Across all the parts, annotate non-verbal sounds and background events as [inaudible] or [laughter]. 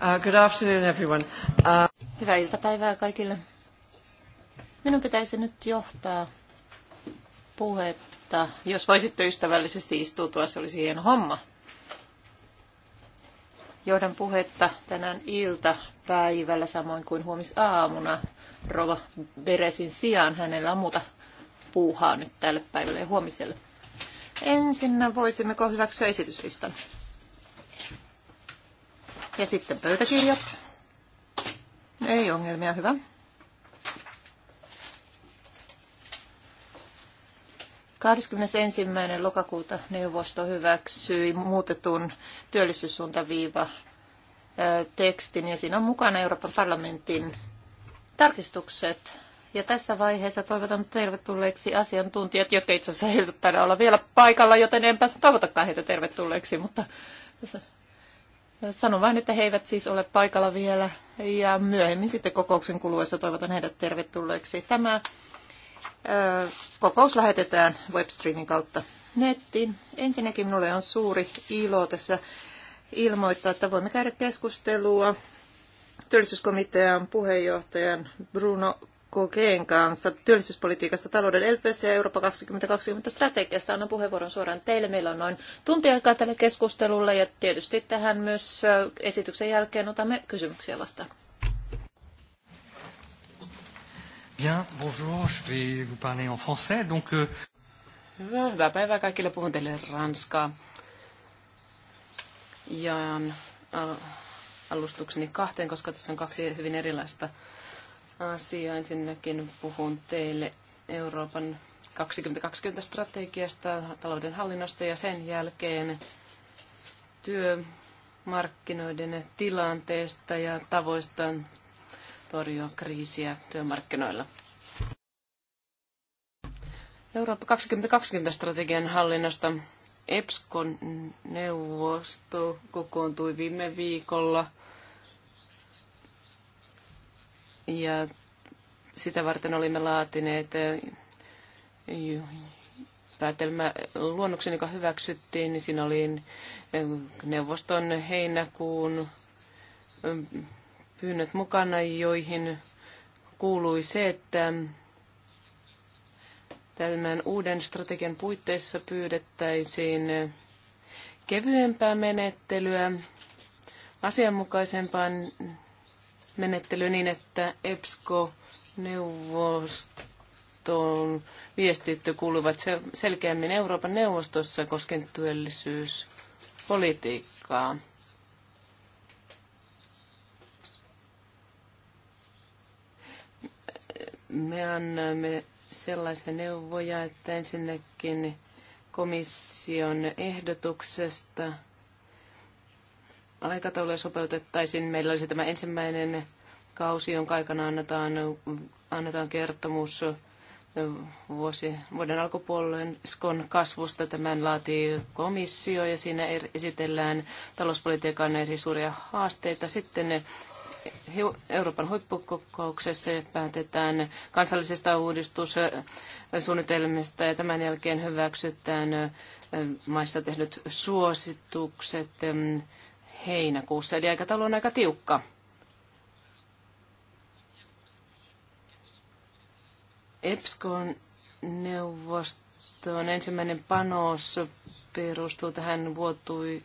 Uh, good afternoon everyone. Uh, Hyvää iltapäivää kaikille. Minun pitäisi nyt johtaa puhetta. Jos voisitte ystävällisesti istua, se olisi hieno homma. Johdan puhetta tänään iltapäivällä samoin kuin huomisaamuna. Rova Beresin sijaan hänellä on muuta puuhaa nyt tälle päivälle ja huomiselle. Ensinnä voisimmeko hyväksyä esityslistan? Ja sitten pöytäkirjat. Ei ongelmia, hyvä. ensimmäinen lokakuuta neuvosto hyväksyi muutetun työllisyyssuuntaviiva tekstin ja siinä on mukana Euroopan parlamentin tarkistukset. Ja tässä vaiheessa toivotan tervetulleeksi asiantuntijat, jotka itse asiassa eivät olla vielä paikalla, joten enpä toivotakaan heitä tervetulleeksi, mutta Sanon vain, että he eivät siis ole paikalla vielä ja myöhemmin sitten kokouksen kuluessa toivotan heidät tervetulleeksi. Tämä kokous lähetetään webstreamin kautta nettiin. Ensinnäkin minulle on suuri ilo tässä ilmoittaa, että voimme käydä keskustelua työllisyyskomitean puheenjohtajan Bruno kokeen kanssa työllisyyspolitiikasta, talouden elpyessä ja Eurooppa 2020 strategiasta. Annan puheenvuoron suoraan teille. Meillä on noin tunti aikaa tälle keskustelulle ja tietysti tähän myös esityksen jälkeen otamme kysymyksiä vastaan. Bien, bonjour, je vais vous parler en français. Donc, euh, hyvää, hyvää päivää kaikille. Puhun teille ranskaa. Jaan äh, alustukseni kahteen, koska tässä on kaksi hyvin erilaista asia. Ensinnäkin puhun teille Euroopan 2020-strategiasta, talouden hallinnosta ja sen jälkeen työmarkkinoiden tilanteesta ja tavoista torjua kriisiä työmarkkinoilla. Eurooppa 2020-strategian hallinnosta EPSCON neuvosto kokoontui viime viikolla ja sitä varten olimme laatineet eh, päätelmä luonnoksen, joka hyväksyttiin, niin siinä oli eh, neuvoston heinäkuun eh, pyynnöt mukana, joihin kuului se, että tämän uuden strategian puitteissa pyydettäisiin kevyempää menettelyä, asianmukaisempaan menettelyyn niin, että EBSCO – neuvoston viestit kuuluvat selkeämmin Euroopan neuvostossa koskien työllisyyspolitiikkaa. Me annamme sellaisia neuvoja, että ensinnäkin komission ehdotuksesta aikataulua sopeutettaisiin. Meillä olisi tämä ensimmäinen kausi, jonka aikana annetaan, annetaan kertomus vuosi, vuoden alkupuolueen skon kasvusta. Tämän laatii komissio ja siinä er-, esitellään talouspolitiikan eri suuria haasteita. Sitten Euroopan huippukokouksessa päätetään kansallisesta uudistussuunnitelmista ja tämän jälkeen hyväksytään maissa tehdyt suositukset heinäkuussa. Eli aikataulu on aika tiukka. EPSCOn neuvoston ensimmäinen panos perustuu tähän vuotuiseen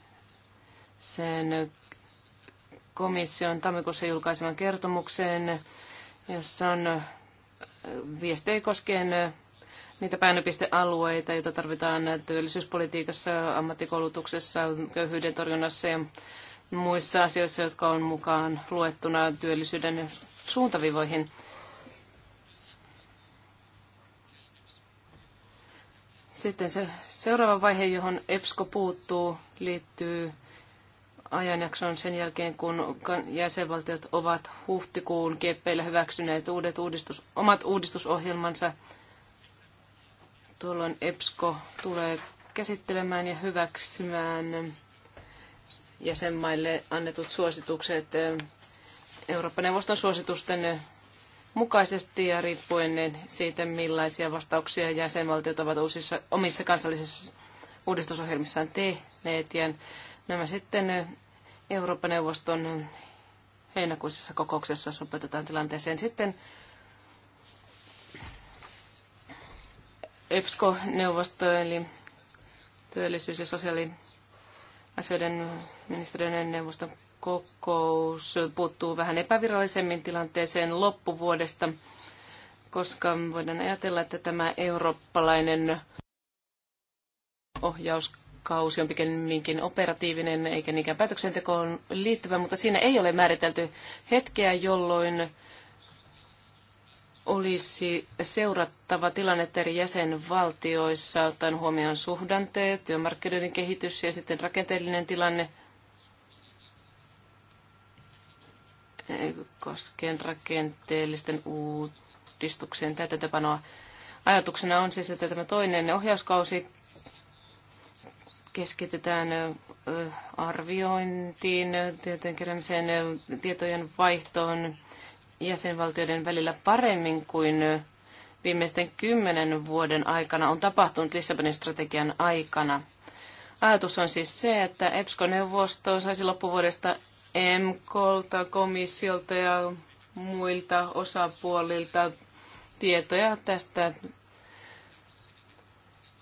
komission tammikuussa julkaisemaan kertomukseen, jossa on äh, viestejä koskien äh, niitä painopistealueita, joita tarvitaan työllisyyspolitiikassa, ammattikoulutuksessa, köyhyyden torjunnassa ja muissa asioissa, jotka on mukaan luettuna työllisyyden suuntavivoihin. Sitten se seuraava vaihe, johon EPSCO puuttuu, liittyy ajanjakson sen jälkeen, kun jäsenvaltiot ovat huhtikuun kieppeillä hyväksyneet uudet uudistus, omat uudistusohjelmansa. Tuolloin EPSCO tulee käsittelemään ja hyväksymään jäsenmaille annetut suositukset eh, Eurooppa-neuvoston suositusten mukaisesti ja riippuen siitä, millaisia vastauksia jäsenvaltiot ovat uusissa, omissa kansallisissa uudistusohjelmissaan tehneet. Ja nämä sitten Euroopan neuvoston heinäkuisessa kokouksessa sopeutetaan tilanteeseen sitten EPSCO-neuvosto, eli työllisyys- ja sosiaaliasioiden ministeriön neuvoston kokous puuttuu vähän epävirallisemmin tilanteeseen loppuvuodesta, koska voidaan ajatella, että tämä eurooppalainen ohjauskausi on pikemminkin operatiivinen eikä niinkään päätöksentekoon liittyvä, mutta siinä ei ole määritelty hetkeä, jolloin olisi seurattava tilannetta eri jäsenvaltioissa, ottaen huomioon suhdanteet, työmarkkinoiden kehitys ja sitten rakenteellinen tilanne – koskien rakenteellisten uudistuksien täytäntöpanoa. Ajatuksena on siis, että tämä toinen ohjauskausi keskitetään arviointiin, tietojen keräämiseen, tietojen vaihtoon jäsenvaltioiden välillä paremmin kuin viimeisten kymmenen vuoden aikana on tapahtunut Lissabonin strategian aikana. Ajatus on siis se, että EPSCO-neuvosto saisi loppuvuodesta MKlta, komissiolta ja muilta osapuolilta tietoja tästä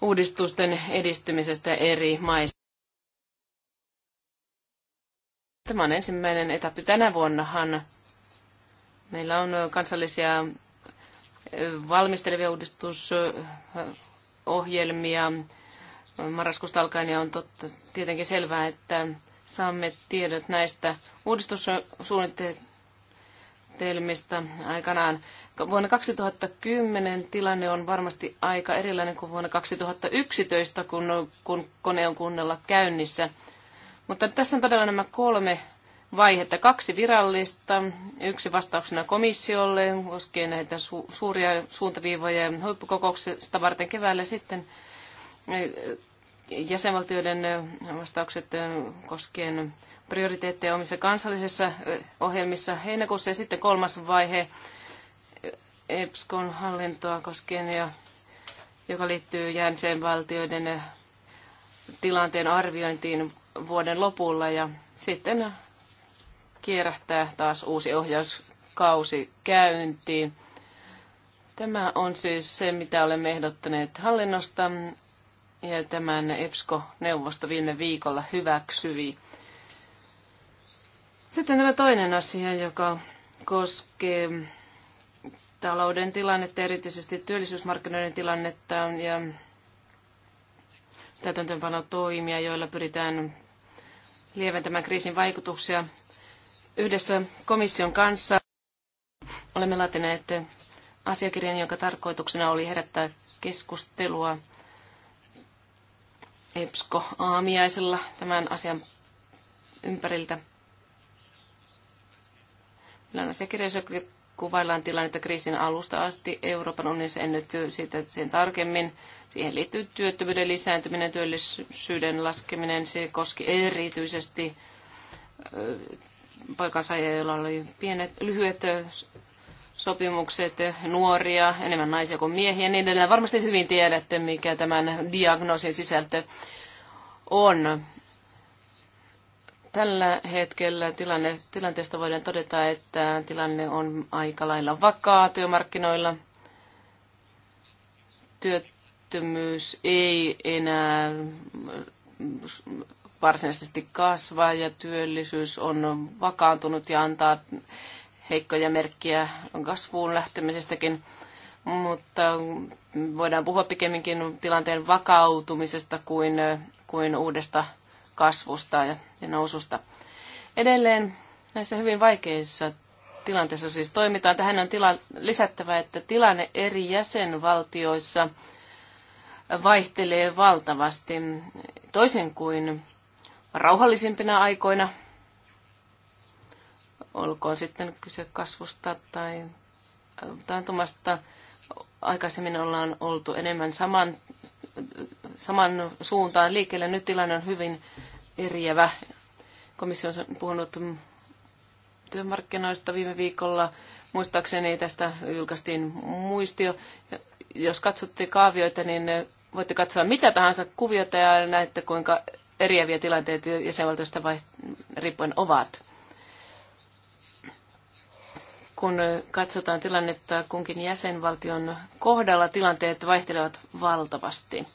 uudistusten edistymisestä eri maissa. Tämä on ensimmäinen etappi. Tänä vuonnahan meillä on kansallisia valmistelevia uudistusohjelmia. Marraskuusta alkaen ja on totta, tietenkin selvää, että saamme tiedot näistä uudistussuunnitelmista aikanaan. Vuonna 2010 tilanne on varmasti aika erilainen kuin vuonna 2011, kun, kun kone on kunnolla käynnissä. Mutta tässä on todella nämä kolme vaihetta. Kaksi virallista, yksi vastauksena komissiolle koskien näitä su- suuria suuntaviivoja huippukokouksesta varten keväällä sitten jäsenvaltioiden vastaukset koskien prioriteetteja omissa kansallisissa ohjelmissa heinäkuussa ja sitten kolmas vaihe EPSCOn hallintoa koskien, ja, joka liittyy jäsenvaltioiden tilanteen arviointiin vuoden lopulla ja sitten kierähtää taas uusi ohjauskausi käyntiin. Tämä on siis se, mitä olemme ehdottaneet hallinnosta ja tämän EPSCO-neuvosto viime viikolla hyväksyi. Sitten tämä toinen asia, joka koskee talouden tilannetta, erityisesti työllisyysmarkkinoiden tilannetta ja täytäntöönpano toimia, joilla pyritään lieventämään kriisin vaikutuksia. Yhdessä komission kanssa olemme laatineet asiakirjan, jonka tarkoituksena oli herättää keskustelua Epsko aamiaisella tämän asian ympäriltä. Meillä on asiakirjassa kuvaillaan tilannetta kriisin alusta asti Euroopan unionissa, en nyt siitä sen tarkemmin. Siihen liittyy työttömyyden lisääntyminen, työllisyyden laskeminen. Se koski erityisesti paikansaajia, joilla oli pienet, lyhyet sopimukset, nuoria, enemmän naisia kuin miehiä, niin edelleen. Varmasti hyvin tiedätte, mikä tämän diagnoosin sisältö on. Tällä hetkellä tilanne, tilanteesta voidaan todeta, että tilanne on aika lailla vakaa työmarkkinoilla. Työttömyys ei enää varsinaisesti kasva ja työllisyys on vakaantunut ja antaa heikkoja merkkiä kasvuun lähtemisestäkin, mutta voidaan puhua pikemminkin tilanteen vakautumisesta kuin, kuin uudesta kasvusta ja, ja noususta. Edelleen näissä hyvin vaikeissa tilanteissa siis toimitaan. Tähän on tila, lisättävä, että tilanne eri jäsenvaltioissa vaihtelee valtavasti. Toisin kuin rauhallisimpina aikoina – olkoon sitten kyse kasvusta tai taantumasta. Aikaisemmin ollaan oltu enemmän saman, saman suuntaan liikkeelle. Nyt tilanne on hyvin eriävä. Komissio on puhunut työmarkkinoista viime viikolla. Muistaakseni tästä julkaistiin muistio. Jos katsotte kaavioita, niin voitte katsoa mitä tahansa kuviota ja näette, kuinka eriäviä tilanteet jäsenvaltiosta vai, riippuen ovat kun katsotaan tilannetta kunkin jäsenvaltion kohdalla, tilanteet vaihtelevat valtavasti.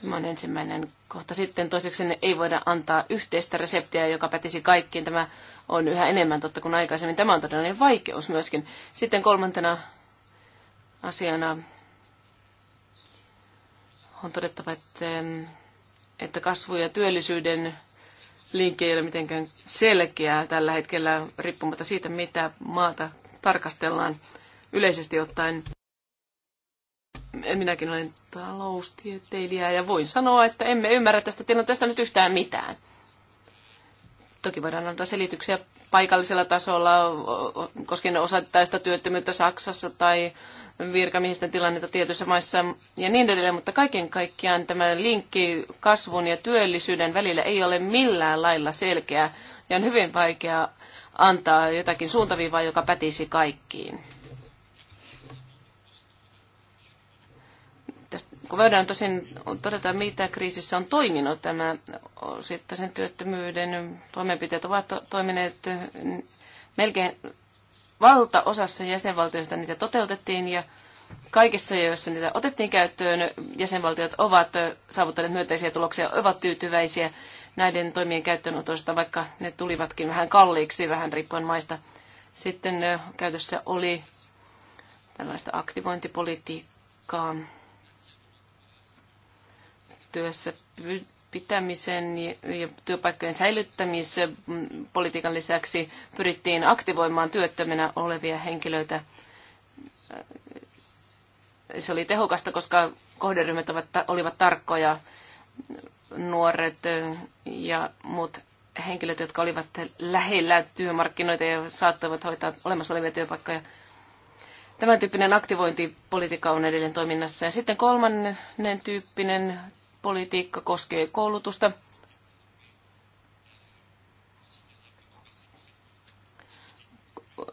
Tämä on ensimmäinen kohta. Sitten toiseksi ei voida antaa yhteistä reseptiä, joka pätisi kaikkiin. Tämä on yhä enemmän totta kuin aikaisemmin. Tämä on todellinen vaikeus myöskin. Sitten kolmantena asiana on todettava, että, että kasvu ja työllisyyden linkki ei ole mitenkään selkeää tällä hetkellä, riippumatta siitä, mitä maata tarkastellaan yleisesti ottaen. Minäkin olen taloustieteilijä ja voin sanoa, että emme ymmärrä tästä tilanteesta nyt yhtään mitään. Toki voidaan antaa selityksiä paikallisella tasolla koskien osittaista työttömyyttä Saksassa tai virkamiehistä tilannetta tietyissä maissa ja niin edelleen, mutta kaiken kaikkiaan tämä linkki kasvun ja työllisyyden välillä ei ole millään lailla selkeä ja on hyvin vaikea antaa jotakin suuntaviivaa, joka pätisi kaikkiin. kun voidaan tosin todeta, mitä kriisissä on toiminut, tämä sen työttömyyden toimenpiteet ovat toimineet melkein valtaosassa jäsenvaltioista niitä toteutettiin ja kaikissa, joissa niitä otettiin käyttöön, jäsenvaltiot ovat saavuttaneet myönteisiä tuloksia, ovat tyytyväisiä näiden toimien käyttöönotosta, vaikka ne tulivatkin vähän kalliiksi, vähän riippuen maista. Sitten käytössä oli tällaista aktivointipolitiikkaa, työssä pitämisen ja työpaikkojen säilyttämispolitiikan lisäksi pyrittiin aktivoimaan työttöminä olevia henkilöitä. Se oli tehokasta, koska kohderyhmät olivat tarkkoja, nuoret ja muut henkilöt, jotka olivat lähellä työmarkkinoita ja saattoivat hoitaa olemassa olevia työpaikkoja. Tämän tyyppinen aktivointipolitiikka on edelleen toiminnassa. Ja sitten kolmannen tyyppinen politiikka koskee koulutusta.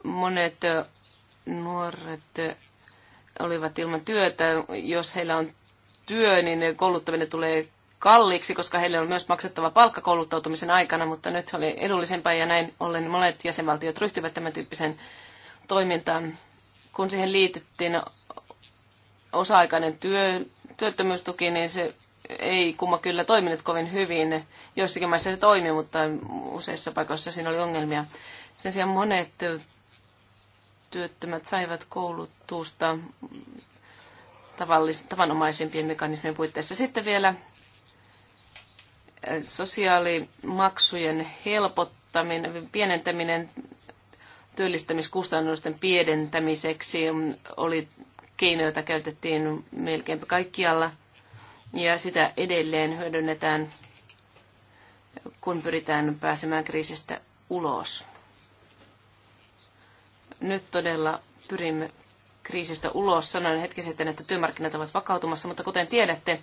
Monet nuoret olivat ilman työtä. Jos heillä on työ, niin kouluttaminen tulee kalliiksi, koska heille on myös maksettava palkka kouluttautumisen aikana, mutta nyt se oli edullisempaa ja näin ollen monet jäsenvaltiot ryhtyivät tämän tyyppiseen toimintaan. Kun siihen liitettiin osa-aikainen työ, työttömyystuki, niin se ei kumma kyllä toiminut kovin hyvin. Joissakin maissa se toimi, mutta useissa paikoissa siinä oli ongelmia. Sen sijaan monet työttömät saivat koulutusta tavallis, tavanomaisempien mekanismien puitteissa. Sitten vielä eh, sosiaalimaksujen helpottaminen, pienentäminen työllistämiskustannusten pienentämiseksi oli keino, jota käytettiin melkeinpä kaikkialla – ja sitä edelleen hyödynnetään, kun pyritään pääsemään kriisistä ulos. Nyt todella pyrimme kriisistä ulos. Sanoin hetki sitten, että työmarkkinat ovat vakautumassa, mutta kuten tiedätte,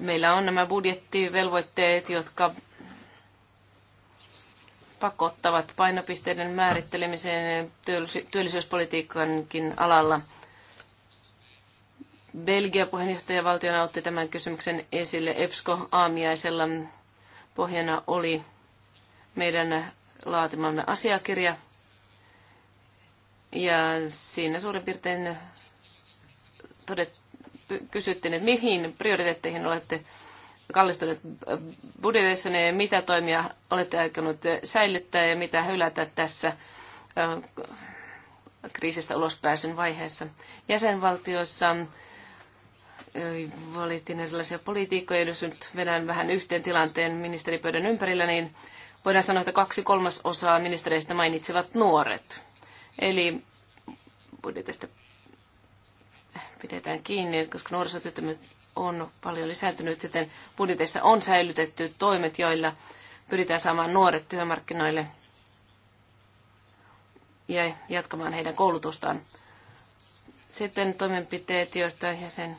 meillä on nämä budjettivelvoitteet, jotka pakottavat painopisteiden määrittelemiseen työllisyyspolitiikankin alalla – Belgia puheenjohtajavaltiona otti tämän kysymyksen esille EPSCO-aamiaisella. Pohjana oli meidän laatimamme asiakirja. Ja siinä suurin piirtein todet, kysyttiin, että mihin prioriteetteihin olette kallistuneet budjetissanne ja mitä toimia olette aikonut säilyttää ja mitä hylätä tässä kriisistä ulospääsyn vaiheessa. Jäsenvaltioissa valittiin erilaisia politiikkoja, Jos nyt vedän vähän yhteen tilanteen ministeripöydän ympärillä, niin voidaan sanoa, että kaksi kolmasosaa ministereistä mainitsevat nuoret. Eli budjetista pidetään kiinni, koska nuorisotyöttömyys on paljon lisääntynyt, joten budjeteissa on säilytetty toimet, joilla pyritään saamaan nuoret työmarkkinoille ja jatkamaan heidän koulutustaan. Sitten toimenpiteet, joista jäsen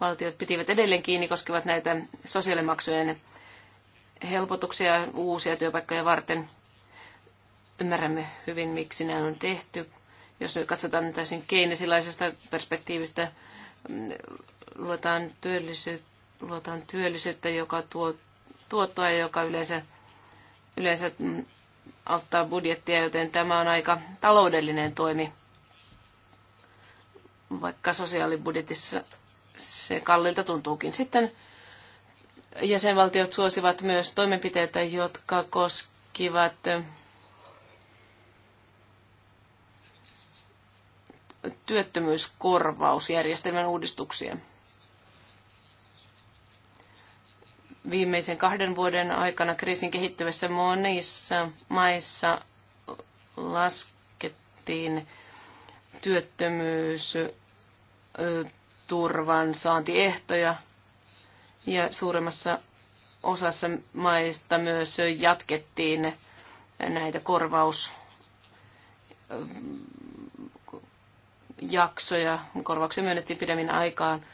valtiot pitivät edelleen kiinni, koskevat näitä sosiaalimaksujen helpotuksia uusia työpaikkoja varten. Ymmärrämme hyvin, miksi näin on tehty. Jos nyt katsotaan täysin keinesilaisesta perspektiivistä, mm, luotaan työllisyyttä, luotaan työllisyyttä joka tuo tuottoa, joka yleensä, yleensä mm, auttaa budjettia, joten tämä on aika taloudellinen toimi. Vaikka sosiaalibudjetissa se kallilta tuntuukin. Sitten jäsenvaltiot suosivat myös toimenpiteitä, jotka koskivat työttömyyskorvausjärjestelmän uudistuksia. Viimeisen kahden vuoden aikana kriisin kehittyvässä monissa maissa laskettiin työttömyys turvan saantiehtoja ja suuremmassa osassa maista myös jatkettiin näitä korvausjaksoja. Korvauksia myönnettiin pidemmin aikaan.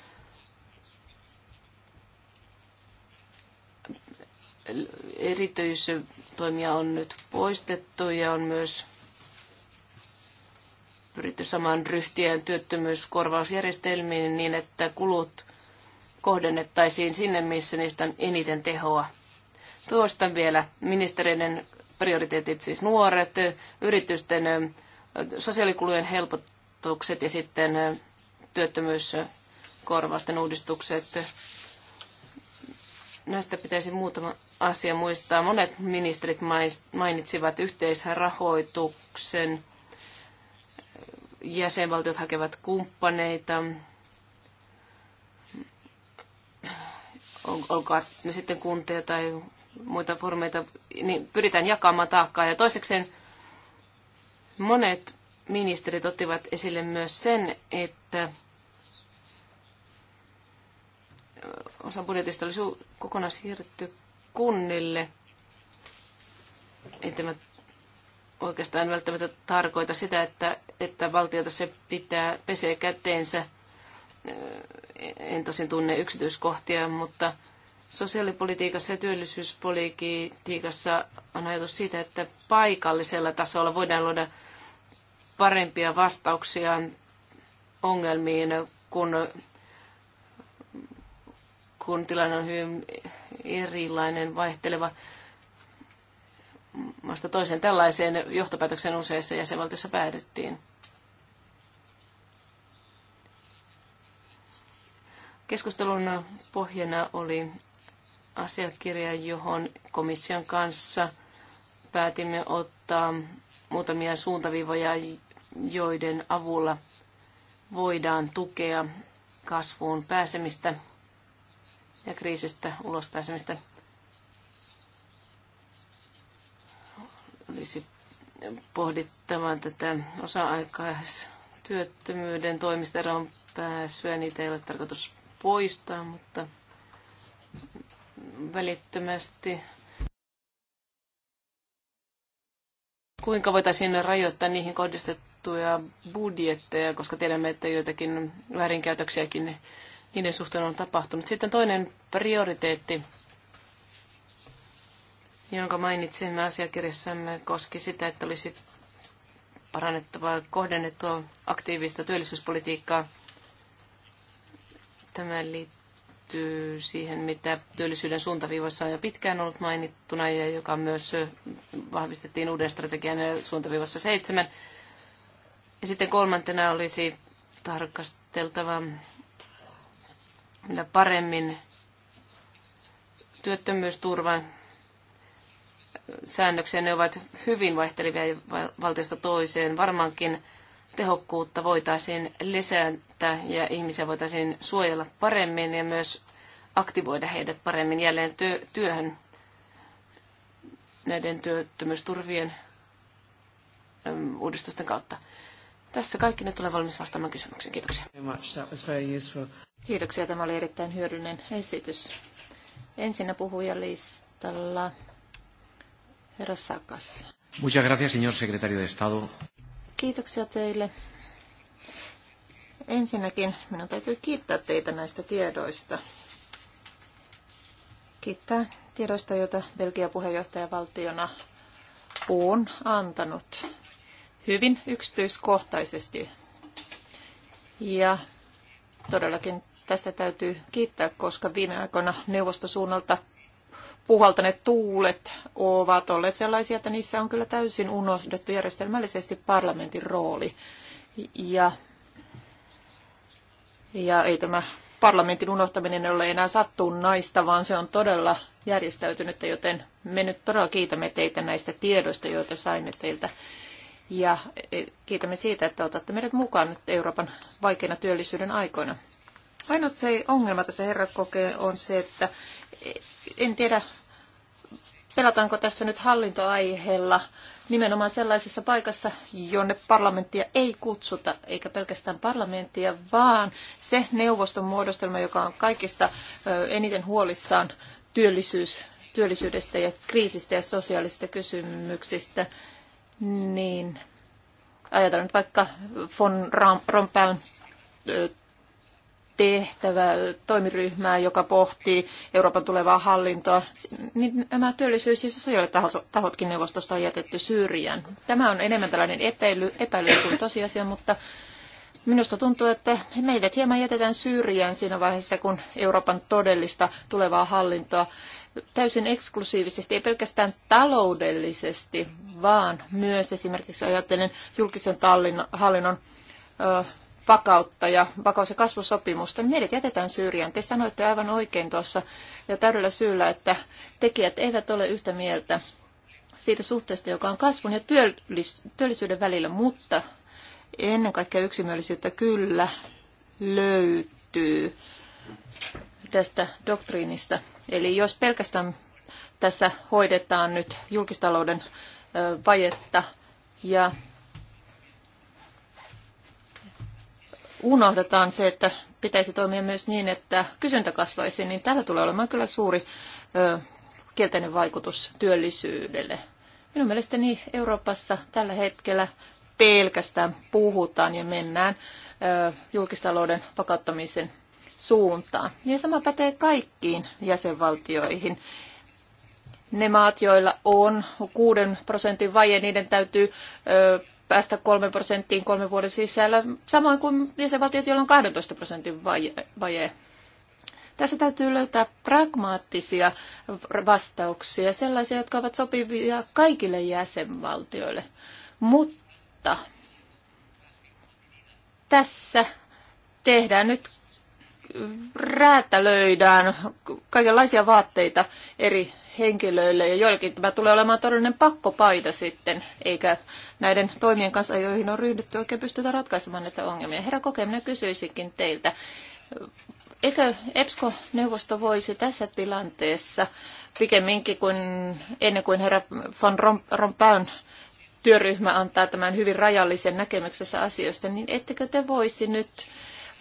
Erityistoimia on nyt poistettu ja on myös pyritty saman ryhtiään työttömyyskorvausjärjestelmiin niin, että kulut kohdennettaisiin sinne, missä niistä on eniten tehoa. Tuostan vielä ministereiden prioriteetit, siis nuoret, yritysten sosiaalikulujen helpotukset ja sitten työttömyyskorvausten uudistukset. Näistä pitäisi muutama asia muistaa. Monet ministerit mainitsivat yhteisrahoituksen jäsenvaltiot hakevat kumppaneita, olkaa ne sitten kuntia tai muita formeita, niin pyritään jakamaan taakkaa. Ja toisekseen monet ministerit ottivat esille myös sen, että osa budjetista olisi kokonaan siirretty kunnille. että oikeastaan välttämättä tarkoita sitä, että, että valtiota se pitää pesee käteensä. En tosin tunne yksityiskohtia, mutta sosiaalipolitiikassa ja työllisyyspolitiikassa on ajatus siitä, että paikallisella tasolla voidaan luoda parempia vastauksia ongelmiin, kun, kun tilanne on hyvin erilainen, vaihteleva maasta toiseen tällaiseen johtopäätöksen useissa jäsenvaltiossa päädyttiin. Keskustelun pohjana oli asiakirja, johon komission kanssa päätimme ottaa muutamia suuntaviivoja, joiden avulla voidaan tukea kasvuun pääsemistä ja kriisistä ulospääsemistä. pääsemistä. olisi pohdittava tätä osa-aikaistyöttömyyden toimista pääsyä. Niitä ei ole tarkoitus poistaa, mutta välittömästi. Kuinka voitaisiin rajoittaa niihin kohdistettuja budjetteja, koska tiedämme, että joitakin väärinkäytöksiäkin niiden suhteen on tapahtunut. Sitten toinen prioriteetti jonka mainitsimme asiakirjassamme, koski sitä, että olisi parannettavaa kohdennettua aktiivista työllisyyspolitiikkaa. Tämä liittyy siihen, mitä työllisyyden suuntaviivassa on jo pitkään ollut mainittuna ja joka myös vahvistettiin uuden strategian suuntaviivassa seitsemän. Ja sitten kolmantena olisi tarkasteltava vielä paremmin työttömyysturvan säännöksiä, ne ovat hyvin vaihtelevia valtiosta toiseen. Varmaankin tehokkuutta voitaisiin lisätä ja ihmisiä voitaisiin suojella paremmin ja myös aktivoida heidät paremmin jälleen työhön näiden työttömyysturvien uudistusten kautta. Tässä kaikki. Nyt tulee valmis vastaamaan kysymyksiin. Kiitoksia. Kiitoksia. Tämä oli erittäin hyödyllinen esitys. Ensinnä puhujalistalla Herra Sakas. Muchas gracias, señor secretario de Estado. Kiitoksia teille. Ensinnäkin minun täytyy kiittää teitä näistä tiedoista. Kiittää tiedoista, joita Belgia puheenjohtajavaltiona on antanut hyvin yksityiskohtaisesti. Ja todellakin tästä täytyy kiittää, koska viime aikoina neuvoston suunnalta puhaltaneet tuulet ovat olleet sellaisia, että niissä on kyllä täysin unohdettu järjestelmällisesti parlamentin rooli. Ja, ja ei tämä parlamentin unohtaminen ole enää naista, vaan se on todella järjestäytynyt, joten me nyt todella kiitämme teitä näistä tiedoista, joita saimme teiltä. Ja e, kiitämme siitä, että otatte meidät mukaan nyt Euroopan vaikeina työllisyyden aikoina. Ainut se ongelma tässä herrat kokee on se, että en tiedä pelataanko tässä nyt hallintoaiheella nimenomaan sellaisessa paikassa, jonne parlamenttia ei kutsuta, eikä pelkästään parlamenttia, vaan se neuvoston muodostelma, joka on kaikista eniten huolissaan työllisyys, työllisyydestä ja kriisistä ja sosiaalisista kysymyksistä, niin ajatellaan nyt vaikka von Rompäyn tehtävä, toimiryhmää, joka pohtii Euroopan tulevaa hallintoa, niin nämä työllisyys- ja sosiaalitahotkin neuvostosta on jätetty syrjään. Tämä on enemmän tällainen epäily, epäily kuin tosiasia, mutta Minusta tuntuu, että meidät hieman jätetään syrjään siinä vaiheessa, kun Euroopan todellista tulevaa hallintoa täysin eksklusiivisesti, ei pelkästään taloudellisesti, vaan myös esimerkiksi ajatellen julkisen hallinnon vakautta ja vakaus- ja kasvusopimusta, niin heidät jätetään syrjään. Te sanoitte aivan oikein tuossa ja täydellä syyllä, että tekijät eivät ole yhtä mieltä siitä suhteesta, joka on kasvun ja työllisyyden välillä, mutta ennen kaikkea yksimielisyyttä kyllä löytyy tästä doktriinista. Eli jos pelkästään tässä hoidetaan nyt julkistalouden vajetta ja unohdetaan se, että pitäisi toimia myös niin, että kysyntä kasvaisi, niin tällä tulee olemaan kyllä suuri ö, kielteinen vaikutus työllisyydelle. Minun mielestäni Euroopassa tällä hetkellä pelkästään puhutaan ja mennään ö, julkistalouden vakauttamisen suuntaan. Ja sama pätee kaikkiin jäsenvaltioihin. Ne maat, joilla on 6 prosentin vaje, niiden täytyy ö, päästä 3 prosenttiin kolmen vuoden sisällä, samoin kuin jäsenvaltiot, joilla on 12 prosentin vaje. Tässä täytyy löytää pragmaattisia vastauksia, sellaisia, jotka ovat sopivia kaikille jäsenvaltioille. Mutta tässä tehdään nyt, räätälöidään kaikenlaisia vaatteita eri henkilöille ja joillekin tämä tulee olemaan todellinen pakkopaita sitten, eikä näiden toimien kanssa, joihin on ryhdytty, oikein pystytä ratkaisemaan näitä ongelmia. Herra Koke, minä kysyisinkin teiltä, eikö EPSCO-neuvosto voisi tässä tilanteessa pikemminkin kuin ennen kuin herra von Rompäyn työryhmä antaa tämän hyvin rajallisen näkemyksessä asioista, niin ettekö te voisi nyt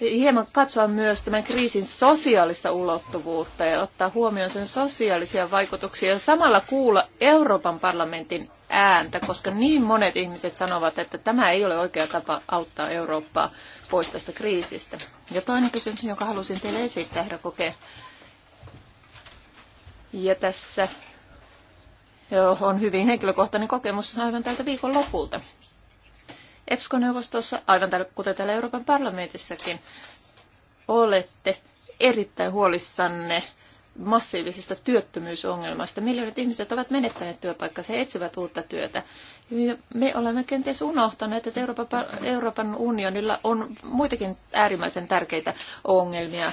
hieman katsoa myös tämän kriisin sosiaalista ulottuvuutta ja ottaa huomioon sen sosiaalisia vaikutuksia ja samalla kuulla Euroopan parlamentin ääntä, koska niin monet ihmiset sanovat, että tämä ei ole oikea tapa auttaa Eurooppaa pois tästä kriisistä. Ja toinen kysymys, jonka halusin teille esittää, herra Koke. Ja tässä on hyvin henkilökohtainen kokemus aivan tältä viikon lopulta. EPSCO-neuvostossa, aivan kuten täällä Euroopan parlamentissakin, olette erittäin huolissanne massiivisesta työttömyysongelmasta. Miljoonat ihmiset ovat menettäneet työpaikkansa ja etsivät uutta työtä. Me olemme kenties unohtaneet, että Euroopan, Euroopan unionilla on muitakin äärimmäisen tärkeitä ongelmia.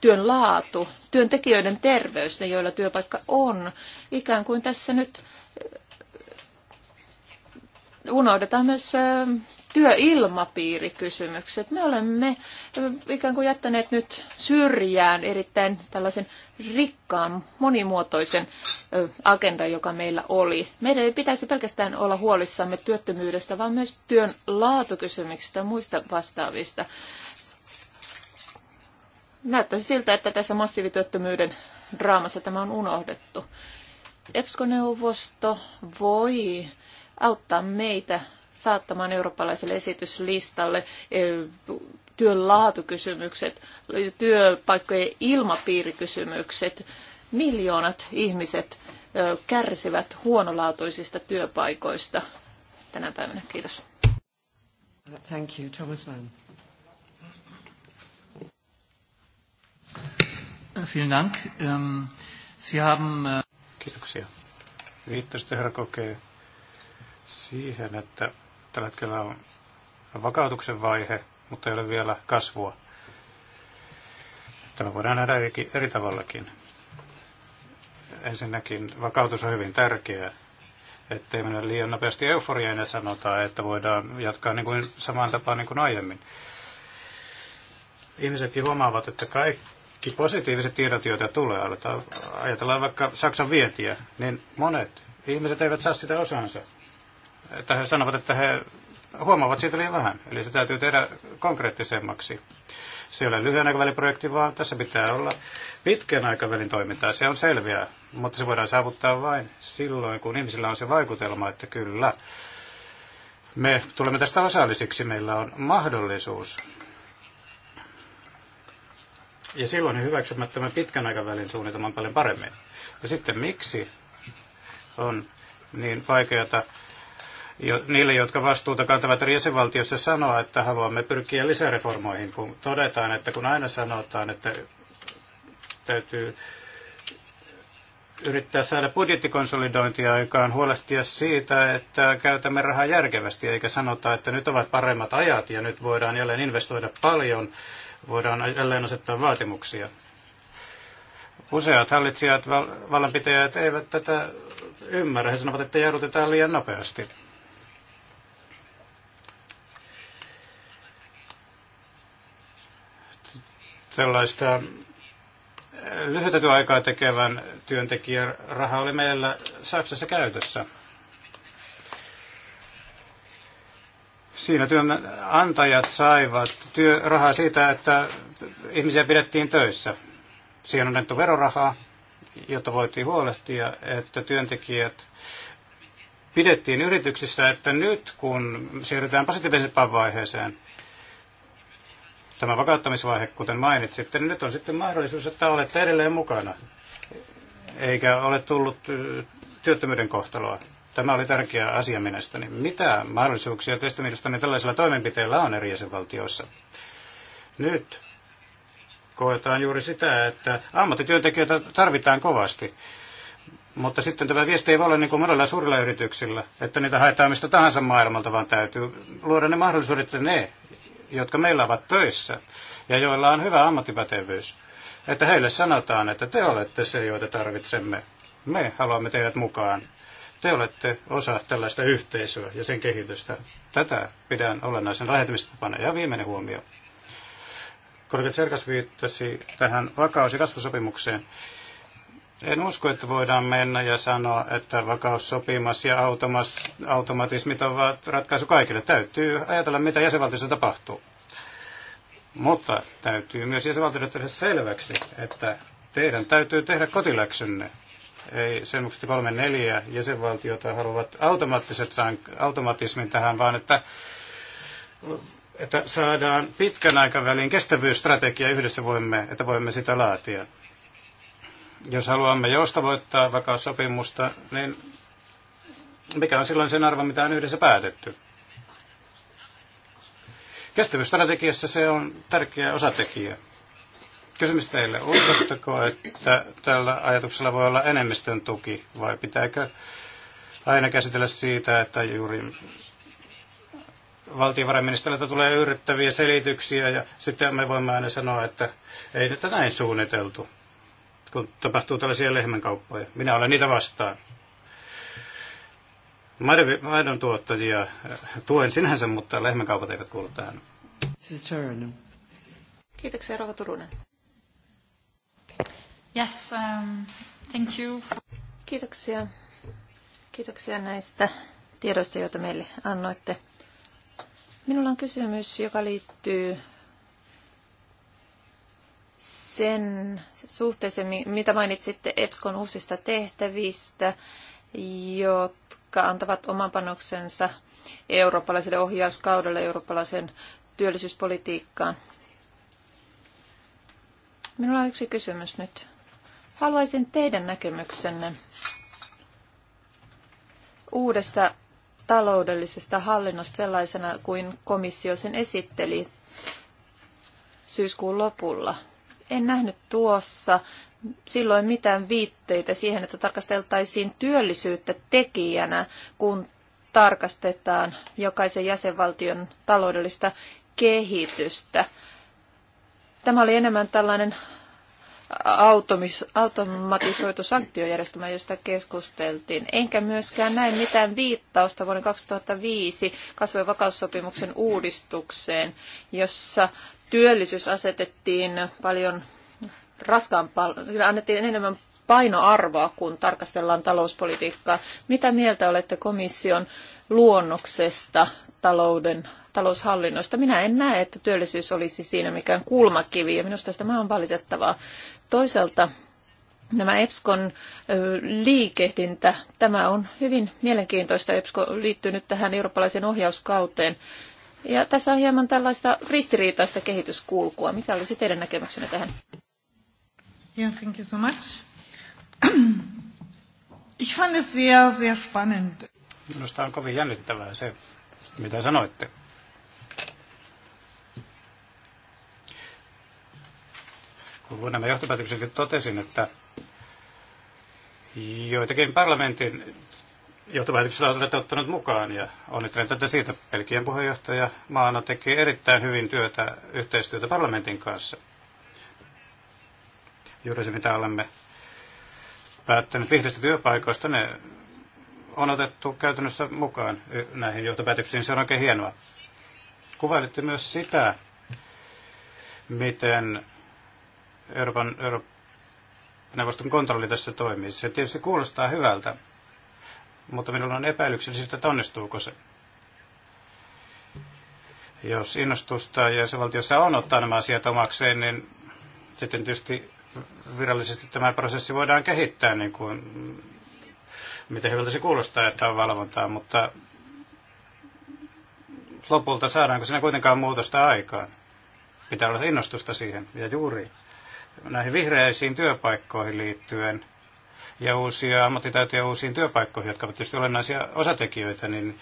Työn laatu, työntekijöiden terveys, ne joilla työpaikka on. Ikään kuin tässä nyt unohdetaan myös työilmapiirikysymykset. Me olemme ikään kuin jättäneet nyt syrjään erittäin tällaisen rikkaan, monimuotoisen agendan, joka meillä oli. Meidän ei pitäisi pelkästään olla huolissamme työttömyydestä, vaan myös työn laatukysymyksistä ja muista vastaavista. Näyttäisi siltä, että tässä massiivityöttömyyden draamassa tämä on unohdettu. EPSCO-neuvosto voi auttaa meitä saattamaan eurooppalaiselle esityslistalle e, työn laatukysymykset, työpaikkojen ilmapiirikysymykset. Miljoonat ihmiset e, kärsivät huonolaatuisista työpaikoista tänä päivänä. Kiitos. Thank you, Thomas Mann. Vielen Dank. Ähm, Sie haben... Äh, Kiitoksia. Viittasitte, herra kokee, siihen, että tällä hetkellä on vakautuksen vaihe, mutta ei ole vielä kasvua. Tämä voidaan nähdä eri tavallakin. Ensinnäkin vakautus on hyvin tärkeää, ettei mennä liian nopeasti euforiaan ja sanota, että voidaan jatkaa niin kuin samaan tapaan niin kuin aiemmin. Ihmisetkin huomaavat, että kaikki positiiviset tiedot, joita tulee, aletaan, ajatellaan vaikka Saksan vientiä, niin monet ihmiset eivät saa sitä osansa että he sanovat, että he huomaavat siitä liian vähän. Eli se täytyy tehdä konkreettisemmaksi. Se ei ole lyhyen aikavälin projekti, vaan tässä pitää olla pitkän aikavälin toimintaa. Se on selviää, mutta se voidaan saavuttaa vain silloin, kun ihmisillä on se vaikutelma, että kyllä, me tulemme tästä osallisiksi, meillä on mahdollisuus. Ja silloin hyväksymättömän pitkän aikavälin suunnitelman paljon paremmin. Ja sitten miksi on niin vaikeata jo, niille, jotka vastuuta kantavat eri jäsenvaltiossa sanoa, että haluamme pyrkiä lisäreformoihin, kun todetaan, että kun aina sanotaan, että täytyy yrittää saada budjettikonsolidointia aikaan, huolehtia siitä, että käytämme rahaa järkevästi, eikä sanota, että nyt ovat paremmat ajat ja nyt voidaan jälleen investoida paljon, voidaan jälleen asettaa vaatimuksia. Useat hallitsijat, vallanpitäjät eivät tätä ymmärrä. He sanovat, että jarrutetaan liian nopeasti. sellaista äh, lyhytä työaikaa tekevän työntekijän raha oli meillä Saksassa käytössä. Siinä työnantajat saivat työ, rahaa siitä, että ihmisiä pidettiin töissä. Siihen on annettu verorahaa, jotta voitiin huolehtia, että työntekijät pidettiin yrityksissä, että nyt kun siirrytään positiivisempaan vaiheeseen, tämä vakauttamisvaihe, kuten mainitsitte, niin nyt on sitten mahdollisuus, että olette edelleen mukana, eikä ole tullut työttömyyden kohtaloa. Tämä oli tärkeä asia mielestäni. Mitä mahdollisuuksia teistä mielestäni tällaisella toimenpiteellä on eri jäsenvaltioissa? Nyt koetaan juuri sitä, että ammattityöntekijöitä tarvitaan kovasti. Mutta sitten tämä viesti ei voi olla niin kuin monella suurilla yrityksillä, että niitä haetaan mistä tahansa maailmalta, vaan täytyy luoda ne mahdollisuudet, että ne jotka meillä ovat töissä ja joilla on hyvä ammattipätevyys, että heille sanotaan, että te olette se, joita tarvitsemme. Me haluamme teidät mukaan. Te olette osa tällaista yhteisöä ja sen kehitystä. Tätä pidän olennaisen lähetymistapana. Ja viimeinen huomio. Korkeat Serkas viittasi tähän vakaus- ja kasvusopimukseen. En usko, että voidaan mennä ja sanoa, että vakaussopimus ja automatismit ovat ratkaisu kaikille. Täytyy ajatella, mitä jäsenvaltiossa tapahtuu. Mutta täytyy myös jäsenvaltioiden tehdä selväksi, että teidän täytyy tehdä kotiläksynne. Ei sen mukaan kolme neljä jäsenvaltiota haluavat automaattiset automatismin tähän, vaan että, että saadaan pitkän aikavälin kestävyysstrategia yhdessä voimme, että voimme sitä laatia. Jos haluamme joustavoittaa vakaussopimusta, niin mikä on silloin sen arvo, mitä on yhdessä päätetty? Kestävyysstrategiassa se on tärkeä osatekijä. Kysymys teille, uskotteko, että tällä ajatuksella voi olla enemmistön tuki vai pitääkö aina käsitellä siitä, että juuri valtiovarainministeriöltä tulee yrittäviä selityksiä ja sitten me voimme aina sanoa, että ei tätä näin suunniteltu kun tapahtuu tällaisia lehmänkauppoja. Minä olen niitä vastaan. Maidon tuottajia äh, tuen sinänsä, mutta lehmänkaupat eivät kuulu tähän. Kiitoksia, Rova Turunen. Yes, um, thank you. Kiitoksia. Kiitoksia näistä tiedoista, joita meille annoitte. Minulla on kysymys, joka liittyy sen suhteeseen, mitä mainitsitte EPSKon uusista tehtävistä, jotka antavat oman panoksensa eurooppalaiselle ohjauskaudelle, eurooppalaisen työllisyyspolitiikkaan. Minulla on yksi kysymys nyt. Haluaisin teidän näkemyksenne uudesta taloudellisesta hallinnosta sellaisena kuin komissio sen esitteli syyskuun lopulla en nähnyt tuossa silloin mitään viitteitä siihen, että tarkasteltaisiin työllisyyttä tekijänä, kun tarkastetaan jokaisen jäsenvaltion taloudellista kehitystä. Tämä oli enemmän tällainen automis, automatisoitu sanktiojärjestelmä, josta keskusteltiin. Enkä myöskään näe mitään viittausta vuoden 2005 kasvojen vakaussopimuksen uudistukseen, jossa työllisyys asetettiin paljon raskaampaan, siinä annettiin enemmän painoarvoa, kun tarkastellaan talouspolitiikkaa. Mitä mieltä olette komission luonnoksesta talouden taloushallinnosta. Minä en näe, että työllisyys olisi siinä mikään kulmakivi, ja minusta tämä on valitettavaa. Toisaalta nämä EPSKon liikehdintä, tämä on hyvin mielenkiintoista. EPSKO liittyy nyt tähän eurooppalaisen ohjauskauteen, ja tässä on hieman tällaista ristiriitaista kehityskulkua. Mikä olisi teidän näkemyksenne tähän? Yeah, thank you so much. Ich fand es sehr, sehr spannend. Minusta on kovin jännittävää se, mitä sanoitte. Kun nämä johtopäätökset totesin, että joitakin parlamentin johtopäätöksellä olette ottanut mukaan ja onnittelen tätä siitä. Pelkien puheenjohtaja maana tekee erittäin hyvin työtä, yhteistyötä parlamentin kanssa. Juuri se, mitä olemme päättäneet vihreistä työpaikoista, ne on otettu käytännössä mukaan näihin johtopäätöksiin. Se on oikein hienoa. Kuvailitte myös sitä, miten Euroopan, Euroopan neuvoston kontrolli tässä toimii. Se tietysti kuulostaa hyvältä, mutta minulla on epäilykseni siitä, että onnistuuko se. Jos innostusta ja se, valtiossa on ottaa nämä asiat omakseen, niin sitten tietysti virallisesti tämä prosessi voidaan kehittää, niin kuin, miten hyvältä se kuulostaa, että on valvontaa, mutta lopulta saadaanko siinä kuitenkaan muutosta aikaan? Pitää olla innostusta siihen. Ja juuri näihin vihreisiin työpaikkoihin liittyen – ja uusia ammattitaitoja uusiin työpaikkoihin, jotka ovat tietysti olennaisia osatekijöitä, niin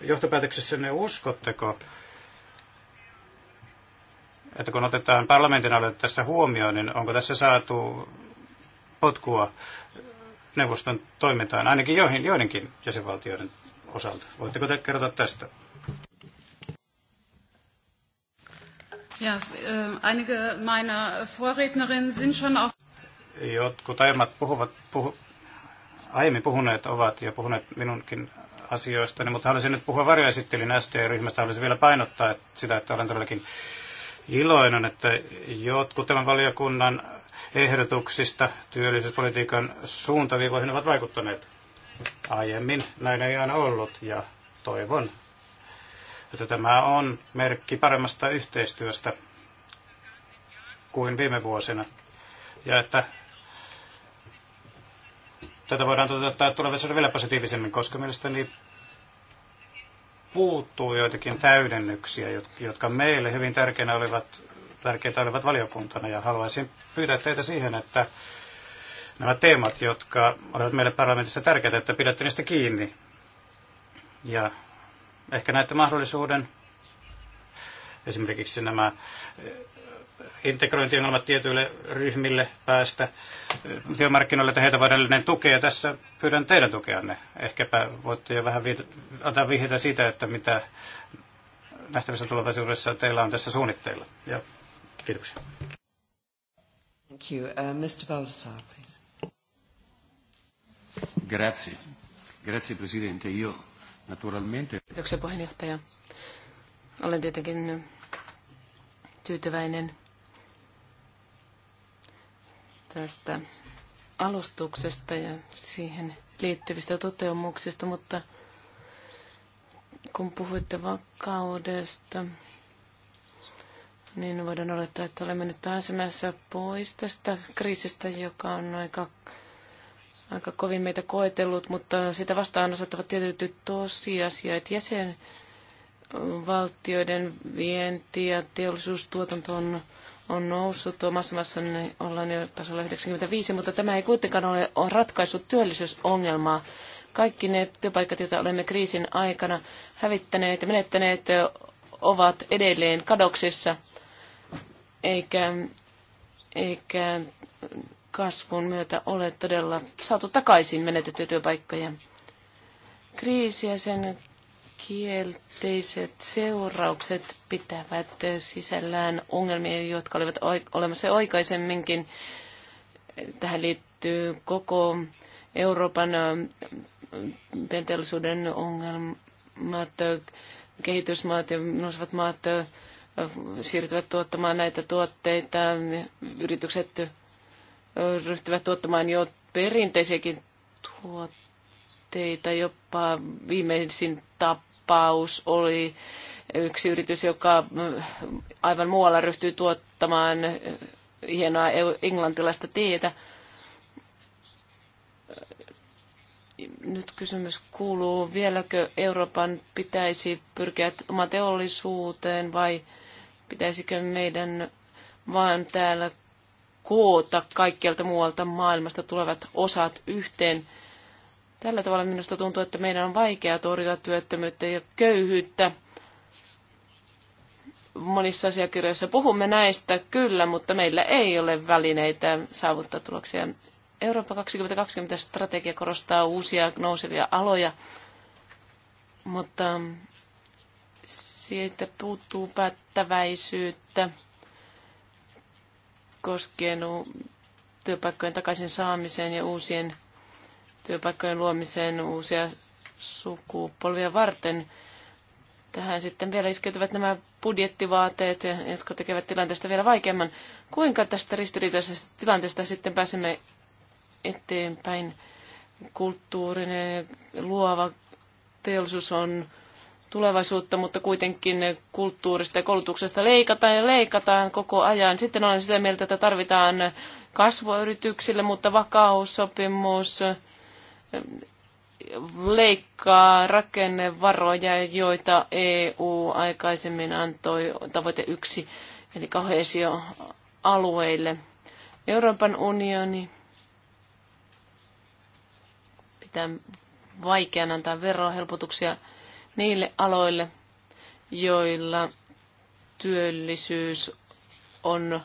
johtopäätöksessä ne uskotteko, että kun otetaan parlamentin alle tässä huomioon, niin onko tässä saatu potkua neuvoston toimintaan, ainakin joihin, joidenkin jäsenvaltioiden osalta. Voitteko te kertoa tästä? Ja, yes, äh, einige meiner Vorrednerinnen sind schon auf jotkut aiemmat puhuvat, puhu, aiemmin puhuneet ovat ja puhuneet minunkin asioistani, mutta haluaisin nyt puhua varjoesittelyn ST-ryhmästä. Haluaisin vielä painottaa että sitä, että olen todellakin iloinen, että jotkut tämän valiokunnan ehdotuksista työllisyyspolitiikan suuntaviivoihin ovat vaikuttaneet aiemmin. Näin ei aina ollut ja toivon, että tämä on merkki paremmasta yhteistyöstä kuin viime vuosina ja että tätä voidaan toteuttaa tulevaisuudessa vielä positiivisemmin, koska mielestäni puuttuu joitakin täydennyksiä, jotka meille hyvin tärkeänä olivat, tärkeitä olivat valiokuntana. Ja haluaisin pyytää teitä siihen, että nämä teemat, jotka olivat meille parlamentissa tärkeitä, että pidätte niistä kiinni. Ja ehkä näette mahdollisuuden esimerkiksi nämä integrointiongelmat tietyille ryhmille päästä työmarkkinoille, että heitä voidaan edelleen tukea. Tässä pyydän teidän tukeanne. Ehkäpä voitte jo vähän viita, antaa vihjeitä siitä, että mitä nähtävissä tulevaisuudessa teillä on tässä suunnitteilla. Ja kiitoksia. Thank you. Uh, Mr. Balsar, please. Grazie. Grazie, Presidente. Io naturalmente... Kiitoksia puheenjohtaja. Olen tietenkin tyytyväinen tästä alustuksesta ja siihen liittyvistä toteumuksista, mutta kun puhuitte vakaudesta, niin voidaan olettaa, että olemme nyt pääsemässä pois tästä kriisistä, joka on aika, aika kovin meitä koetellut, mutta sitä vastaan on tietysti tosiasia, että Jäsenvaltioiden vienti ja teollisuustuotanto on on noussut omassa maassani niin ollaan jo tasolla 95, mutta tämä ei kuitenkaan ole on ratkaissut työllisyysongelmaa. Kaikki ne työpaikat, joita olemme kriisin aikana hävittäneet ja menettäneet, ovat edelleen kadoksissa, eikä, eikä kasvun myötä ole todella saatu takaisin menetettyjä työpaikkoja. Kriisi ja sen kielteiset seuraukset pitävät sisällään ongelmia, jotka olivat olemassa aikaisemminkin. Tähän liittyy koko Euroopan teollisuuden ongelmat, kehitysmaat ja nousevat maat siirtyvät tuottamaan näitä tuotteita. Yritykset ryhtyvät tuottamaan jo perinteisiäkin tuotteita, jopa viimeisin tap Tapaus oli yksi yritys, joka mm, aivan muualla ryhtyi tuottamaan eh, hienoa englantilaista tietä. Nyt kysymys kuuluu, vieläkö Euroopan pitäisi pyrkiä oma teollisuuteen vai pitäisikö meidän vaan täällä koota kaikkialta muualta maailmasta tulevat osat yhteen? Tällä tavalla minusta tuntuu, että meidän on vaikea torjua työttömyyttä ja köyhyyttä. Monissa asiakirjoissa puhumme näistä kyllä, mutta meillä ei ole välineitä saavuttaa tuloksia. Eurooppa 2020 strategia korostaa uusia nousevia aloja, mutta siitä puuttuu päättäväisyyttä koskien työpaikkojen takaisin saamiseen ja uusien työpaikkojen luomiseen uusia sukupolvia varten. Tähän sitten vielä iskeytyvät nämä budjettivaateet, jotka tekevät tilanteesta vielä vaikeamman. Kuinka tästä ristiriitaisesta tilanteesta sitten pääsemme eteenpäin? Kulttuurinen luova teollisuus on tulevaisuutta, mutta kuitenkin kulttuurista ja koulutuksesta leikataan ja leikataan koko ajan. Sitten olen sitä mieltä, että tarvitaan kasvuyrityksille, mutta vakaussopimus, leikkaa rakennevaroja, joita EU aikaisemmin antoi tavoite yksi, eli kohesioalueille. Euroopan unioni pitää vaikean antaa verohelpotuksia niille aloille, joilla työllisyys on,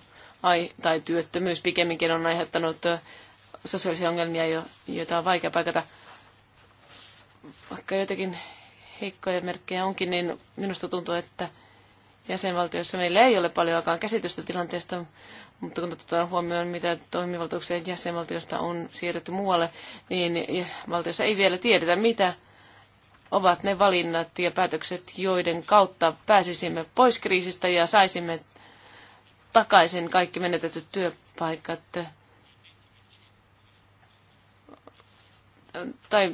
tai työttömyys pikemminkin on aiheuttanut sosiaalisia ongelmia, joita on vaikea paikata. Vaikka jotenkin heikkoja merkkejä onkin, niin minusta tuntuu, että jäsenvaltioissa meillä ei ole paljonkaan käsitystä tilanteesta, mutta kun otetaan huomioon, mitä toimivaltuuksia jäsenvaltiosta on siirretty muualle, niin jäsenvaltiossa ei vielä tiedetä, mitä ovat ne valinnat ja päätökset, joiden kautta pääsisimme pois kriisistä ja saisimme takaisin kaikki menetetyt työpaikat. tai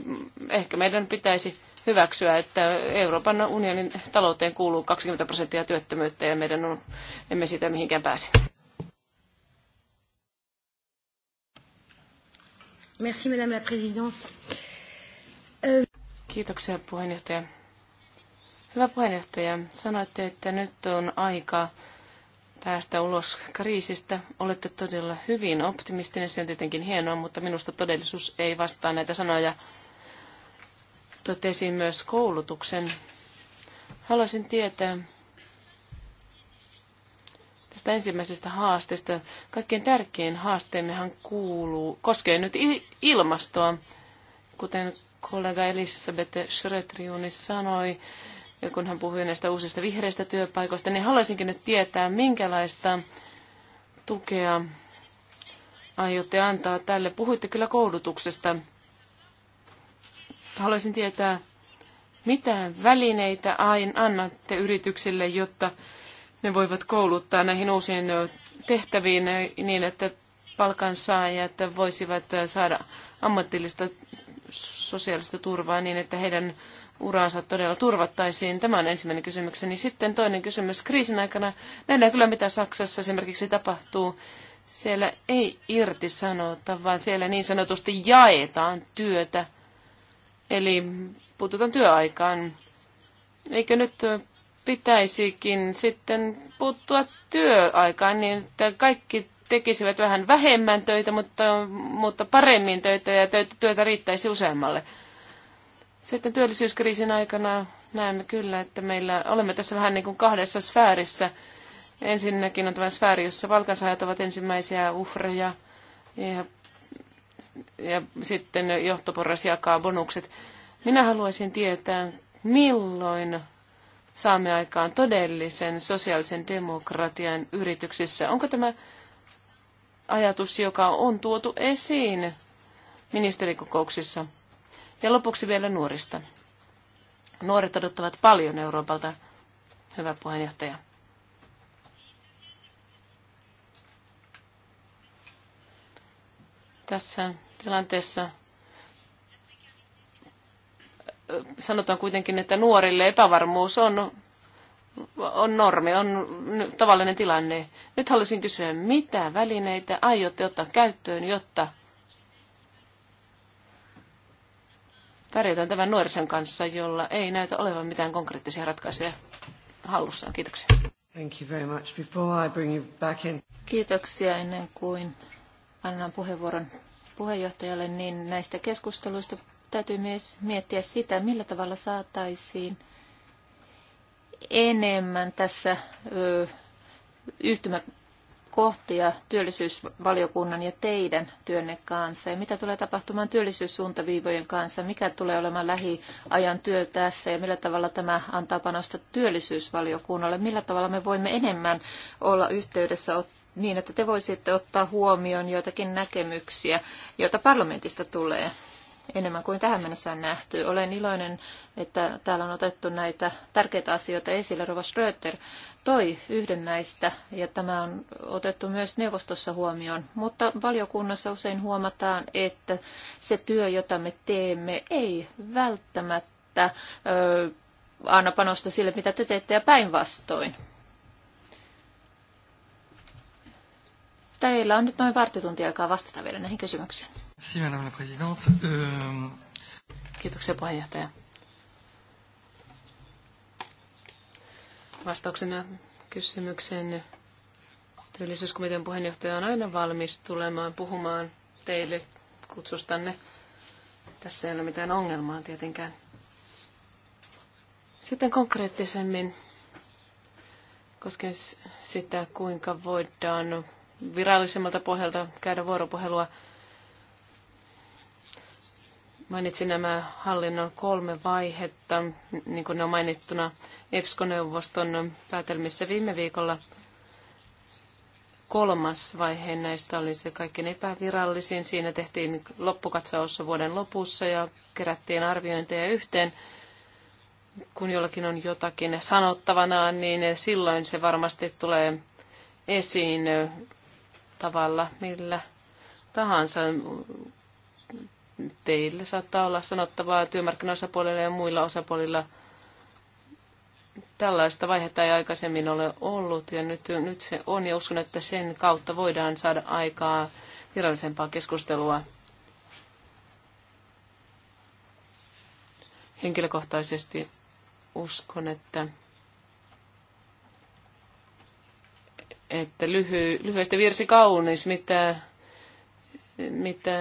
ehkä meidän pitäisi hyväksyä, että Euroopan unionin talouteen kuuluu 20 prosenttia työttömyyttä ja meidän on, emme siitä mihinkään pääse. Merci, madame la présidente. Kiitoksia puheenjohtaja. Hyvä puheenjohtaja, sanoitte, että nyt on aika päästä ulos kriisistä. Olette todella hyvin optimistinen, se on tietenkin hienoa, mutta minusta todellisuus ei vastaa näitä sanoja. Totesin myös koulutuksen. Haluaisin tietää tästä ensimmäisestä haasteesta. Kaikkein tärkein haasteemmehan kuuluu, koskee nyt ilmastoa, kuten kollega Elisabeth Schrötriuni sanoi kun hän puhui näistä uusista vihreistä työpaikoista, niin haluaisinkin nyt tietää, minkälaista tukea aiotte antaa tälle. Puhuitte kyllä koulutuksesta. Haluaisin tietää, mitä välineitä aina annatte yrityksille, jotta ne voivat kouluttaa näihin uusiin tehtäviin niin, että palkansaajat voisivat saada ammatillista sosiaalista turvaa niin, että heidän uraansa todella turvattaisiin? Tämä on ensimmäinen kysymykseni. Sitten toinen kysymys. Kriisin aikana nähdään kyllä, mitä Saksassa esimerkiksi tapahtuu. Siellä ei sanota, vaan siellä niin sanotusti jaetaan työtä. Eli puututaan työaikaan. Eikö nyt pitäisikin sitten puuttua työaikaan niin, että kaikki tekisivät vähän vähemmän töitä, mutta, mutta paremmin töitä ja töitä, työtä riittäisi useammalle. Sitten työllisyyskriisin aikana näemme kyllä, että meillä olemme tässä vähän niin kuin kahdessa sfäärissä. Ensinnäkin on tämä sfääri, jossa valkansaajat ovat ensimmäisiä uhreja ja, ja sitten johtoporras jakaa bonukset. Minä haluaisin tietää, milloin saamme aikaan todellisen sosiaalisen demokratian yrityksissä. Onko tämä ajatus, joka on tuotu esiin ministerikokouksissa? Ja lopuksi vielä nuorista. Nuoret odottavat paljon Euroopalta, hyvä puheenjohtaja. Tässä tilanteessa sanotaan kuitenkin, että nuorille epävarmuus on, on normi, on tavallinen tilanne. Nyt haluaisin kysyä, mitä välineitä aiotte ottaa käyttöön, jotta pärjätään tämän nuorisen kanssa, jolla ei näytä olevan mitään konkreettisia ratkaisuja hallussaan. Kiitoksia. Thank you very much. Before I bring you back in. Kiitoksia ennen kuin annan puheenvuoron puheenjohtajalle, niin näistä keskusteluista täytyy myös miettiä sitä, millä tavalla saataisiin enemmän tässä ö, yhtymä kohtia työllisyysvaliokunnan ja teidän työnne kanssa ja mitä tulee tapahtumaan työllisyyssuuntaviivojen kanssa, mikä tulee olemaan lähiajan työ tässä ja millä tavalla tämä antaa panosta työllisyysvaliokunnalle, millä tavalla me voimme enemmän olla yhteydessä niin, että te voisitte ottaa huomioon joitakin näkemyksiä, joita parlamentista tulee enemmän kuin tähän mennessä on nähty. Olen iloinen, että täällä on otettu näitä tärkeitä asioita esille. Rova Schröter toi yhden näistä, ja tämä on otettu myös neuvostossa huomioon. Mutta valiokunnassa usein huomataan, että se työ, jota me teemme, ei välttämättä ö, anna panosta sille, mitä te teette, ja päinvastoin. Teillä on nyt noin vartitunti aikaa vastata vielä näihin kysymyksiin. Euh, Kiitoksia puheenjohtaja. Vastauksena kysymykseen työllisyyskomitean puheenjohtaja on aina valmis tulemaan puhumaan teille kutsustanne. Tässä ei ole mitään ongelmaa tietenkään. Sitten konkreettisemmin koskien sitä, kuinka voidaan virallisemmalta pohjalta käydä vuoropuhelua. Mainitsin nämä hallinnon kolme vaihetta, niin kuin ne on mainittuna EPSCO-neuvoston päätelmissä viime viikolla. Kolmas vaihe näistä oli se kaikkein epävirallisin. Siinä tehtiin loppukatsaus vuoden lopussa ja kerättiin arviointeja yhteen kun jollakin on jotakin sanottavanaan, niin silloin se varmasti tulee esiin tavalla, millä tahansa. Teille saattaa olla sanottavaa työmarkkinaosapuolilla ja muilla osapuolilla. Tällaista vaihetta ei aikaisemmin ole ollut ja nyt, nyt se on ja uskon, että sen kautta voidaan saada aikaa virallisempaa keskustelua. Henkilökohtaisesti uskon, että että lyhy, lyhyesti virsi kaunis, mitä, mitä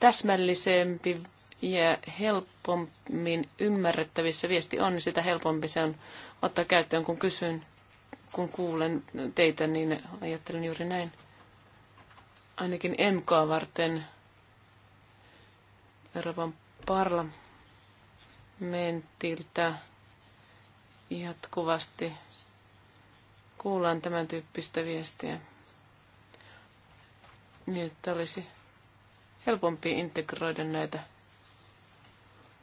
täsmällisempi ja helpommin ymmärrettävissä viesti on, niin sitä helpompi se on ottaa käyttöön, kun kysyn, kun kuulen teitä, niin ajattelen juuri näin. Ainakin MK varten Euroopan parlamentiltä jatkuvasti kuullaan tämän tyyppistä viestiä. Niin, että olisi helpompi integroida näitä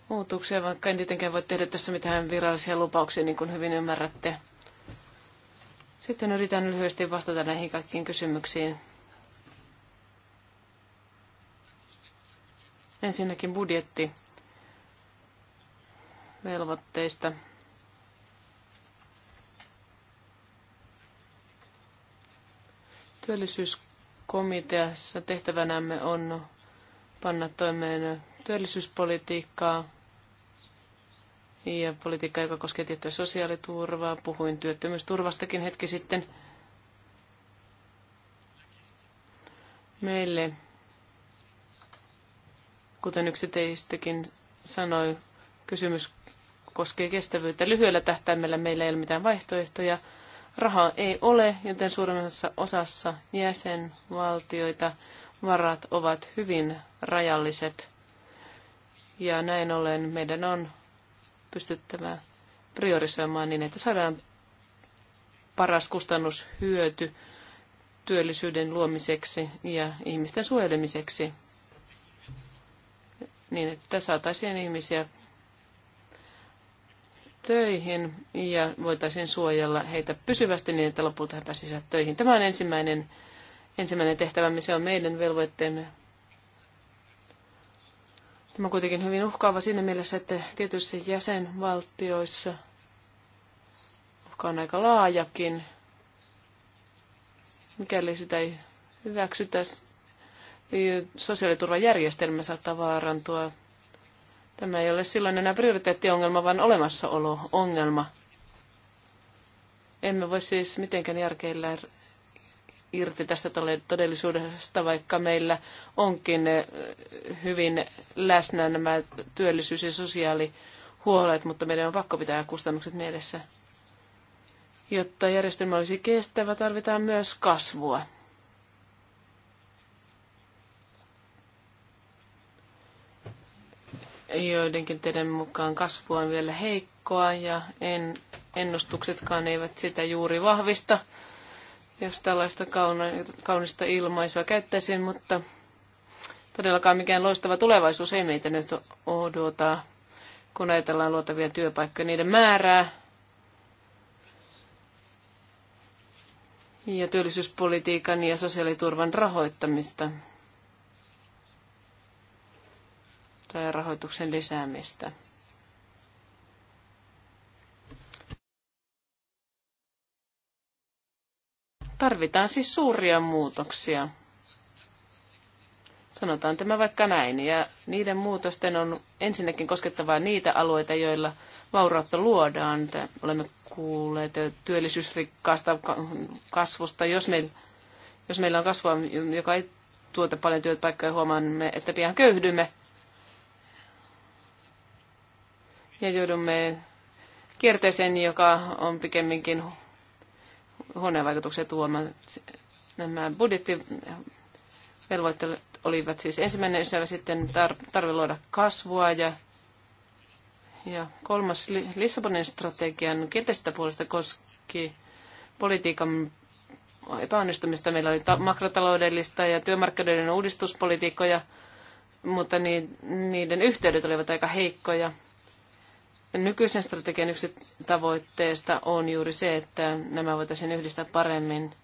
muutoksia, vaikka en tietenkään voi tehdä tässä mitään virallisia lupauksia, niin kuin hyvin ymmärrätte. Sitten yritän lyhyesti vastata näihin kaikkiin kysymyksiin. Ensinnäkin budjetti velvoitteista. Työllisyyskomiteassa tehtävänämme on panna toimeen työllisyyspolitiikkaa ja politiikkaa, joka koskee tiettyä sosiaaliturvaa. Puhuin työttömyysturvastakin hetki sitten. Meille, kuten yksi teistäkin sanoi, kysymys koskee kestävyyttä. Lyhyellä tähtäimellä meillä ei ole mitään vaihtoehtoja. Rahaa ei ole, joten suurimmassa osassa jäsenvaltioita varat ovat hyvin rajalliset. Ja näin ollen meidän on pystyttävä priorisoimaan niin, että saadaan paras kustannushyöty työllisyyden luomiseksi ja ihmisten suojelemiseksi niin, että saataisiin ihmisiä töihin ja voitaisiin suojella heitä pysyvästi niin, että lopulta he pääsisivät töihin. Tämä on ensimmäinen, ensimmäinen tehtävämme, se on meidän velvoitteemme. Tämä on kuitenkin hyvin uhkaava siinä mielessä, että tietyissä jäsenvaltioissa uhka on aika laajakin. Mikäli sitä ei hyväksytä, niin sosiaaliturvajärjestelmä saattaa vaarantua Tämä ei ole silloin enää prioriteettiongelma, vaan olemassaolo-ongelma. Emme voi siis mitenkään järkeillä irti tästä todellisuudesta, vaikka meillä onkin eh, hyvin läsnä nämä työllisyys- ja sosiaalihuolet, mutta meidän on pakko pitää kustannukset mielessä. Jotta järjestelmä olisi kestävä, tarvitaan myös kasvua. joidenkin teidän mukaan kasvu on vielä heikkoa ja en, ennustuksetkaan eivät sitä juuri vahvista, jos tällaista kaunista ilmaisua käyttäisin, mutta todellakaan mikään loistava tulevaisuus ei meitä nyt odota, kun ajatellaan luotavia työpaikkoja, niiden määrää ja työllisyyspolitiikan ja sosiaaliturvan rahoittamista. tai rahoituksen lisäämistä. Tarvitaan siis suuria muutoksia. Sanotaan tämä vaikka näin, ja niiden muutosten on ensinnäkin koskettavaa niitä alueita, joilla vaurautta luodaan. Olemme kuulleet työllisyysrikkaasta kasvusta. Jos, me, jos meillä on kasvua, joka ei tuota paljon työpaikkoja, huomaamme, että pian köyhdymme. ja joudumme kierteeseen, joka on pikemminkin huoneen vaikutuksen tuoma. Nämä budjettivelvoitteet olivat siis ensimmäinen ystävä, sitten tarve luoda kasvua ja ja kolmas Lissabonin strategian kielteisestä puolesta koski politiikan epäonnistumista. Meillä oli makrotaloudellista ja työmarkkinoiden uudistuspolitiikkoja, mutta niiden yhteydet olivat aika heikkoja. Nykyisen strategian yksi tavoitteesta on juuri se, että nämä voitaisiin yhdistää paremmin.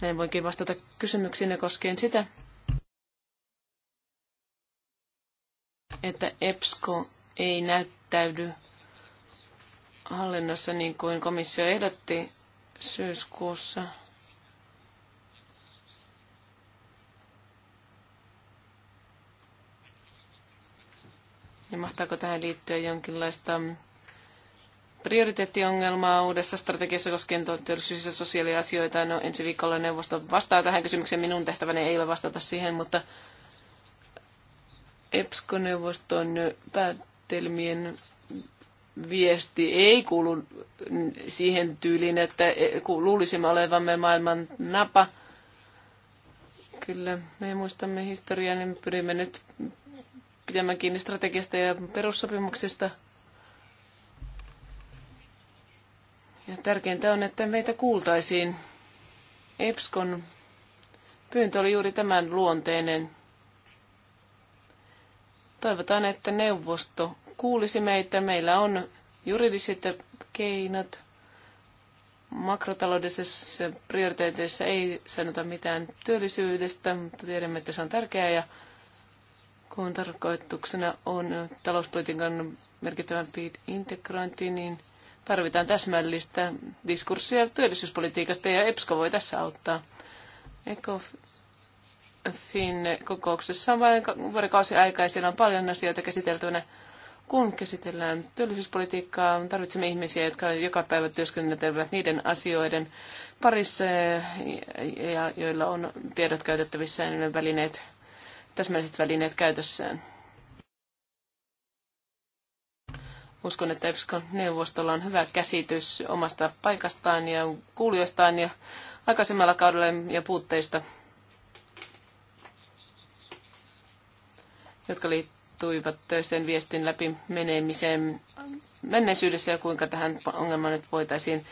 Näin voinkin vastata kysymyksiin koskien sitä, että EPSCO ei näyttäydy hallinnossa niin kuin komissio ehdotti syyskuussa. Ja mahtaako tähän liittyä jonkinlaista prioriteettiongelmaa uudessa strategiassa koskien työllisyys- ja sosiaaliasioita. No, ensi viikolla neuvosto vastaa tähän kysymykseen. Minun tehtäväni ei ole vastata siihen, mutta EPSCO-neuvoston päättelmien viesti ei kuulu siihen tyyliin, että luulisimme olevamme maailman napa. Kyllä, me muistamme historian ja me pyrimme nyt pidemmän kiinni strategiasta ja perussopimuksista. Ja tärkeintä on, että meitä kuultaisiin. EPSKon pyyntö oli juuri tämän luonteinen. Toivotaan, että neuvosto kuulisi meitä. Meillä on juridiset keinot. Makrotaloudellisissa prioriteeteissa ei sanota mitään työllisyydestä, mutta tiedämme, että se on tärkeää ja kun tarkoituksena on talouspolitiikan merkittävämpi integrointi, niin tarvitaan täsmällistä diskurssia työllisyyspolitiikasta ja EPSCO voi tässä auttaa. ECOFIN kokouksessa on vain vuorokausi aikaa ja siellä on paljon asioita käsiteltävänä. Kun käsitellään työllisyyspolitiikkaa, tarvitsemme ihmisiä, jotka joka päivä työskentelevät niiden asioiden parissa ja joilla on tiedot käytettävissä ja välineet täsmälliset välineet käytössään. Uskon, että EPSCO-neuvostolla on hyvä käsitys omasta paikastaan ja kuulijoistaan ja aikaisemmalla kaudella ja puutteista, jotka liittyivät sen viestin läpi menemiseen menneisyydessä ja kuinka tähän ongelmaan nyt voitaisiin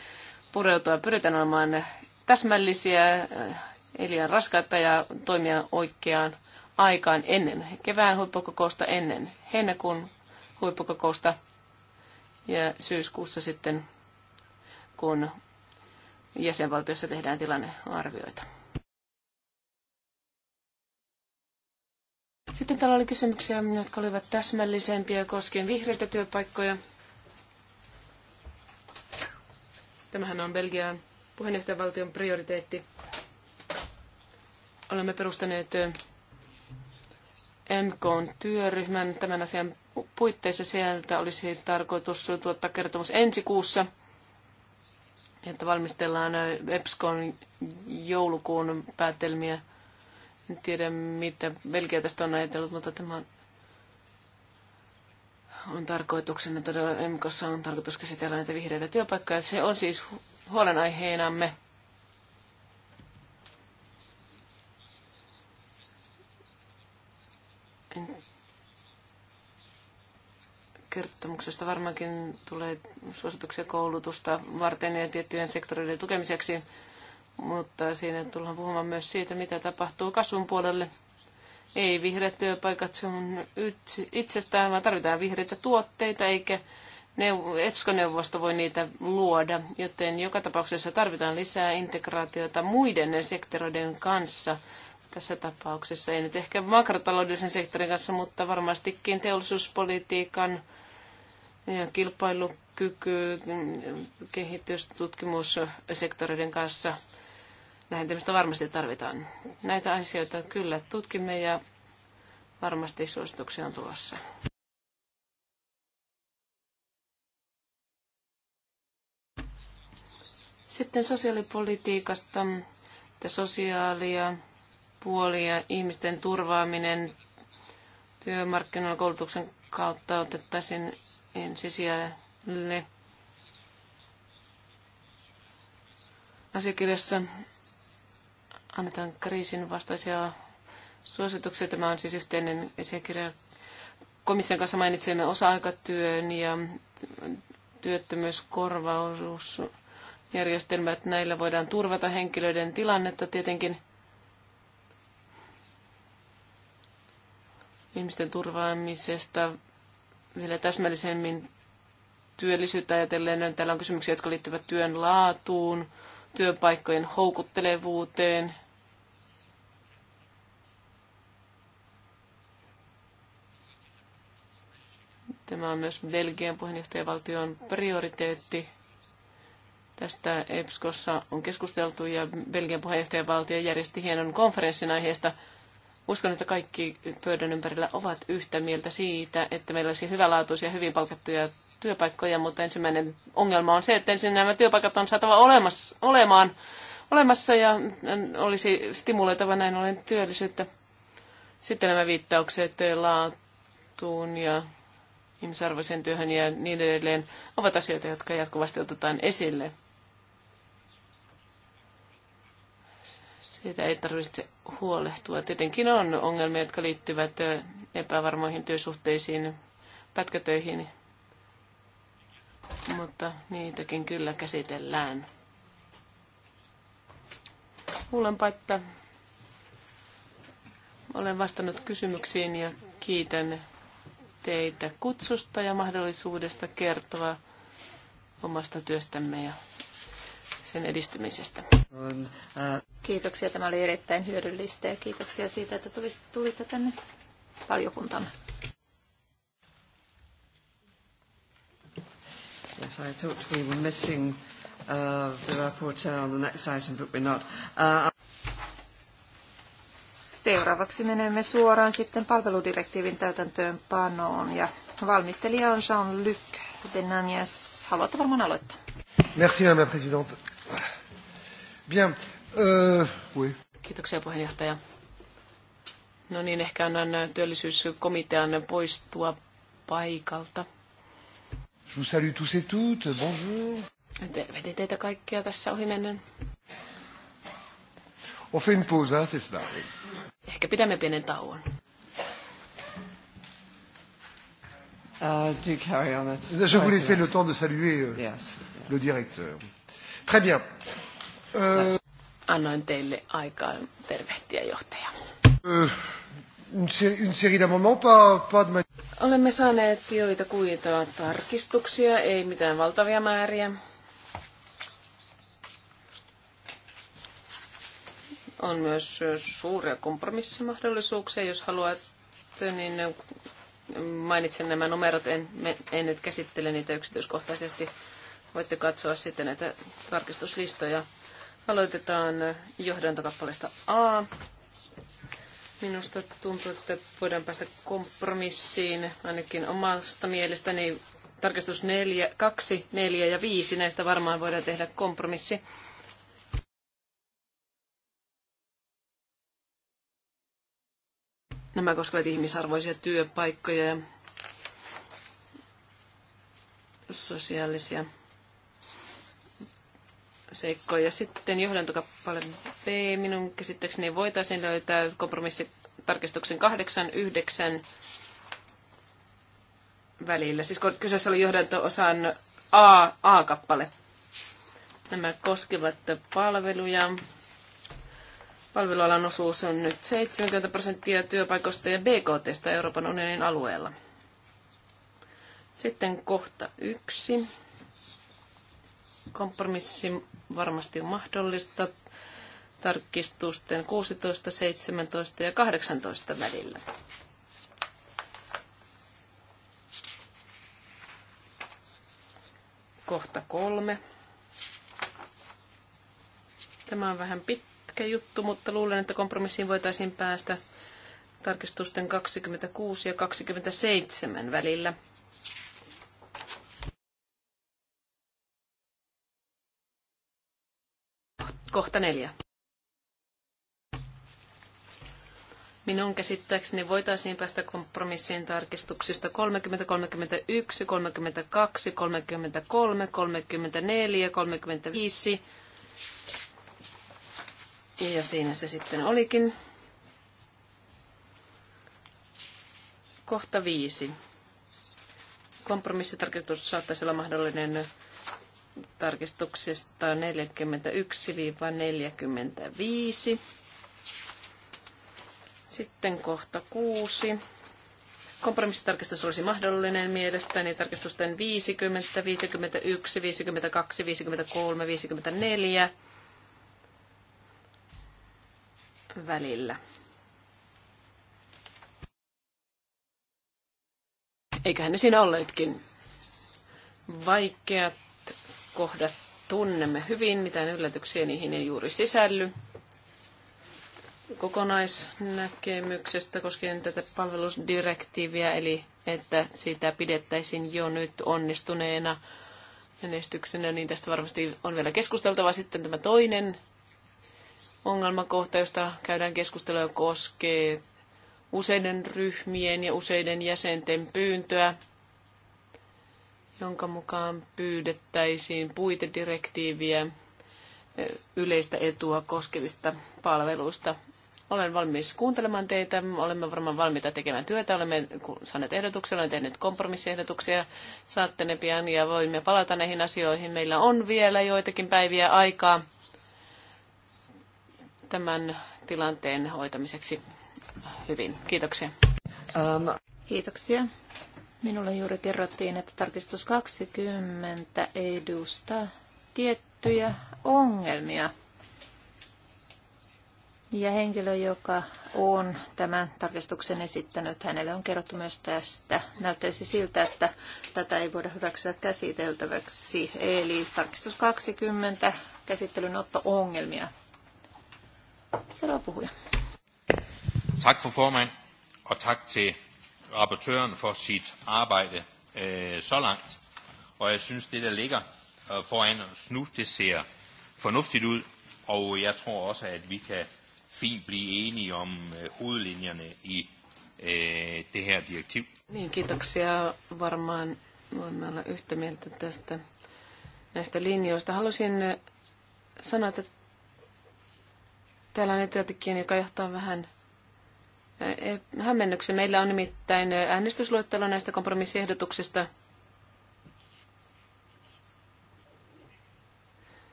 pureutua. Pyritään olemaan täsmällisiä, eli raskaita ja toimia oikeaan aikaan ennen kevään huippukokousta, ennen heinäkuun huippukokousta ja syyskuussa sitten, kun jäsenvaltiossa tehdään tilannearvioita. Sitten täällä oli kysymyksiä, jotka olivat täsmällisempiä koskien vihreitä työpaikkoja. Tämähän on Belgian puheenjohtajavaltion prioriteetti. Olemme perustaneet MKn työryhmän tämän asian puitteissa. Sieltä olisi tarkoitus tuottaa kertomus ensi kuussa, että valmistellaan äh, epskon joulukuun päätelmiä. En tiedä, mitä Belgia tästä on ajatellut, mutta tämä on on tarkoituksena todella, MKssa on tarkoitus käsitellä näitä vihreitä työpaikkoja. Se on siis huolenaiheenamme kertomuksesta varmaankin tulee suosituksia koulutusta varten ja tiettyjen sektoreiden tukemiseksi, mutta siinä tullaan puhumaan myös siitä, mitä tapahtuu kasvun puolelle. Ei vihreät työpaikat sun itsestään, vaan tarvitaan vihreitä tuotteita, eikä EFSCO-neuvosto voi niitä luoda, joten joka tapauksessa tarvitaan lisää integraatiota muiden sektoreiden kanssa tässä tapauksessa. Ei nyt ehkä makrotaloudellisen sektorin kanssa, mutta varmastikin teollisuuspolitiikan ja kilpailukyky, kehitys, tutkimussektoreiden kanssa tämmöistä varmasti tarvitaan. Näitä asioita kyllä tutkimme ja varmasti suosituksia on tulossa. Sitten sosiaalipolitiikasta, sosiaalia. sosiaali- ja ja ihmisten turvaaminen työmarkkinoilla koulutuksen kautta otettaisiin ensisijalle. Asiakirjassa annetaan kriisin vastaisia suosituksia. Tämä on siis yhteinen asiakirja. Komission kanssa mainitsemme osa-aikatyön ja työttömyyskorvausjärjestelmät. Näillä voidaan turvata henkilöiden tilannetta tietenkin – ihmisten turvaamisesta vielä täsmällisemmin työllisyyttä ajatellen. Täällä on kysymyksiä, jotka liittyvät työn laatuun, työpaikkojen houkuttelevuuteen, Tämä on myös Belgian puheenjohtajavaltion prioriteetti. Tästä EPSKossa on keskusteltu ja Belgian puheenjohtajavaltio järjesti hienon konferenssin aiheesta – Uskon, että kaikki pöydän ympärillä ovat yhtä mieltä siitä, että meillä olisi hyvälaatuisia, hyvin palkattuja työpaikkoja, mutta ensimmäinen ongelma on se, että ensin nämä työpaikat on saatava olemassa, olemaan olemassa ja olisi stimuloitava näin ollen työllisyyttä. Sitten nämä viittaukset laatuun ja ihmisarvoisen työhön ja niin edelleen ovat asioita, jotka jatkuvasti otetaan esille. Siitä ei tarvitse huolehtua. Tietenkin on ongelmia, jotka liittyvät epävarmoihin työsuhteisiin, pätkätöihin, mutta niitäkin kyllä käsitellään. Kuulenpa, että olen vastannut kysymyksiin ja kiitän teitä kutsusta ja mahdollisuudesta kertoa omasta työstämme ja sen edistymisestä. Äh, kiitoksia, tämä oli erittäin hyödyllistä ja kiitoksia siitä, että tulitte tänne valiokuntaan. Yes, I thought we were missing uh, the rapporteur on the next item, but we're not. Uh, Seuraavaksi menemme suoraan sitten palveludirektiivin täytäntöönpanoon ja valmistelija on Jean-Luc Denamias. Haluatte varmaan aloittaa. Merci, Madame la Présidente. Bien. Öö, oui. Kiitoksia puheenjohtaja. No niin, ehkä annan työllisyyskomitean poistua paikalta. Je vous salue tous et toutes. Bonjour. Tervehdin teitä kaikkia tässä ohimennen. On fait une pause, hein, c'est cela. Ehkä pidämme pienen tauon. Uh, do carry on. Je vous laissais le temps de saluer euh, yes. le directeur. Très bien. Äh. Annoin teille aikaa tervehtiä johtaja. Äh, Olemme saaneet joita kuita tarkistuksia, ei mitään valtavia määriä. On myös äh, suuria kompromissimahdollisuuksia, jos haluat, niin mainitsen nämä numerot, en, me, en nyt käsittele niitä yksityiskohtaisesti. Voitte katsoa sitten näitä tarkistuslistoja. Aloitetaan johdantokappaleesta A. Minusta tuntuu, että voidaan päästä kompromissiin, ainakin omasta mielestäni. Tarkastus 4, 2, 4 ja 5, näistä varmaan voidaan tehdä kompromissi. Nämä koskevat ihmisarvoisia työpaikkoja ja sosiaalisia seikkoja. Sitten johdantokappale B. Minun käsittääkseni voitaisiin löytää kompromissitarkistuksen 8, 9 välillä. Siis kun kyseessä oli johdanto-osan A, A-kappale. Nämä koskevat palveluja. Palvelualan osuus on nyt 70 prosenttia työpaikoista ja BKTstä Euroopan unionin alueella. Sitten kohta yksi. Kompromissi varmasti on mahdollista tarkistusten 16, 17 ja 18 välillä. Kohta kolme. Tämä on vähän pitkä juttu, mutta luulen, että kompromissiin voitaisiin päästä tarkistusten 26 ja 27 välillä. Kohta neljä. Minun käsittääkseni voitaisiin päästä kompromissien tarkistuksista 30, 31, 32, 33, 34, 35. Ja siinä se sitten olikin. Kohta viisi. Kompromissitarkistus saattaisi olla mahdollinen tarkistuksesta 41-45. Sitten kohta 6. Kompromissitarkistus olisi mahdollinen mielestäni tarkistusten 50, 51, 52, 53, 54 välillä. Eiköhän ne siinä olleetkin. vaikeat kohdat tunnemme hyvin, mitään yllätyksiä niihin ei juuri sisälly. Kokonaisnäkemyksestä koskien tätä palvelusdirektiiviä, eli että sitä pidettäisiin jo nyt onnistuneena menestyksenä, niin tästä varmasti on vielä keskusteltava sitten tämä toinen ongelmakohta, josta käydään keskustelua koskee useiden ryhmien ja useiden jäsenten pyyntöä jonka mukaan pyydettäisiin puitedirektiiviä yleistä etua koskevista palveluista. Olen valmis kuuntelemaan teitä, olemme varmaan valmiita tekemään työtä, olemme saaneet ehdotuksia, olen tehnyt kompromissiehdotuksia, saatte ne pian ja voimme palata näihin asioihin. Meillä on vielä joitakin päiviä aikaa tämän tilanteen hoitamiseksi hyvin. Kiitoksia. Um, kiitoksia. Minulle juuri kerrottiin, että tarkistus 20 edusta tiettyjä ongelmia. Ja henkilö, joka on tämän tarkistuksen esittänyt, hänelle on kerrottu myös tästä. Näyttäisi siltä, että tätä ei voida hyväksyä käsiteltäväksi. Eli tarkistus 20, käsittelyn otto ongelmia. Seuraava puhuja. Tack för formen och tack till rapportøren for sit arbejde øh, så langt. Og jeg synes, det der ligger øh, foran os nu, det ser fornuftigt ud. Og jeg tror også, at vi kan fint blive enige om øh, hovedlinjerne i øh, det her direktiv. Niin, kiitoksia. Varmaan voimme olla yhtä mieltä tästä näistä linjoista. Haluaisin äh, sanoa, että täällä on nyt jotakin, joka johtaa vähän hämmennyksen. Meillä on nimittäin äänestysluettelo näistä kompromissiehdotuksista.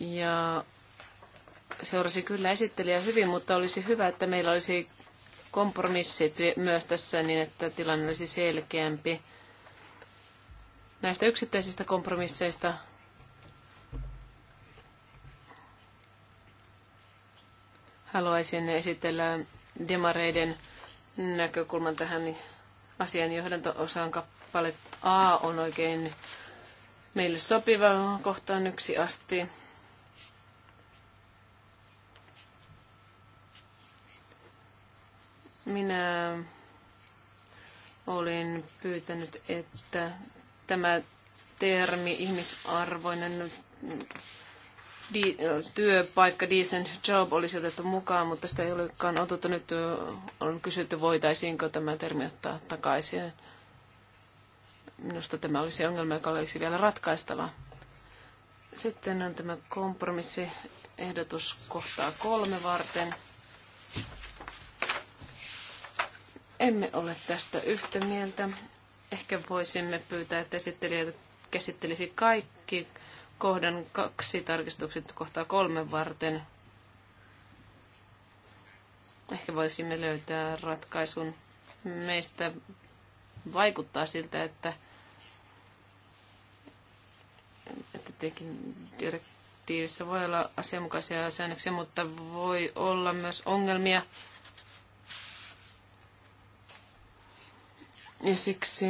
Ja seurasi kyllä esittelijä hyvin, mutta olisi hyvä, että meillä olisi kompromissit myös tässä niin, että tilanne olisi selkeämpi. Näistä yksittäisistä kompromisseista haluaisin esitellä demareiden näkökulman tähän niin asian johdanto-osaan kappale A on oikein meille sopiva kohtaan yksi asti. Minä olin pyytänyt, että tämä termi ihmisarvoinen di- työpaikka, decent job olisi otettu mukaan, mutta sitä ei olekaan otettu. Nyt on kysytty, voitaisiinko tämä termi ottaa takaisin. Minusta tämä olisi ongelma, joka olisi vielä ratkaistava. Sitten on tämä kompromissiehdotus kohtaa kolme varten. Emme ole tästä yhtä mieltä. Ehkä voisimme pyytää, että esittelijä käsittelisi kaikki kohdan kaksi tarkistukset kohtaa kolme varten. Ehkä voisimme löytää ratkaisun. Meistä vaikuttaa siltä, että, että tietenkin direktiivissä voi olla asianmukaisia säännöksiä, mutta voi olla myös ongelmia. Ja siksi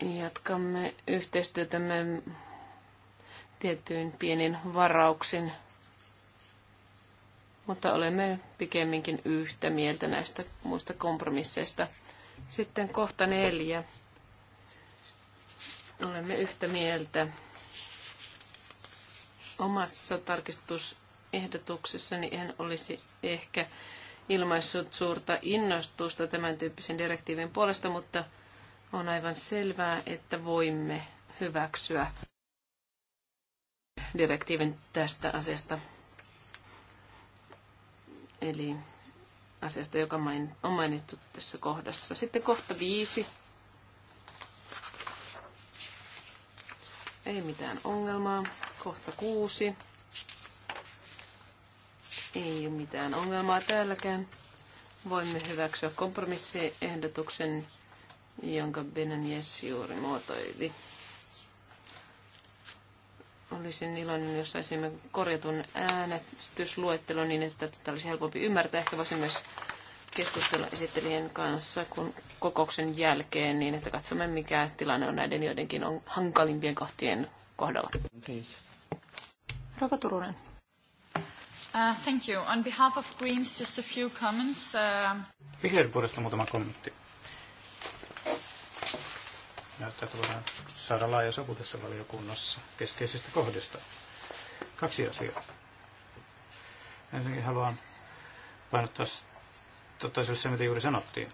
Jatkamme yhteistyötämme tiettyyn pienin varauksin, mutta olemme pikemminkin yhtä mieltä näistä muista kompromisseista. Sitten kohta neljä. Olemme yhtä mieltä. Omassa tarkistusehdotuksessani en olisi ehkä ilmaissut suurta innostusta tämän tyyppisen direktiivin puolesta, mutta on aivan selvää, että voimme hyväksyä direktiivin tästä asiasta. Eli asiasta, joka on mainittu tässä kohdassa. Sitten kohta viisi. Ei mitään ongelmaa. Kohta kuusi. Ei ole mitään ongelmaa täälläkään. Voimme hyväksyä kompromissiehdotuksen, jonka Benanies juuri muotoili. Olisin iloinen, jos saisimme korjatun äänestysluettelon niin, että tätä olisi helpompi ymmärtää. Ehkä voisin myös keskustella esittelijän kanssa kun kokouksen jälkeen, niin että katsomme, mikä tilanne on näiden joidenkin on hankalimpien kohtien kohdalla. Rova Turunen. Uh, thank you. On behalf of Greens, just a few comments. Uh... Vihreiden puolesta muutama kommentti näyttää, että voidaan saada laaja sopu tässä valiokunnassa keskeisistä kohdista. Kaksi asiaa. Ensinnäkin haluan painottaa totta se, mitä juuri sanottiin.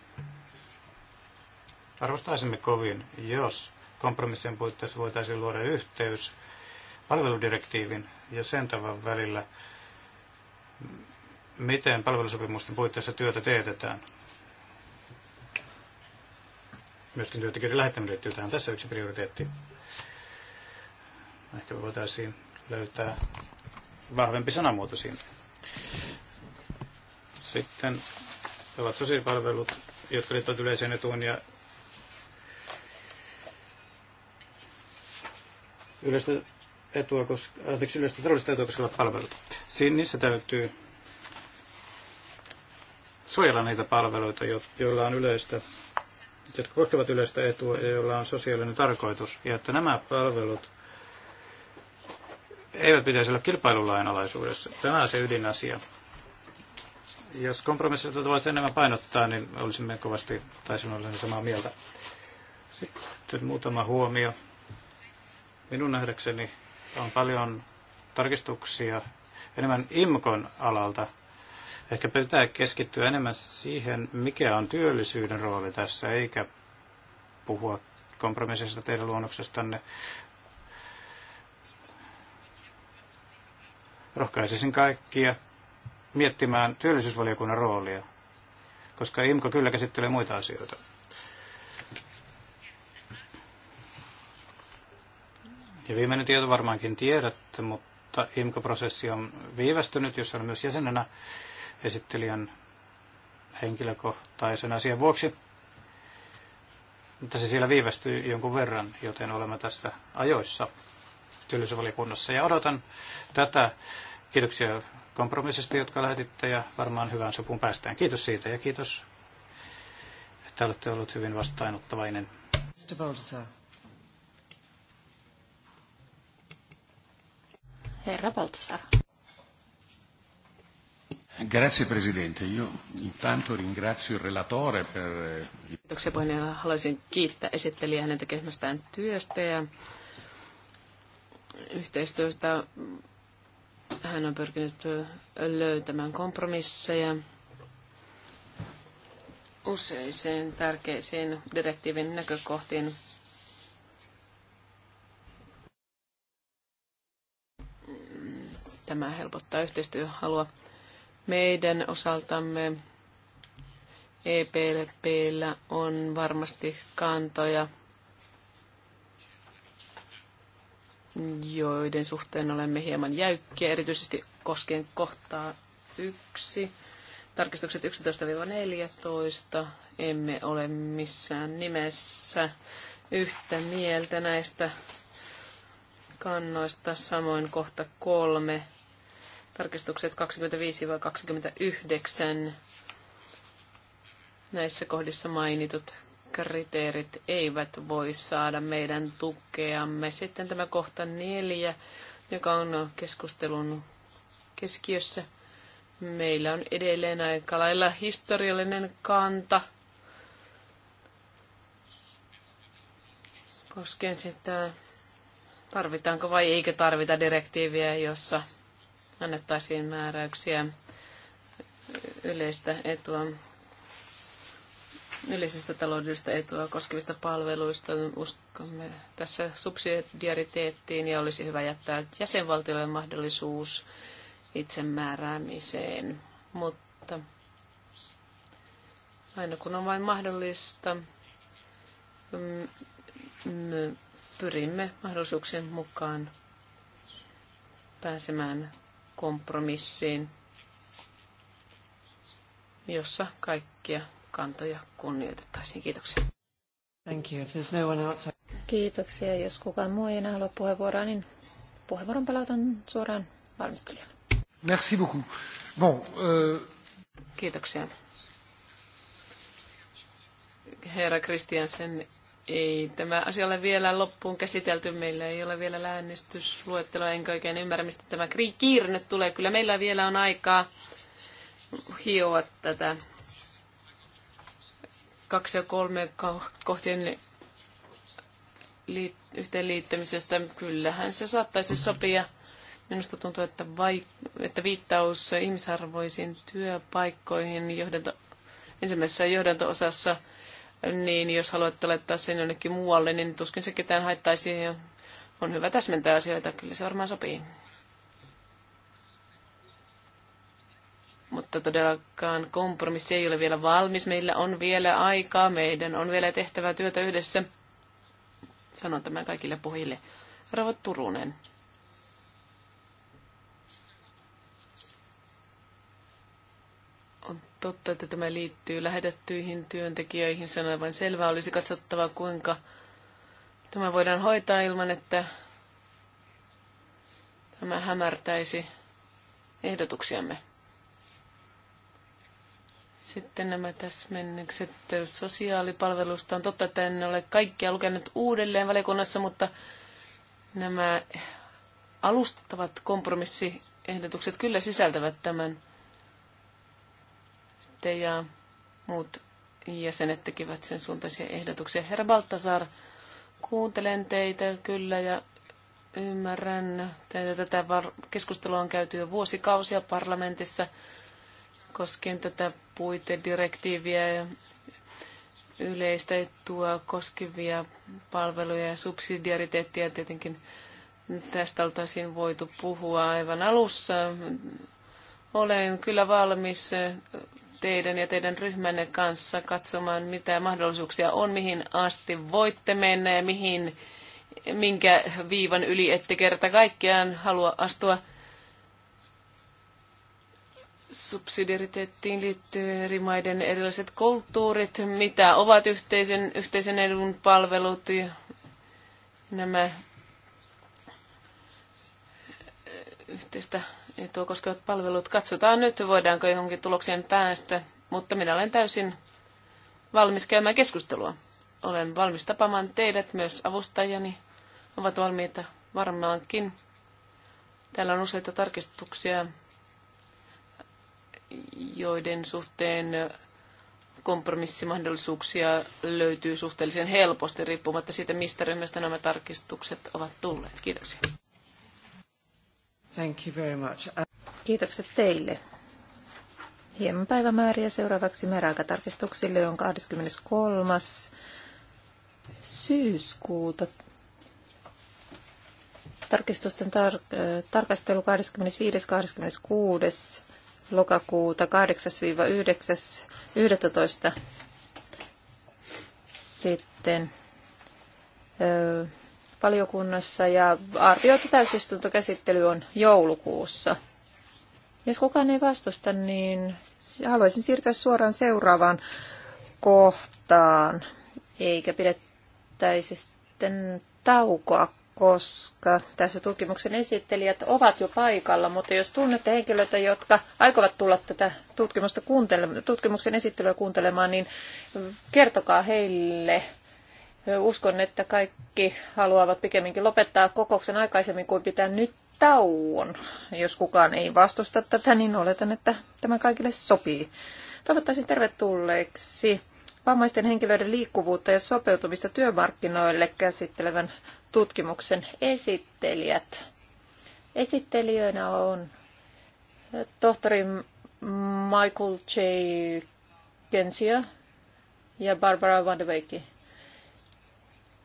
Arvostaisimme kovin, jos kompromissien puitteissa voitaisiin luoda yhteys palveludirektiivin ja sen tavan välillä, miten palvelusopimusten puitteissa työtä teetetään myöskin työntekijöiden lähettäminen liittyy tähän. Tässä yksi prioriteetti. Ehkä me voitaisiin löytää vahvempi sanamuoto siinä. Sitten ovat sosiaalipalvelut, jotka liittyvät yleiseen etuun ja yleistä etua, anteeksi, yleistä taloudellista etua koskevat palvelut. Siinä niissä täytyy suojella niitä palveluita, joilla on yleistä jotka koskevat yleistä etua ja joilla on sosiaalinen tarkoitus, ja että nämä palvelut eivät pitäisi olla kilpailulain alaisuudessa. Tämä on se ydinasia. Jos kompromissit voit enemmän painottaa, niin olisimme kovasti tai sinulle samaa mieltä. Sitten muutama huomio. Minun nähdäkseni on paljon tarkistuksia enemmän IMKON alalta Ehkä pitää keskittyä enemmän siihen, mikä on työllisyyden rooli tässä, eikä puhua kompromissista teidän luonnoksestanne. Rohkaisisin kaikkia miettimään työllisyysvaliokunnan roolia, koska IMKO kyllä käsittelee muita asioita. Ja viimeinen tieto varmaankin tiedätte, mutta imko prosessi on viivästynyt, jos on myös jäsenenä esittelijän henkilökohtaisen asian vuoksi. Mutta se siellä viivästyy jonkun verran, joten olemme tässä ajoissa työllisyysvaliokunnassa. Ja odotan tätä. Kiitoksia kompromissista, jotka lähetitte, ja varmaan hyvään sopuun päästään. Kiitos siitä, ja kiitos, että olette ollut hyvin vastaanottavainen. Herra Baltasar. Grazie Presidente. Io intanto ringrazio il relatore per... Eh, Kiitoksia Haluaisin kiittää esittelijää hänen tekemästään työstä ja yhteistyöstä. Hän on pyrkinyt löytämään kompromisseja useisiin tärkeisiin direktiivin näkökohtiin. Tämä helpottaa yhteistyöhalua. Meidän osaltamme EPLPllä on varmasti kantoja, joiden suhteen olemme hieman jäykkiä, erityisesti koskien kohtaa yksi. Tarkistukset 11-14 emme ole missään nimessä yhtä mieltä näistä kannoista. Samoin kohta kolme tarkistukset 25-29. Näissä kohdissa mainitut kriteerit eivät voi saada meidän tukeamme. Sitten tämä kohta neljä, joka on keskustelun keskiössä. Meillä on edelleen aika lailla historiallinen kanta koskien sitä, tarvitaanko vai eikö tarvita direktiiviä, jossa annettaisiin määräyksiä yleistä etua, yleisestä taloudellista etua koskevista palveluista. Uskomme tässä subsidiariteettiin ja olisi hyvä jättää jäsenvaltioille mahdollisuus itsemääräämiseen. Mutta aina kun on vain mahdollista, mm, me pyrimme mahdollisuuksien mukaan pääsemään kompromissiin, jossa kaikkia kantoja kunnioitettaisiin. Kiitoksia. Thank you. If no one else... Kiitoksia. Jos kukaan muu ei enää halua puheenvuoroa, niin puheenvuoron palautan suoraan valmistelijalle. Merci beaucoup. Bon, euh... Kiitoksia. Herra Kristiansen ei tämä asia ole vielä loppuun käsitelty. Meillä ei ole vielä äänestysluetteloa, enkä oikein ymmärrä, mistä tämä kiirne tulee. Kyllä meillä vielä on aikaa hioa tätä kaksi ja kolme kohtien liit- yhteenliittämisestä. Kyllähän se saattaisi sopia. Minusta tuntuu, että, vaik- että viittaus ihmisarvoisiin työpaikkoihin johdanto- ensimmäisessä johdanto-osassa – niin jos haluatte laittaa sen jonnekin muualle, niin tuskin se ketään haittaisi. On hyvä täsmentää asioita, kyllä se varmaan sopii. Mutta todellakaan kompromissi ei ole vielä valmis. Meillä on vielä aikaa, meidän on vielä tehtävää työtä yhdessä. Sanon tämän kaikille puhille. Rova Turunen. totta, että tämä liittyy lähetettyihin työntekijöihin. Se on aivan selvää. Olisi katsottava, kuinka tämä voidaan hoitaa ilman, että tämä hämärtäisi ehdotuksiamme. Sitten nämä täsmennykset sosiaalipalvelusta. On totta, että en ole kaikkia lukenut uudelleen valiokunnassa, mutta nämä alustavat kompromissiehdotukset kyllä sisältävät tämän te ja muut jäsenet tekivät sen suuntaisia ehdotuksia. Herra Baltasar, kuuntelen teitä kyllä ja ymmärrän, että tätä keskustelua on käyty jo vuosikausia parlamentissa koskien tätä puitedirektiiviä ja yleistä etua koskevia palveluja ja subsidiariteettia tietenkin tästä oltaisiin voitu puhua aivan alussa. Olen kyllä valmis teidän ja teidän ryhmänne kanssa katsomaan, mitä mahdollisuuksia on, mihin asti voitte mennä ja mihin, minkä viivan yli ette kerta kaikkiaan halua astua. Subsidiariteettiin liittyy eri maiden erilaiset kulttuurit, mitä ovat yhteisen, yhteisen edun palvelut ja nämä yhteistä etua koskevat palvelut. Katsotaan nyt, voidaanko johonkin tulokseen päästä, mutta minä olen täysin valmis käymään keskustelua. Olen valmis tapaamaan teidät, myös avustajani ovat valmiita varmaankin. Täällä on useita tarkistuksia, joiden suhteen kompromissimahdollisuuksia löytyy suhteellisen helposti riippumatta siitä, mistä ryhmästä nämä tarkistukset ovat tulleet. Kiitoksia. Thank you very much. Uh, Kiitokset teille. Hieman päivämääriä seuraavaksi määräaikatarkistuksille on 23. syyskuuta. Tarkistusten tar- äh, tarkastelu 25. 26 lokakuuta 8-9.11. Sitten äh, valiokunnassa ja arvioitu täysistuntokäsittely on joulukuussa. Jos kukaan ei vastusta, niin haluaisin siirtyä suoraan seuraavaan kohtaan, eikä pidettäisi sitten taukoa, koska tässä tutkimuksen esittelijät ovat jo paikalla, mutta jos tunnette henkilöitä, jotka aikovat tulla tätä tutkimusta kuuntele- tutkimuksen esittelyä kuuntelemaan, niin kertokaa heille Uskon, että kaikki haluavat pikemminkin lopettaa kokouksen aikaisemmin kuin pitää nyt tauon. Jos kukaan ei vastusta tätä, niin oletan, että tämä kaikille sopii. Toivottaisin tervetulleeksi vammaisten henkilöiden liikkuvuutta ja sopeutumista työmarkkinoille käsittelevän tutkimuksen esittelijät. Esittelijöinä on tohtori Michael J. Kensia ja Barbara Van de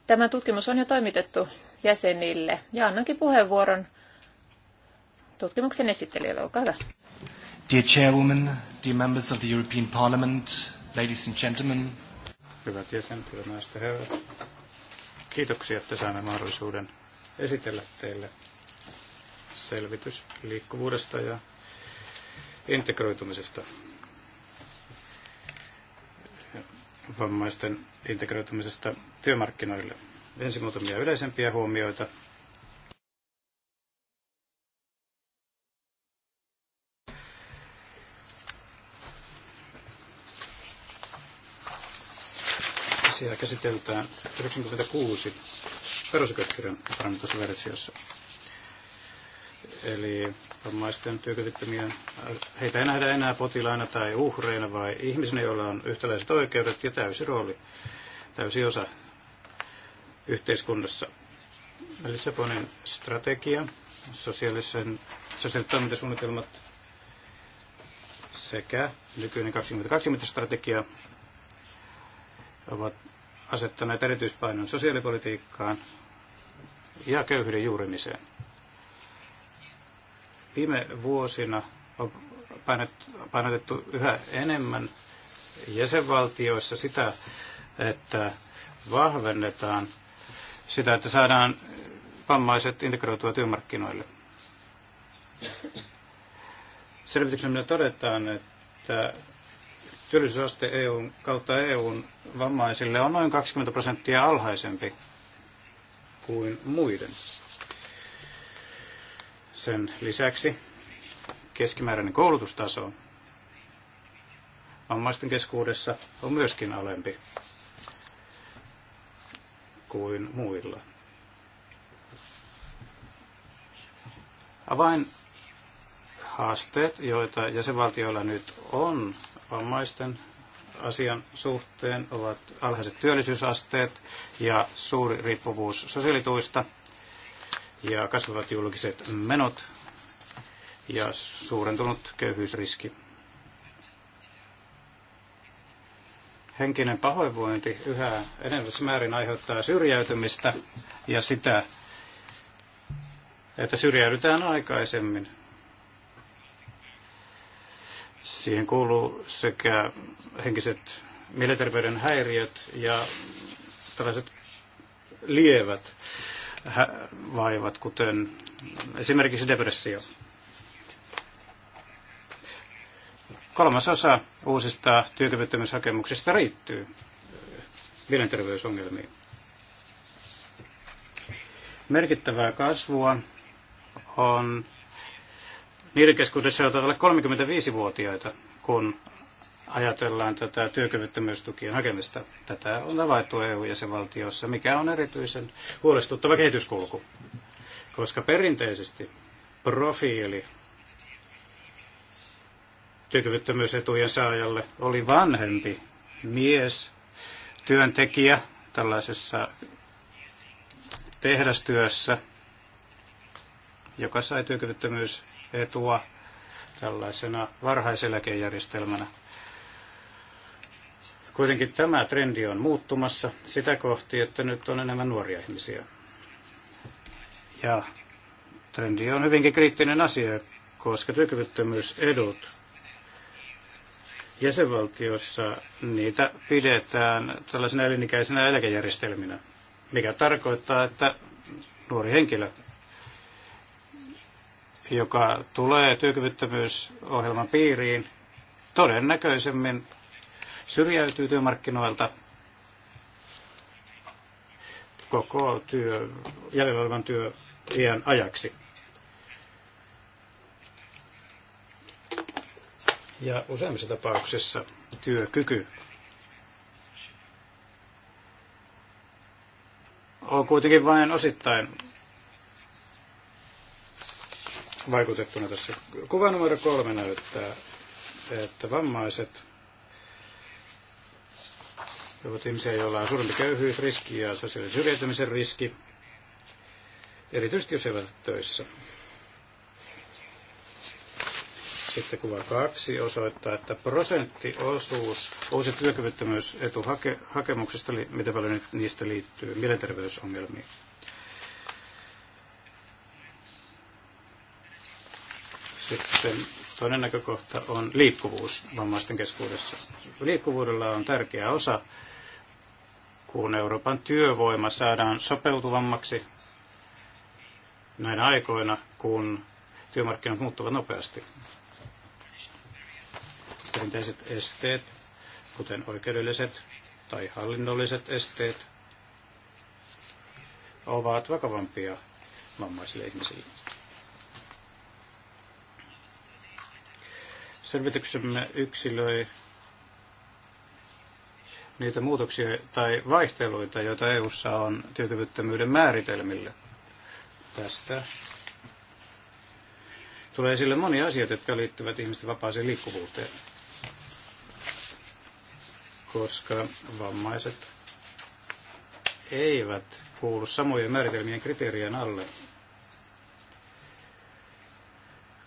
Tämä tutkimus on jo toimitettu jäsenille ja annankin puheenvuoron tutkimuksen esittelijälle. Olkaa hyvä. Dear Chairwoman, dear members of the European Parliament, ladies and gentlemen. Hyvät jäsenet, hyvät naiset ja herrat. Kiitoksia, että saamme mahdollisuuden esitellä teille selvitys liikkuvuudesta ja integroitumisesta vammaisten integroitumisesta työmarkkinoille. Ensin muutamia yleisempiä huomioita. Siellä käsitellään 96 perusoikeuskirjan parannusversiossa. Eli vammaisten työkyvyttömiä, heitä ei nähdä enää potilaina tai uhreina, vai ihmisinä, joilla on yhtäläiset oikeudet ja täysi rooli, täysi osa yhteiskunnassa. eli Lissabonin strategia, sosiaalisen, sosiaaliset toimintasuunnitelmat sekä nykyinen 2020-strategia ovat asettaneet erityispainon sosiaalipolitiikkaan ja köyhyyden juurimiseen. Viime vuosina on painotettu yhä enemmän jäsenvaltioissa sitä, että vahvennetaan sitä, että saadaan vammaiset integroitua työmarkkinoille. Selvityksessä todetaan, että työllisyysaste EUn kautta EUn vammaisille on noin 20 prosenttia alhaisempi kuin muiden sen lisäksi keskimääräinen koulutustaso vammaisten keskuudessa on myöskin alempi kuin muilla. Avain haasteet, joita jäsenvaltioilla nyt on vammaisten asian suhteen, ovat alhaiset työllisyysasteet ja suuri riippuvuus sosiaalituista – ja kasvavat julkiset menot ja suurentunut köyhyysriski. Henkinen pahoinvointi yhä enemmän määrin aiheuttaa syrjäytymistä ja sitä, että syrjäydytään aikaisemmin. Siihen kuuluu sekä henkiset mielenterveyden häiriöt ja tällaiset lievät vaivat, kuten esimerkiksi depressio. Kolmas osa uusista työkyvyttömyyshakemuksista riittyy mielenterveysongelmiin. Merkittävää kasvua on niiden keskuudessa, 35-vuotiaita, kun ajatellaan tätä työkyvyttömyystukien hakemista. Tätä on havaittu EU-jäsenvaltioissa, mikä on erityisen huolestuttava kehityskulku, koska perinteisesti profiili työkyvyttömyysetujen saajalle oli vanhempi mies, työntekijä tällaisessa tehdastyössä, joka sai työkyvyttömyysetua tällaisena varhaiseläkejärjestelmänä. Kuitenkin tämä trendi on muuttumassa sitä kohti, että nyt on enemmän nuoria ihmisiä. Ja trendi on hyvinkin kriittinen asia, koska työkyvyttömyysedut jäsenvaltiossa niitä pidetään tällaisena elinikäisenä eläkejärjestelminä, mikä tarkoittaa, että nuori henkilö, joka tulee työkyvyttömyysohjelman piiriin, todennäköisemmin syrjäytyy työmarkkinoilta koko työ, jäljellä olevan työ iän ajaksi. Ja useimmissa tapauksissa työkyky on kuitenkin vain osittain vaikutettuna tässä. Kuva numero kolme näyttää, että vammaiset he ovat ihmisiä, joilla on suurempi köyhyysriski ja sosiaalisen syrjäytymisen riski, erityisesti jos he ovat töissä. Sitten kuva kaksi osoittaa, että prosenttiosuus uusi työkyvyttömyysetuhakemuksista, miten paljon niistä liittyy mielenterveysongelmiin. Sitten Toinen näkökohta on liikkuvuus vammaisten keskuudessa. Liikkuvuudella on tärkeä osa, kun Euroopan työvoima saadaan sopeutuvammaksi näinä aikoina, kun työmarkkinat muuttuvat nopeasti. Perinteiset esteet, kuten oikeudelliset tai hallinnolliset esteet, ovat vakavampia vammaisille ihmisille. Selvityksemme yksilöi niitä muutoksia tai vaihteluita, joita EU:ssa on työkyvyttömyyden määritelmille. Tästä tulee esille monia asioita, jotka liittyvät ihmisten vapaaseen liikkuvuuteen, koska vammaiset eivät kuulu samojen määritelmien kriteerien alle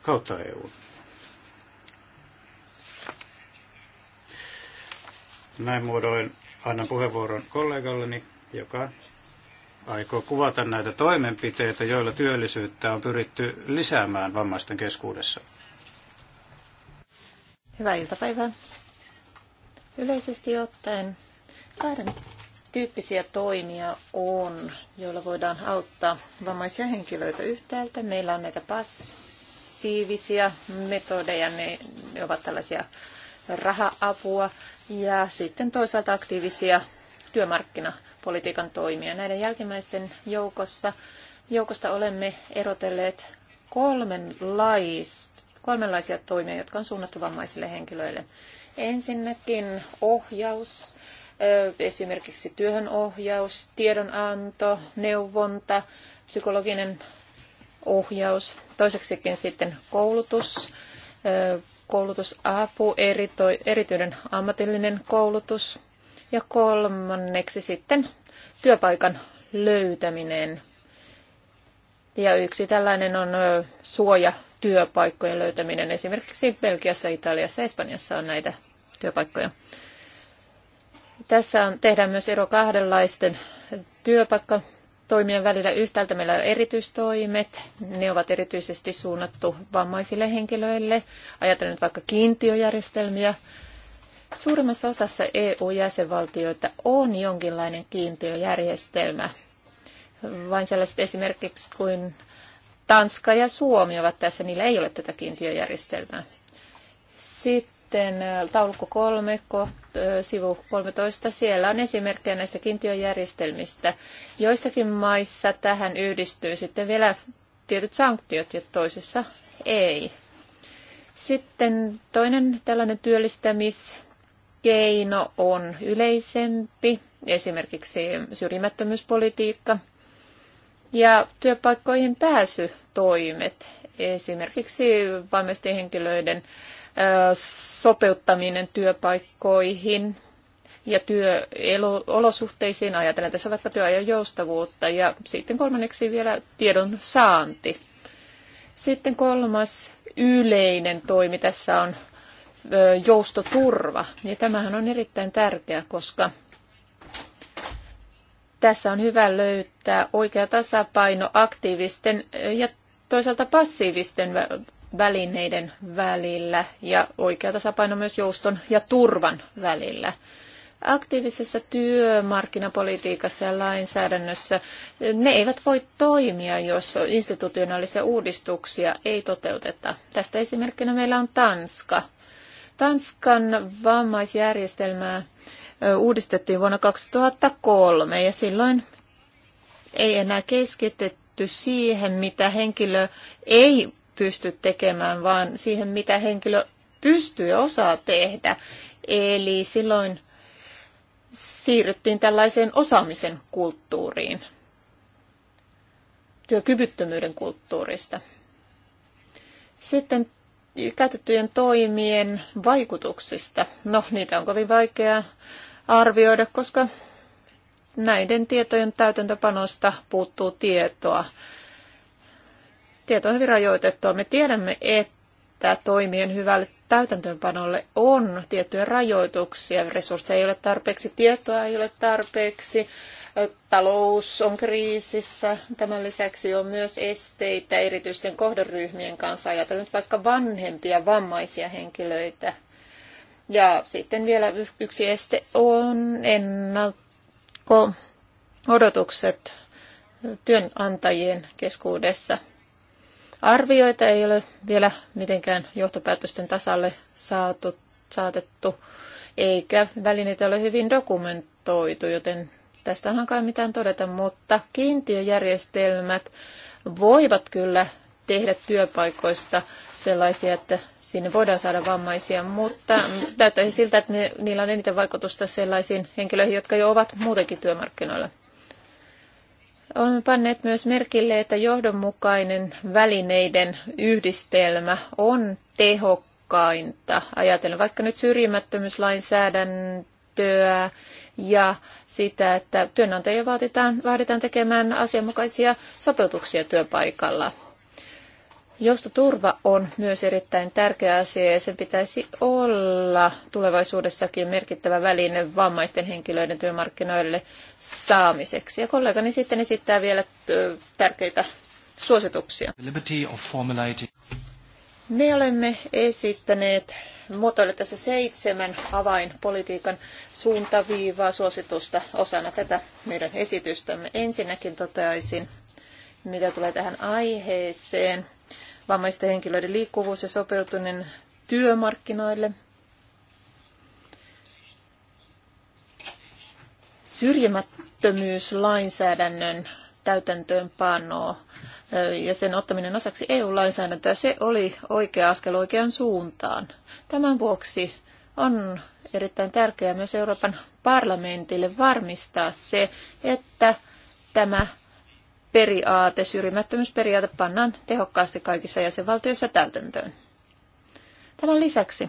kautta EUn. Näin muodoin annan puheenvuoron kollegalleni, joka aikoo kuvata näitä toimenpiteitä, joilla työllisyyttä on pyritty lisäämään vammaisten keskuudessa. Hyvää iltapäivää. Yleisesti ottaen kahden tyyppisiä toimia on, joilla voidaan auttaa vammaisia henkilöitä yhtäältä. Meillä on näitä passiivisia metodeja, ne, ne ovat tällaisia raha-apua ja sitten toisaalta aktiivisia työmarkkinapolitiikan toimia. Näiden jälkimmäisten joukossa, joukosta olemme erotelleet kolmenlaisia toimia, jotka on suunnattu vammaisille henkilöille. Ensinnäkin ohjaus, esimerkiksi työhönohjaus, tiedonanto, neuvonta, psykologinen ohjaus. Toiseksikin sitten koulutus, koulutusapu, erityinen ammatillinen koulutus ja kolmanneksi sitten työpaikan löytäminen. Ja yksi tällainen on suoja työpaikkojen löytäminen. Esimerkiksi Belgiassa, Italiassa ja Espanjassa on näitä työpaikkoja. Tässä on, tehdään myös ero kahdenlaisten työpaikka toimien välillä. Yhtäältä meillä on erityistoimet, ne ovat erityisesti suunnattu vammaisille henkilöille, ajatellen nyt vaikka kiintiöjärjestelmiä. Suurimmassa osassa EU-jäsenvaltioita on jonkinlainen kiintiöjärjestelmä. Vain sellaiset esimerkiksi kuin Tanska ja Suomi ovat tässä, niillä ei ole tätä kiintiöjärjestelmää. Sitten taulukko kolme, kohta sivu 13, siellä on esimerkkejä näistä kiintiöjärjestelmistä. Joissakin maissa tähän yhdistyy sitten vielä tietyt sanktiot ja toisessa ei. Sitten toinen tällainen työllistämiskeino on yleisempi, esimerkiksi syrjimättömyyspolitiikka ja työpaikkoihin pääsytoimet, esimerkiksi vammaisten henkilöiden sopeuttaminen työpaikkoihin ja työolosuhteisiin, ajatellen tässä vaikka työajan joustavuutta, ja sitten kolmanneksi vielä tiedon saanti. Sitten kolmas yleinen toimi tässä on joustoturva, ja tämähän on erittäin tärkeä, koska tässä on hyvä löytää oikea tasapaino aktiivisten ja toisaalta passiivisten välineiden välillä ja oikea tasapaino myös jouston ja turvan välillä. Aktiivisessa työmarkkinapolitiikassa ja lainsäädännössä ne eivät voi toimia, jos institutionaalisia uudistuksia ei toteuteta. Tästä esimerkkinä meillä on Tanska. Tanskan vammaisjärjestelmää uudistettiin vuonna 2003 ja silloin ei enää keskitetty siihen, mitä henkilö ei pysty tekemään, vaan siihen, mitä henkilö pystyy ja osaa tehdä. Eli silloin siirryttiin tällaiseen osaamisen kulttuuriin, työkyvyttömyyden kulttuurista. Sitten käytettyjen toimien vaikutuksista. No, niitä on kovin vaikea arvioida, koska näiden tietojen täytäntöpanosta puuttuu tietoa tieto on hyvin rajoitettua. Me tiedämme, että toimien hyvälle täytäntöönpanolle on tiettyjä rajoituksia. Resursseja ei ole tarpeeksi, tietoa ei ole tarpeeksi, talous on kriisissä. Tämän lisäksi on myös esteitä erityisten kohderyhmien kanssa. Ajatellaan nyt vaikka vanhempia, vammaisia henkilöitä. Ja sitten vielä yksi este on ennakko odotukset työnantajien keskuudessa. Arvioita ei ole vielä mitenkään johtopäätösten tasalle saatu, saatettu, eikä välineitä ole hyvin dokumentoitu, joten tästä on kai mitään todeta, mutta kiintiöjärjestelmät voivat kyllä tehdä työpaikoista sellaisia, että sinne voidaan saada vammaisia, mutta näyttäisi siltä, että ne, niillä on eniten vaikutusta sellaisiin henkilöihin, jotka jo ovat muutenkin työmarkkinoilla. Olemme panneet myös merkille, että johdonmukainen välineiden yhdistelmä on tehokkainta. Ajatellen vaikka nyt syrjimättömyyslainsäädäntöä ja sitä, että työnantajia vaaditaan, vaaditaan tekemään asianmukaisia sopeutuksia työpaikalla. Joustoturva on myös erittäin tärkeä asia ja sen pitäisi olla tulevaisuudessakin merkittävä väline vammaisten henkilöiden työmarkkinoille saamiseksi. Ja kollegani sitten esittää vielä tärkeitä suosituksia. Me olemme esittäneet muotoille tässä seitsemän avainpolitiikan suuntaviivaa suositusta osana tätä meidän esitystämme. Ensinnäkin toteaisin, mitä tulee tähän aiheeseen vammaisten henkilöiden liikkuvuus ja sopeutuminen työmarkkinoille, syrjimättömyyslainsäädännön täytäntöönpanoa ja sen ottaminen osaksi EU-lainsäädäntöä, se oli oikea askel oikeaan suuntaan. Tämän vuoksi on erittäin tärkeää myös Euroopan parlamentille varmistaa se, että tämä periaate, syrjimättömyysperiaate pannaan tehokkaasti kaikissa jäsenvaltioissa täytäntöön. Tämän lisäksi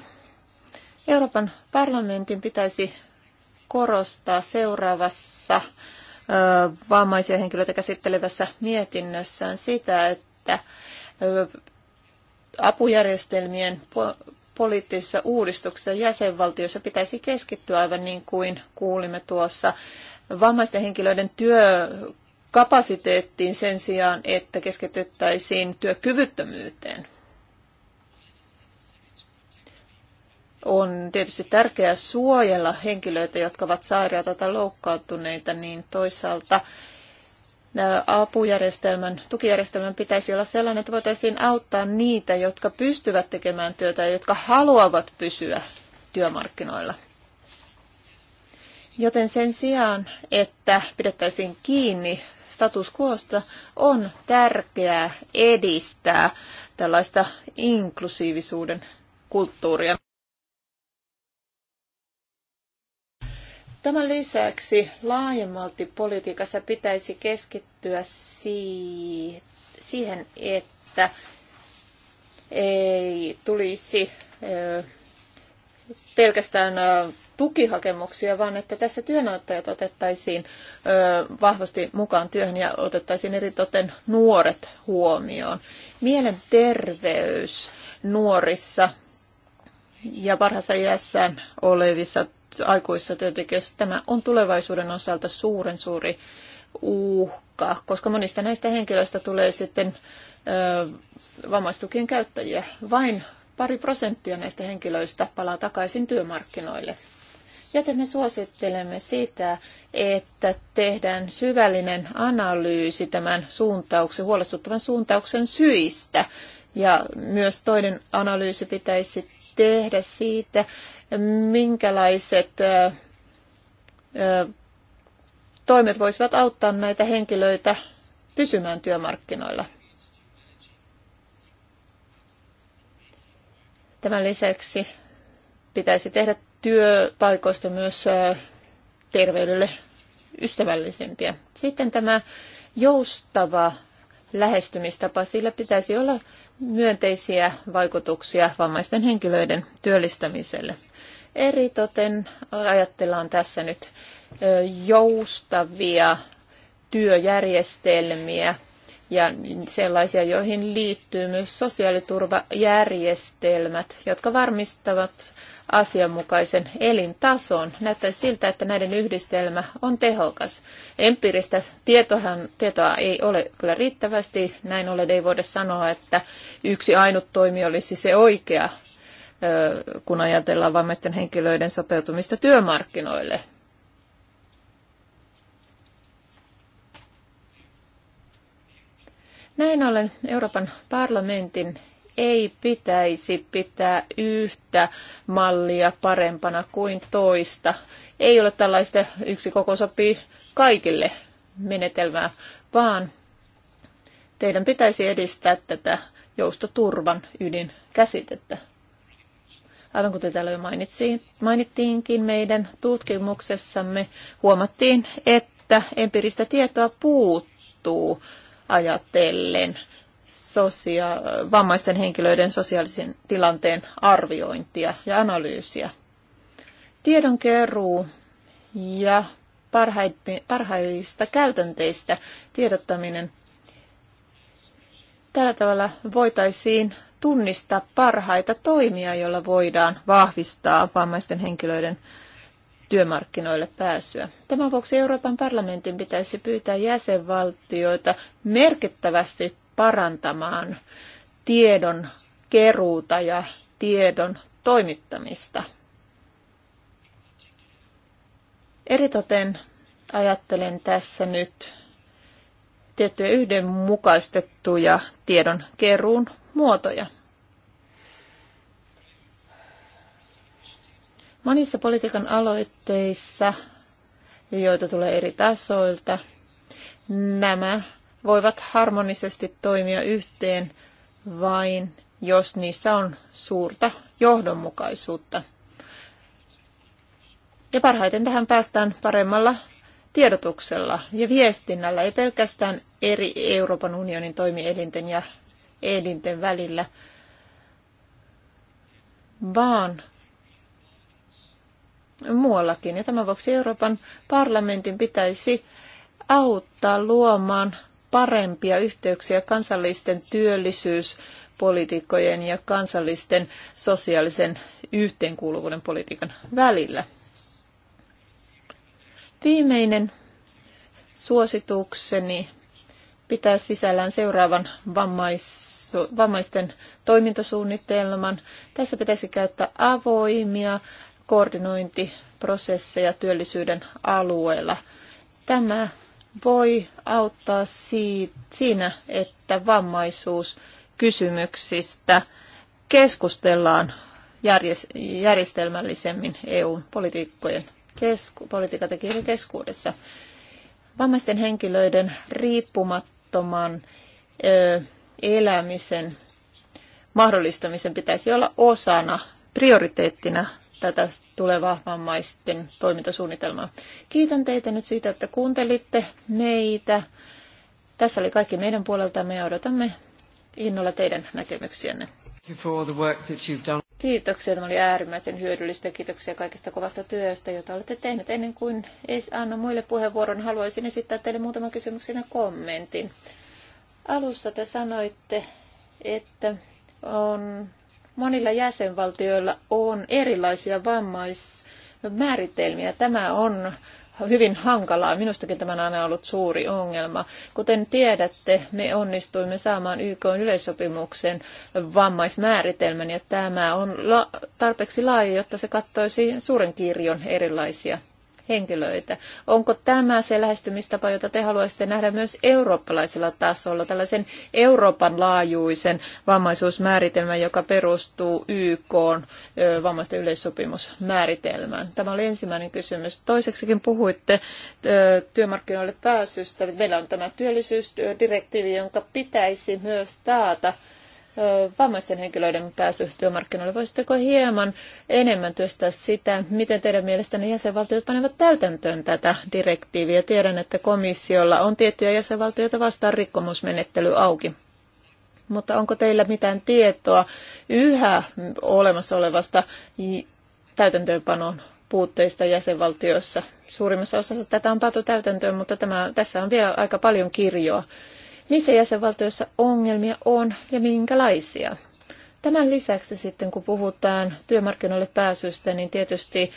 Euroopan parlamentin pitäisi korostaa seuraavassa vammaisia henkilöitä käsittelevässä mietinnössään sitä, että apujärjestelmien poliittisissa uudistuksissa jäsenvaltioissa pitäisi keskittyä aivan niin kuin kuulimme tuossa vammaisten henkilöiden työ kapasiteettiin sen sijaan, että keskityttäisiin työkyvyttömyyteen. On tietysti tärkeää suojella henkilöitä, jotka ovat sairaita tai loukkaantuneita, niin toisaalta apujärjestelmän, tukijärjestelmän pitäisi olla sellainen, että voitaisiin auttaa niitä, jotka pystyvät tekemään työtä ja jotka haluavat pysyä työmarkkinoilla. Joten sen sijaan, että pidettäisiin kiinni status quosta on tärkeää edistää tällaista inklusiivisuuden kulttuuria. Tämän lisäksi laajemmalti politiikassa pitäisi keskittyä siihen, että ei tulisi pelkästään tukihakemuksia, vaan että tässä työnantajat otettaisiin vahvasti mukaan työhön ja otettaisiin eritoten nuoret huomioon. Mielenterveys nuorissa ja varhaisessa iässään olevissa aikuisissa työntekijöissä tämä on tulevaisuuden osalta suuren suuri uhka, koska monista näistä henkilöistä tulee sitten ö, vammaistukien käyttäjiä. Vain pari prosenttia näistä henkilöistä palaa takaisin työmarkkinoille. Joten me suosittelemme sitä, että tehdään syvällinen analyysi tämän suuntauksen, huolestuttavan suuntauksen syistä. Ja myös toinen analyysi pitäisi tehdä siitä, minkälaiset toimet voisivat auttaa näitä henkilöitä pysymään työmarkkinoilla. Tämän lisäksi pitäisi tehdä työpaikoista myös terveydelle ystävällisempiä. Sitten tämä joustava lähestymistapa, sillä pitäisi olla myönteisiä vaikutuksia vammaisten henkilöiden työllistämiselle. Eritoten ajatellaan tässä nyt joustavia työjärjestelmiä ja sellaisia, joihin liittyy myös sosiaaliturvajärjestelmät, jotka varmistavat asianmukaisen elintason. Näyttää siltä, että näiden yhdistelmä on tehokas. Empiiristä tietohan, tietoa ei ole kyllä riittävästi. Näin ollen ei voida sanoa, että yksi ainut toimi olisi se oikea, kun ajatellaan vammaisten henkilöiden sopeutumista työmarkkinoille. Näin ollen Euroopan parlamentin ei pitäisi pitää yhtä mallia parempana kuin toista. Ei ole tällaista yksi koko sopii kaikille menetelmää, vaan teidän pitäisi edistää tätä joustoturvan ydinkäsitettä. Aivan kuten täällä jo mainittiinkin, meidän tutkimuksessamme huomattiin, että empiiristä tietoa puuttuu ajatellen sosia- vammaisten henkilöiden sosiaalisen tilanteen arviointia ja analyysiä. tiedon keruu ja parhaista käytänteistä tiedottaminen. Tällä tavalla voitaisiin tunnistaa parhaita toimia, joilla voidaan vahvistaa vammaisten henkilöiden työmarkkinoille pääsyä. Tämän vuoksi Euroopan parlamentin pitäisi pyytää jäsenvaltioita merkittävästi parantamaan tiedon keruuta ja tiedon toimittamista. Eritoten ajattelen tässä nyt tiettyjä yhdenmukaistettuja tiedon keruun muotoja. Monissa politiikan aloitteissa, joita tulee eri tasoilta, nämä voivat harmonisesti toimia yhteen vain, jos niissä on suurta johdonmukaisuutta. Ja parhaiten tähän päästään paremmalla tiedotuksella ja viestinnällä, ei pelkästään eri Euroopan unionin toimielinten ja elinten välillä, vaan muuallakin. Ja tämän vuoksi Euroopan parlamentin pitäisi auttaa luomaan parempia yhteyksiä kansallisten työllisyyspolitiikkojen ja kansallisten sosiaalisen yhteenkuuluvuuden politiikan välillä. Viimeinen suositukseni pitää sisällään seuraavan vammais, vammaisten toimintasuunnitelman. Tässä pitäisi käyttää avoimia koordinointiprosesseja työllisyyden alueella. Tämä voi auttaa siinä, että vammaisuuskysymyksistä keskustellaan järjestelmällisemmin EU-politiikkojen kesku- politiikatekijöiden keskuudessa. Vammaisten henkilöiden riippumattoman ö, elämisen mahdollistamisen pitäisi olla osana, prioriteettina tätä tulevaa vammaisten toimintasuunnitelmaa. Kiitän teitä nyt siitä, että kuuntelitte meitä. Tässä oli kaikki meidän puoleltamme ja odotamme innolla teidän näkemyksiänne. Kiitoksia, tämä oli äärimmäisen hyödyllistä ja kiitoksia kaikista kovasta työstä, jota olette tehneet. Ennen kuin anna muille puheenvuoron, haluaisin esittää teille muutaman kysymyksen ja kommentin. Alussa te sanoitte, että on monilla jäsenvaltioilla on erilaisia vammaismääritelmiä. Tämä on hyvin hankalaa. Minustakin tämä on aina ollut suuri ongelma. Kuten tiedätte, me onnistuimme saamaan YK yleissopimuksen vammaismääritelmän ja tämä on tarpeeksi laaja, jotta se kattoisi suuren kirjon erilaisia henkilöitä. Onko tämä se lähestymistapa, jota te haluaisitte nähdä myös eurooppalaisella tasolla, tällaisen Euroopan laajuisen vammaisuusmääritelmän, joka perustuu YK vammaisten yleissopimusmääritelmään? Tämä oli ensimmäinen kysymys. Toiseksikin puhuitte työmarkkinoille pääsystä. Meillä on tämä työllisyysdirektiivi, jonka pitäisi myös taata vammaisten henkilöiden pääsy työmarkkinoille. Voisitteko hieman enemmän työstää sitä, miten teidän mielestänne jäsenvaltiot panevat täytäntöön tätä direktiiviä? Tiedän, että komissiolla on tiettyjä jäsenvaltioita vastaan rikkomusmenettely auki. Mutta onko teillä mitään tietoa yhä olemassa olevasta täytäntöönpanon puutteista jäsenvaltioissa? Suurimmassa osassa tätä on pantu täytäntöön, mutta tämä, tässä on vielä aika paljon kirjoa missä jäsenvaltioissa ongelmia on ja minkälaisia. Tämän lisäksi sitten, kun puhutaan työmarkkinoille pääsystä, niin tietysti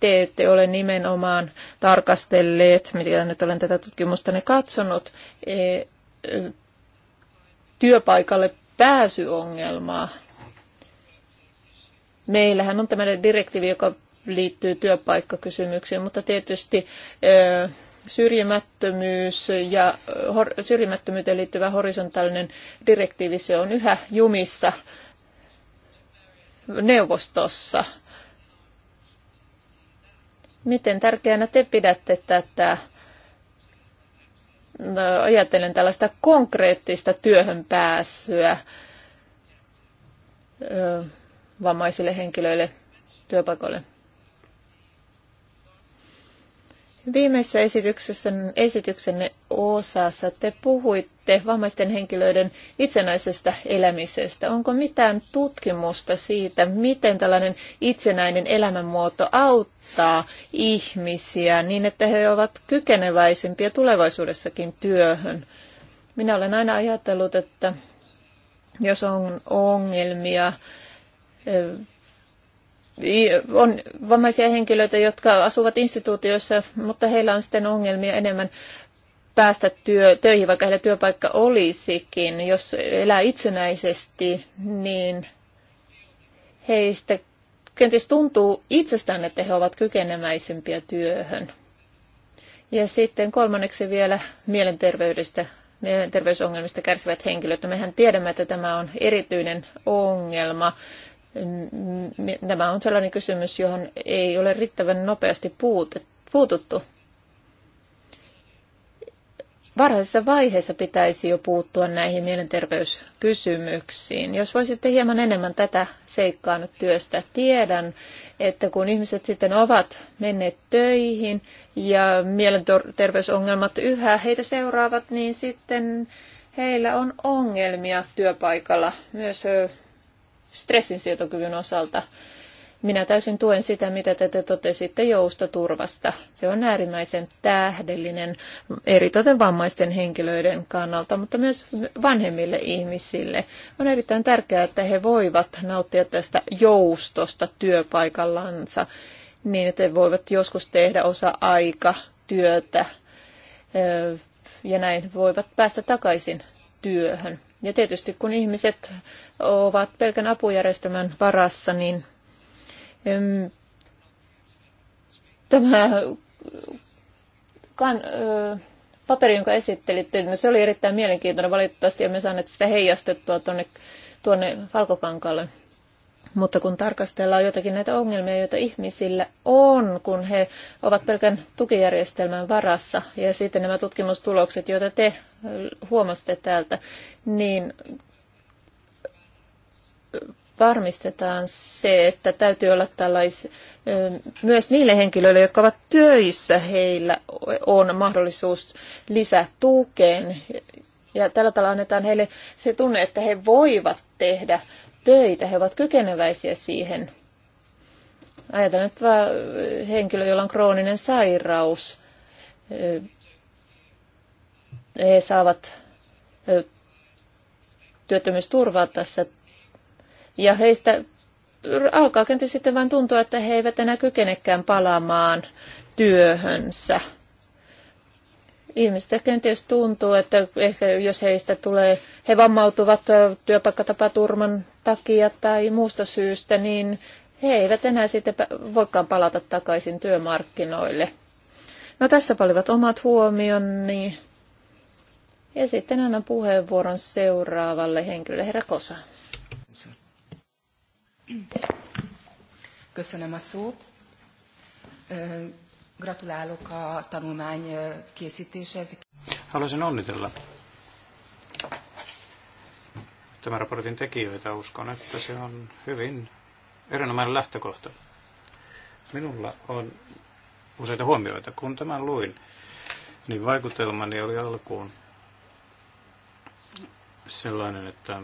te ette ole nimenomaan tarkastelleet, mitä nyt olen tätä tutkimusta ne katsonut, e, työpaikalle pääsyongelmaa. Meillähän on tämmöinen direktiivi, joka liittyy työpaikkakysymyksiin, mutta tietysti e, syrjimättömyys ja syrjimättömyyteen liittyvä horisontaalinen direktiivi, se on yhä jumissa neuvostossa. Miten tärkeänä te pidätte tätä, no, ajattelen tällaista konkreettista työhön pääsyä vammaisille henkilöille työpaikoille? Viimeisessä esityksessänne, esityksenne osassa te puhuitte vammaisten henkilöiden itsenäisestä elämisestä. Onko mitään tutkimusta siitä, miten tällainen itsenäinen elämänmuoto auttaa ihmisiä niin, että he ovat kykeneväisempiä tulevaisuudessakin työhön? Minä olen aina ajatellut, että jos on ongelmia on vammaisia henkilöitä, jotka asuvat instituutioissa, mutta heillä on sitten ongelmia enemmän päästä työ, töihin, vaikka heillä työpaikka olisikin. Jos elää itsenäisesti, niin heistä kenties tuntuu itsestään, että he ovat kykenemäisempiä työhön. Ja sitten kolmanneksi vielä mielenterveydestä, mielenterveysongelmista kärsivät henkilöt. No mehän tiedämme, että tämä on erityinen ongelma Tämä on sellainen kysymys, johon ei ole riittävän nopeasti puututtu. Varhaisessa vaiheessa pitäisi jo puuttua näihin mielenterveyskysymyksiin. Jos voisitte hieman enemmän tätä seikkaa nyt työstä. Tiedän, että kun ihmiset sitten ovat menneet töihin ja mielenterveysongelmat yhä heitä seuraavat, niin sitten heillä on ongelmia työpaikalla myös stressinsietokyvyn osalta. Minä täysin tuen sitä, mitä te totesitte joustoturvasta. Se on äärimmäisen tähdellinen eritoten vammaisten henkilöiden kannalta, mutta myös vanhemmille ihmisille. On erittäin tärkeää, että he voivat nauttia tästä joustosta työpaikallansa niin, että he voivat joskus tehdä osa-aika työtä ja näin voivat päästä takaisin työhön. Ja tietysti kun ihmiset ovat pelkän apujärjestelmän varassa, niin tämä kan, ö, paperi, jonka esittelitte, niin se oli erittäin mielenkiintoinen. Valitettavasti emme saaneet sitä heijastettua tuonne, tuonne Valkokankalle. Mutta kun tarkastellaan jotakin näitä ongelmia, joita ihmisillä on, kun he ovat pelkän tukijärjestelmän varassa, ja sitten nämä tutkimustulokset, joita te äh, huomasitte täältä, niin äh, varmistetaan se, että täytyy olla tällais, äh, myös niille henkilöille, jotka ovat töissä, heillä on mahdollisuus lisätukeen. Ja tällä tavalla annetaan heille se tunne, että he voivat tehdä töitä, he ovat kykeneväisiä siihen. Ajatellaan nyt vaan äh, henkilö, jolla on krooninen sairaus. Äh, he saavat äh, työttömyysturvaa tässä. Ja heistä alkaa kenties sitten vain tuntua, että he eivät enää kykenekään palaamaan työhönsä. Ihmistä kenties tuntuu, että ehkä jos heistä tulee, he vammautuvat työpaikkatapaturman takia tai muusta syystä, niin he eivät enää sitten voikaan palata takaisin työmarkkinoille. No tässä olivat omat huomioni. Ja sitten annan puheenvuoron seuraavalle henkilölle, herra Kosa. Köszönöm a szót. Gratulálok a tanulmány készítéséhez. Haluaisin onnitella tämän raportin tekijöitä. Uskon, että se on hyvin erinomainen lähtökohta. Minulla on useita huomioita. Kun tämän luin, niin vaikutelmani oli alkuun sellainen, että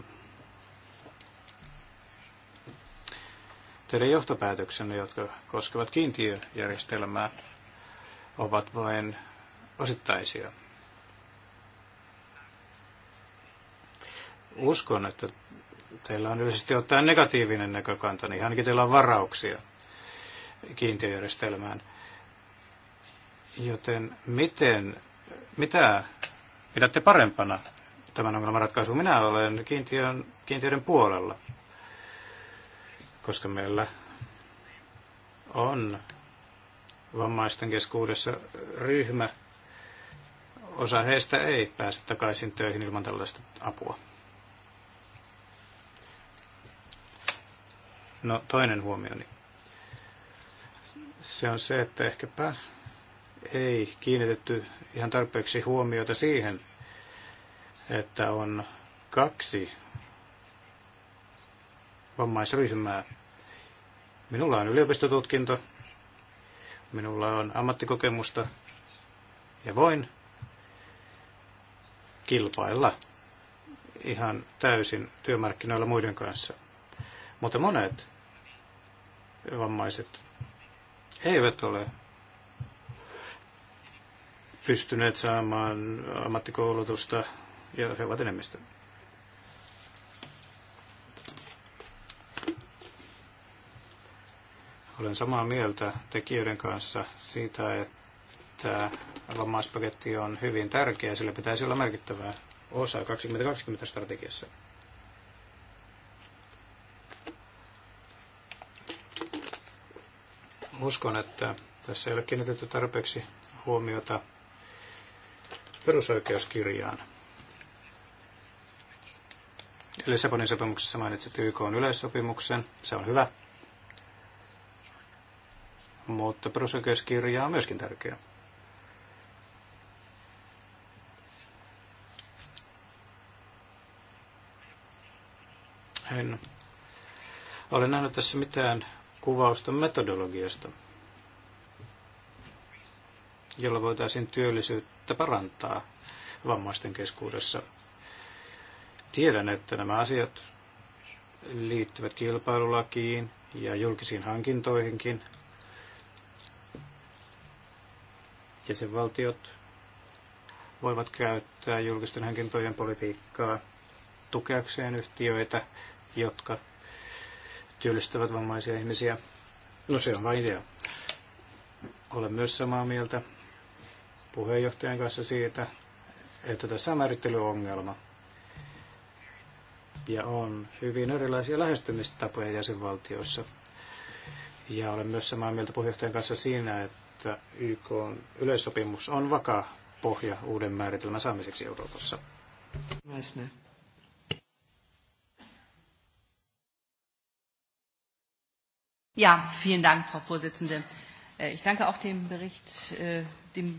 teidän johtopäätöksenne, jotka koskevat kiintiöjärjestelmää, ovat vain osittaisia. Uskon, että teillä on yleisesti ottaen negatiivinen näkökanta, niin ainakin teillä on varauksia kiintiöjärjestelmään. Joten miten, mitä pidätte parempana tämän ongelman ratkaisu? Minä olen kiintiön, kiintiöiden puolella, koska meillä on vammaisten keskuudessa ryhmä, osa heistä ei pääse takaisin töihin ilman tällaista apua. No toinen huomioni. Se on se, että ehkäpä ei kiinnitetty ihan tarpeeksi huomiota siihen, että on kaksi vammaisryhmää. Minulla on yliopistotutkinto, minulla on ammattikokemusta ja voin kilpailla ihan täysin työmarkkinoilla muiden kanssa. Mutta monet vammaiset eivät ole pystyneet saamaan ammattikoulutusta ja he ovat enemmistö. Olen samaa mieltä tekijöiden kanssa siitä, että vammaispaketti on hyvin tärkeä, sillä pitäisi olla merkittävä osa 2020 strategiassa. Uskon, että tässä ei ole kiinnitetty tarpeeksi huomiota perusoikeuskirjaan. Lissabonin sopimuksessa mainitsit YK on yleissopimuksen, se on hyvä. Mutta perusoikeuskirja on myöskin tärkeä. En ole nähnyt tässä mitään kuvausta metodologiasta, jolla voitaisiin työllisyyttä parantaa vammaisten keskuudessa. Tiedän, että nämä asiat liittyvät kilpailulakiin ja julkisiin hankintoihinkin. Jäsenvaltiot voivat käyttää julkisten hankintojen politiikkaa tukeakseen yhtiöitä, jotka työllistävät vammaisia ihmisiä. No se on vain idea. Olen myös samaa mieltä puheenjohtajan kanssa siitä, että tässä on määrittelyongelma. Ja on hyvin erilaisia lähestymistapoja jäsenvaltioissa. Ja olen myös samaa mieltä puheenjohtajan kanssa siinä, että YK yleissopimus on vakaa pohja uuden määritelmän saamiseksi Euroopassa. Ja, vielen Dank, Frau Vorsitzende. Äh, ich danke auch dem Bericht, äh, dem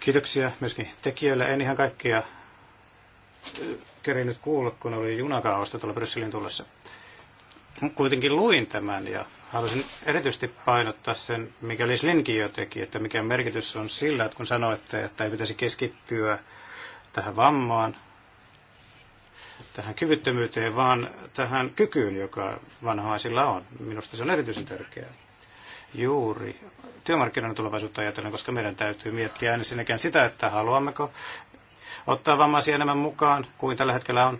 Kiitoksia myöskin tekijöille. En ihan kaikkia äh, kerinyt kuulla, kun oli junakaosta tuolla Brysselin tullessa. Kuitenkin luin tämän ja haluaisin erityisesti painottaa sen, mikä Liz Linkin jo teki, että mikä merkitys on sillä, että kun sanoitte, että ei pitäisi keskittyä tähän vammaan, tähän kyvyttömyyteen, vaan tähän kykyyn, joka vanhaisilla on. Minusta se on erityisen tärkeää. Juuri työmarkkinoiden tulevaisuutta ajatellen, koska meidän täytyy miettiä ensinnäkin sitä, että haluammeko ottaa vammaisia enemmän mukaan kuin tällä hetkellä on.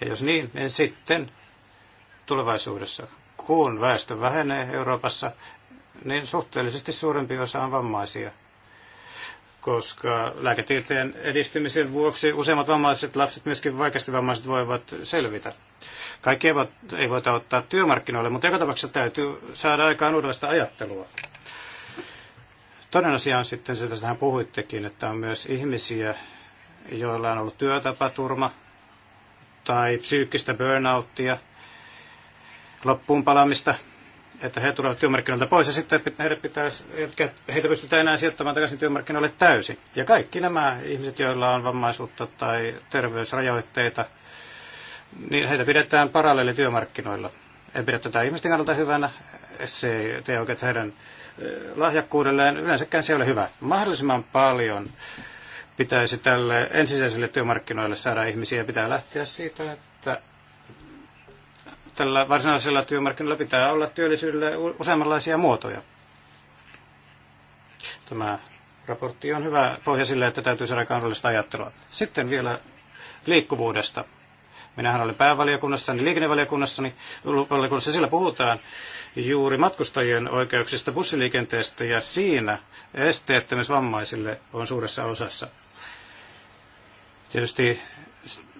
Ja jos niin, niin sitten tulevaisuudessa, kun väestö vähenee Euroopassa, niin suhteellisesti suurempi osa on vammaisia – koska lääketieteen edistymisen vuoksi useimmat vammaiset lapset, myöskin vaikeasti vammaiset, voivat selvitä. Kaikki eivät, ei voita ottaa työmarkkinoille, mutta joka tapauksessa täytyy saada aikaan uudenlaista ajattelua. Toinen asia on sitten se, tästähän puhuittekin, että on myös ihmisiä, joilla on ollut työtapaturma tai psyykkistä burnouttia, loppuun että he tulevat työmarkkinoilta pois ja sitten heidät pitäisi, heitä pystytään enää sijoittamaan takaisin työmarkkinoille täysin. Ja kaikki nämä ihmiset, joilla on vammaisuutta tai terveysrajoitteita, niin heitä pidetään työmarkkinoilla. En pidä tätä ihmisten kannalta hyvänä, se ei tee oikein heidän eh, lahjakkuudelleen. Yleensäkään se ei ole hyvä. Mahdollisimman paljon pitäisi tälle ensisijaiselle työmarkkinoille saada ihmisiä. Pitää lähteä siitä, että tällä varsinaisella työmarkkinoilla pitää olla työllisyydelle useammanlaisia muotoja. Tämä raportti on hyvä pohja sille, että täytyy saada kansallista ajattelua. Sitten vielä liikkuvuudesta. Minähän olin päävaliokunnassani, liikennevaliokunnassani, valiokunnassa sillä puhutaan juuri matkustajien oikeuksista bussiliikenteestä ja siinä esteettömyys vammaisille on suuressa osassa. Tietysti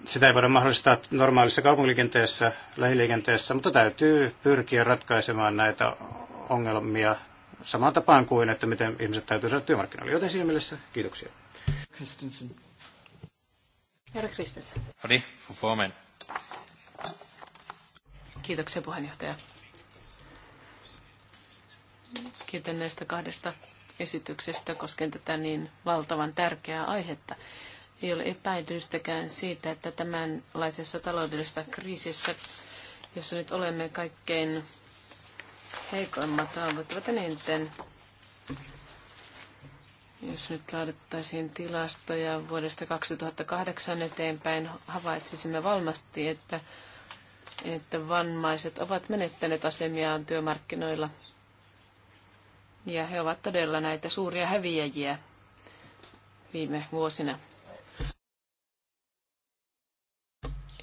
sitä ei voida mahdollistaa normaalissa kaupunkiliikenteessä, lähiliikenteessä, mutta täytyy pyrkiä ratkaisemaan näitä ongelmia samaan tapaan kuin, että miten ihmiset täytyy saada työmarkkinoille. Joten siinä mielessä kiitoksia. Kristensen. Herra Kristensen. Fri, Kiitoksia puheenjohtaja. Kiitän näistä kahdesta esityksestä koskien tätä niin valtavan tärkeää aihetta. Ei ole epäilystäkään siitä, että tämänlaisessa taloudellisessa kriisissä, jossa nyt olemme kaikkein heikoimmat haavoittuvat eniten, niin jos nyt laadittaisiin tilastoja vuodesta 2008 eteenpäin, havaitsisimme valmasti, että, että vammaiset ovat menettäneet asemiaan työmarkkinoilla. Ja he ovat todella näitä suuria häviäjiä viime vuosina.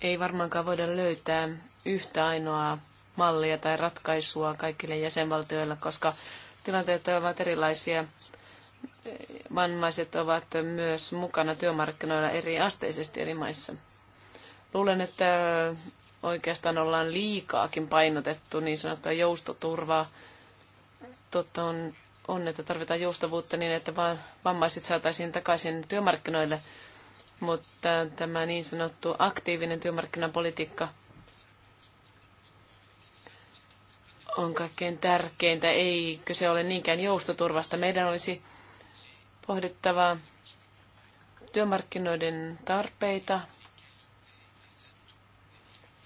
Ei varmaankaan voida löytää yhtä ainoaa mallia tai ratkaisua kaikille jäsenvaltioille, koska tilanteet ovat erilaisia. Vammaiset ovat myös mukana työmarkkinoilla eri asteisesti eri maissa. Luulen, että oikeastaan ollaan liikaakin painotettu niin sanottua joustoturvaa. Totta on, on, että tarvitaan joustavuutta niin, että vammaiset saataisiin takaisin työmarkkinoille mutta tämä niin sanottu aktiivinen työmarkkinapolitiikka on kaikkein tärkeintä. Ei kyse ole niinkään joustoturvasta. Meidän olisi pohdittava työmarkkinoiden tarpeita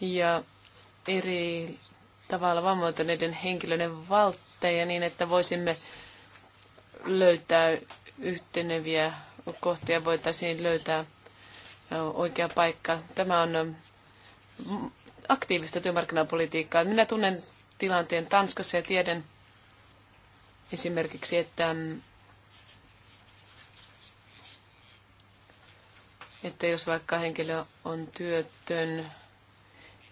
ja eri tavalla vammautuneiden henkilöiden valtteja niin, että voisimme löytää yhteneviä kohtia, voitaisiin löytää oikea paikka. Tämä on aktiivista työmarkkinapolitiikkaa. Minä tunnen tilanteen Tanskassa ja tiedän esimerkiksi, että, että jos vaikka henkilö on työtön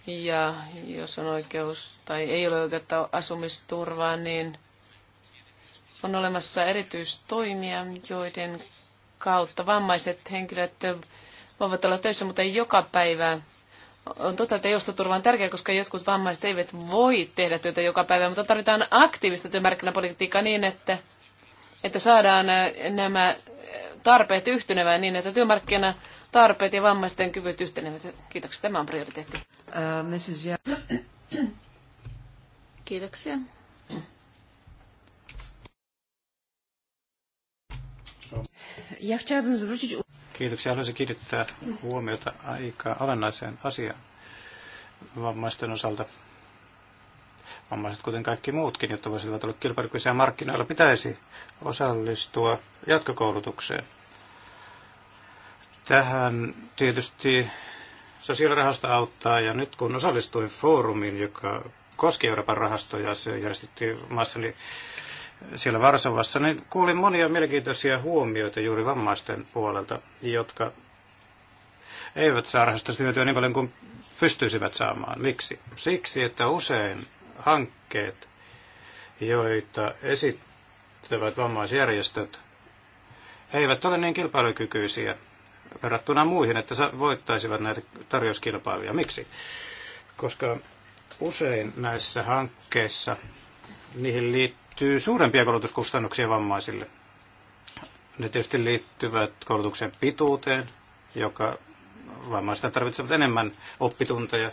ja jos on oikeus tai ei ole oikeutta asumisturvaa, niin on olemassa erityistoimia, joiden kautta vammaiset henkilöt voivat olla töissä, mutta ei joka päivä. On totta, että joustoturva on tärkeä, koska jotkut vammaiset eivät voi tehdä työtä joka päivä, mutta tarvitaan aktiivista työmarkkinapolitiikkaa niin, että, että saadaan äh, nämä tarpeet yhtenevään niin, että työmarkkina tarpeet ja vammaisten kyvyt yhtenevät. Kiitoksia. Tämä on prioriteetti. Uh, Kiitoksia. Ja chciałabym zwrócić Kiitoksia. Haluaisin kiinnittää huomiota aika olennaiseen asiaan vammaisten osalta. Vammaiset, kuten kaikki muutkin, jotta voisivat olla kilpailukykyisiä markkinoilla, pitäisi osallistua jatkokoulutukseen. Tähän tietysti sosiaalirahasto auttaa, ja nyt kun osallistuin foorumiin, joka koski Euroopan rahastoja, se järjestettiin maassani siellä Varsovassa, niin kuulin monia mielenkiintoisia huomioita juuri vammaisten puolelta, jotka eivät saa rahastustyötyä niin paljon kuin pystyisivät saamaan. Miksi? Siksi, että usein hankkeet, joita esittävät vammaisjärjestöt, eivät ole niin kilpailukykyisiä verrattuna muihin, että voittaisivat näitä tarjouskilpailuja. Miksi? Koska usein näissä hankkeissa niihin liittyy liittyy suurempia koulutuskustannuksia vammaisille. Ne tietysti liittyvät koulutuksen pituuteen, joka vammaista tarvitsevat enemmän oppitunteja,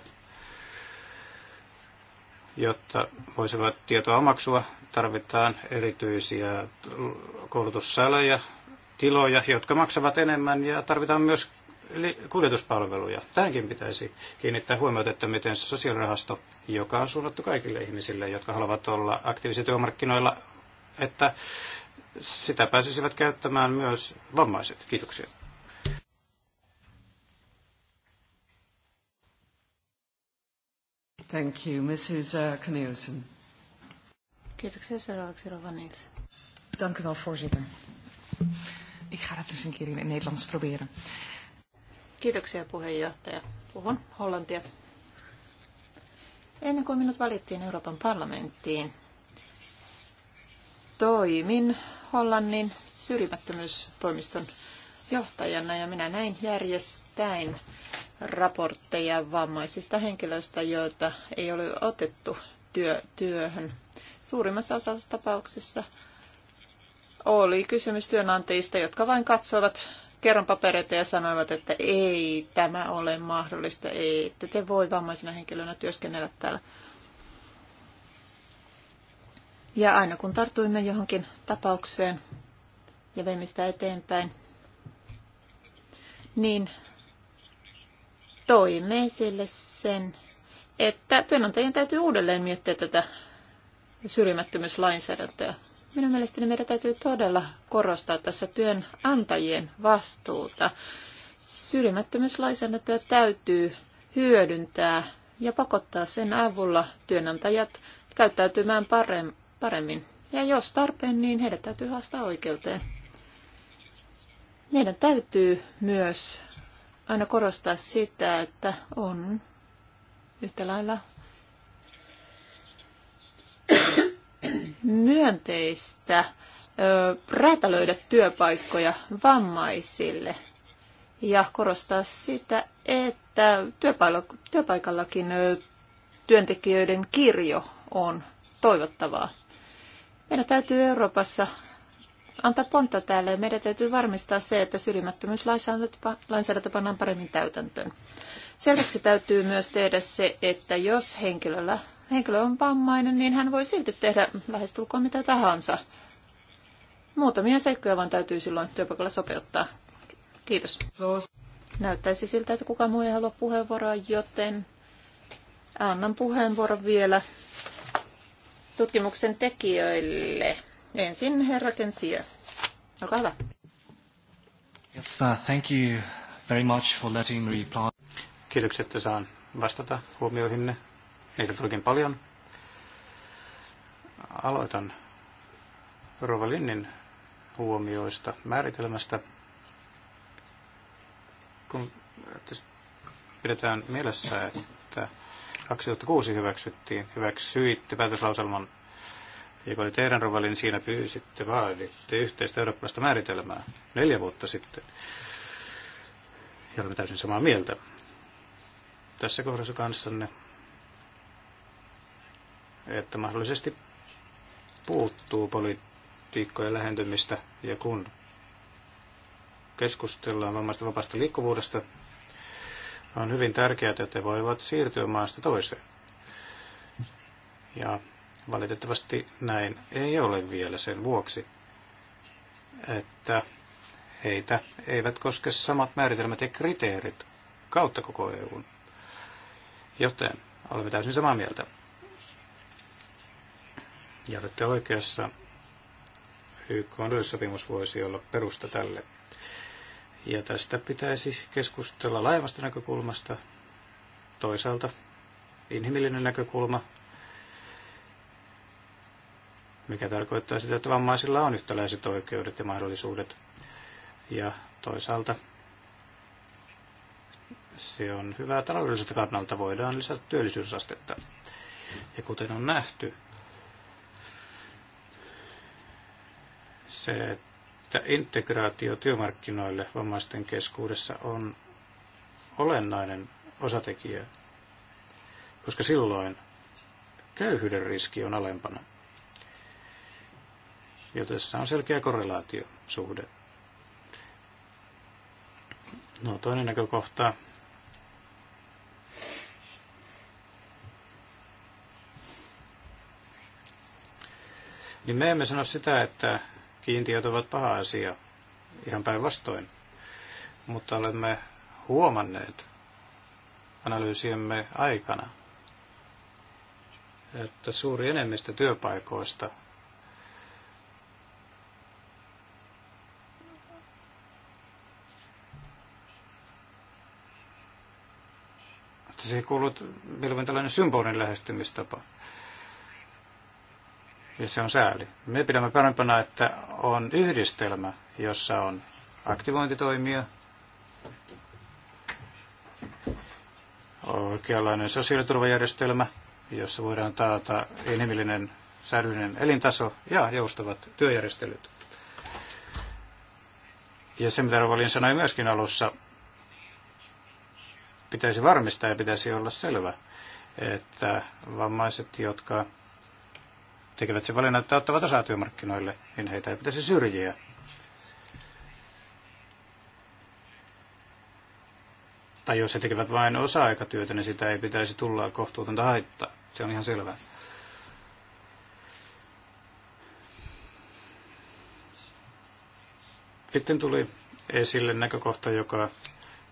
jotta voisivat tietoa omaksua. Tarvitaan erityisiä koulutussaleja, tiloja, jotka maksavat enemmän ja tarvitaan myös kuljetuspalveluja. Tähänkin pitäisi kiinnittää huomiota, että miten sosiaalirahasto, joka on suunnattu kaikille ihmisille, jotka haluavat olla aktiivisia työmarkkinoilla, että sitä pääsisivät käyttämään myös vammaiset. Kiitoksia. Thank you, Mrs. Knielsen. Uh, Kiitoksia seuraavaksi Rova Nielsen. Dank u wel, voorzitter. Ik ga het eens een keer in het Nederlands proberen. Uh, Kiitoksia puheenjohtaja. Puhun hollantia. Ennen kuin minut valittiin Euroopan parlamenttiin, toimin Hollannin syrjimättömyystoimiston johtajana ja minä näin järjestäin raportteja vammaisista henkilöistä, joita ei ole otettu työ, työhön. Suurimmassa osassa tapauksissa oli kysymys työnantajista, jotka vain katsoivat kerran papereita ja sanoivat, että ei tämä ole mahdollista, ei, että te voi vammaisena henkilönä työskennellä täällä. Ja aina kun tartuimme johonkin tapaukseen ja veimme sitä eteenpäin, niin toimme esille sen, että työnantajien täytyy uudelleen miettiä tätä syrjimättömyyslainsäädäntöä Minun mielestäni meidän täytyy todella korostaa tässä työnantajien vastuuta. Syrjimättömyyslainsäädäntöä täytyy hyödyntää ja pakottaa sen avulla työnantajat käyttäytymään paremmin. Ja jos tarpeen, niin heidät täytyy haastaa oikeuteen. Meidän täytyy myös aina korostaa sitä, että on yhtä lailla myönteistä räätälöidä työpaikkoja vammaisille ja korostaa sitä, että työpaikallakin työntekijöiden kirjo on toivottavaa. Meidän täytyy Euroopassa antaa pontta täällä ja meidän täytyy varmistaa se, että syrjimättömyyslainsäädäntö pannaan paremmin täytäntöön. Selväksi täytyy myös tehdä se, että jos henkilöllä henkilö on vammainen, niin hän voi silti tehdä lähestulkoon mitä tahansa. Muutamia seikkoja vaan täytyy silloin työpaikalla sopeuttaa. Kiitos. Näyttäisi siltä, että kukaan muu ei halua puheenvuoroa, joten annan puheenvuoron vielä tutkimuksen tekijöille. Ensin herra Kensiö. Olkaa hyvä. Yes, uh, thank you very much for letting me reply. Kiitokset, että saan vastata huomioihinne. Niitä tulikin paljon. Aloitan Rova Linnin huomioista, määritelmästä. Kun pidetään mielessä, että 2006 hyväksyttiin, hyväksyitte päätöslauselman, joka oli teidän rovalin, niin siinä pyysitte, vaaditte yhteistä eurooppalaista määritelmää neljä vuotta sitten. Ja olemme täysin samaa mieltä tässä kohdassa kanssanne että mahdollisesti puuttuu politiikkojen lähentymistä ja kun keskustellaan vammaista vapaasta liikkuvuudesta, on hyvin tärkeää, että he voivat siirtyä maasta toiseen. Ja valitettavasti näin ei ole vielä sen vuoksi, että heitä eivät koske samat määritelmät ja kriteerit kautta koko EUn. Joten olemme täysin samaa mieltä. Ja olette oikeassa, YK on sopimus voisi olla perusta tälle. Ja tästä pitäisi keskustella laajemmasta näkökulmasta, toisaalta inhimillinen näkökulma, mikä tarkoittaa sitä, että vammaisilla on yhtäläiset oikeudet ja mahdollisuudet. Ja toisaalta se on hyvä taloudelliselta kannalta, voidaan lisätä työllisyysastetta. Ja kuten on nähty, se, että integraatio työmarkkinoille vammaisten keskuudessa on olennainen osatekijä, koska silloin köyhyyden riski on alempana. Ja tässä on selkeä korrelaatiosuhde. No toinen näkökohta. Niin me emme sano sitä, että Kiintiöt ovat paha asia, ihan päinvastoin. Mutta olemme huomanneet analyysiemme aikana, että suuri enemmistö työpaikoista se kuuluu mieluummin tällainen symbolinen lähestymistapa. Ja se on sääli. Me pidämme parempana, että on yhdistelmä, jossa on aktivointitoimia, oikeanlainen sosiaaliturvajärjestelmä, jossa voidaan taata inhimillinen säädyllinen elintaso ja joustavat työjärjestelyt. Ja se, mitä Rovalin sanoi myöskin alussa, pitäisi varmistaa ja pitäisi olla selvä, että vammaiset, jotka tekevät sen valinnan, että ottavat osaa työmarkkinoille, niin heitä ei pitäisi syrjiä. Tai jos he tekevät vain osa-aikatyötä, niin sitä ei pitäisi tulla kohtuutonta haittaa. Se on ihan selvää. Sitten tuli esille näkökohta, joka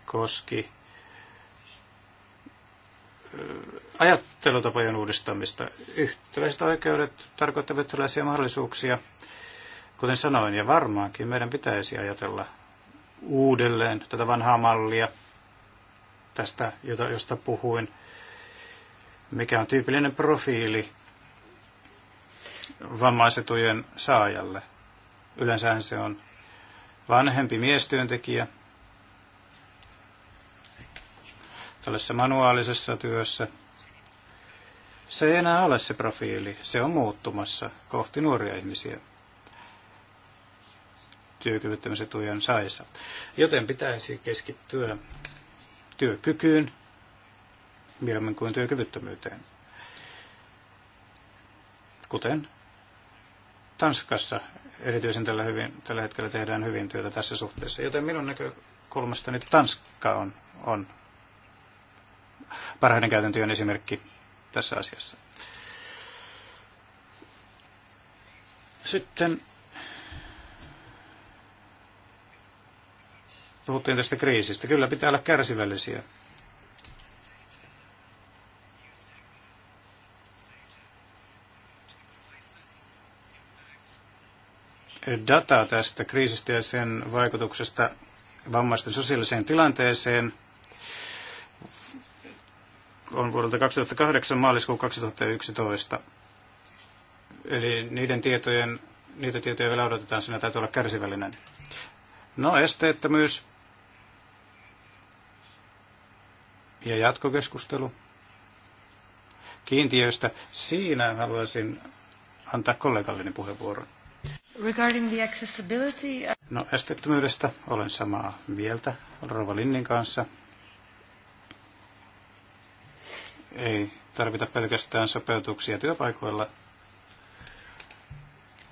koski ajattelutapojen uudistamista. Yhtäläiset oikeudet tarkoittavat yhtäläisiä mahdollisuuksia, kuten sanoin, ja varmaankin meidän pitäisi ajatella uudelleen tätä vanhaa mallia, tästä, jota, josta puhuin, mikä on tyypillinen profiili vammaisetujen saajalle. Yleensähän se on vanhempi miestyöntekijä tällaisessa manuaalisessa työssä – se ei enää ole se profiili, se on muuttumassa kohti nuoria ihmisiä työkyvyttömyysetujen saissa. Joten pitäisi keskittyä työkykyyn mieluummin kuin työkyvyttömyyteen. Kuten Tanskassa erityisen tällä, hyvin, tällä hetkellä tehdään hyvin työtä tässä suhteessa. Joten minun näkökulmastani Tanska on, on parhaiden käytäntöjen esimerkki tässä asiassa. Sitten puhuttiin tästä kriisistä. Kyllä pitää olla kärsivällisiä. Data tästä kriisistä ja sen vaikutuksesta vammaisten sosiaaliseen tilanteeseen – on vuodelta 2008 maaliskuun 2011. Eli niiden tietojen, niitä tietoja vielä odotetaan, sinä täytyy olla kärsivällinen. No esteettömyys ja jatkokeskustelu kiintiöistä. Siinä haluaisin antaa kollegalleni puheenvuoron. Regarding the accessibility... Uh, no, esteettömyydestä olen samaa mieltä Rova Linnin kanssa. Ei tarvita pelkästään sopeutuksia työpaikoilla,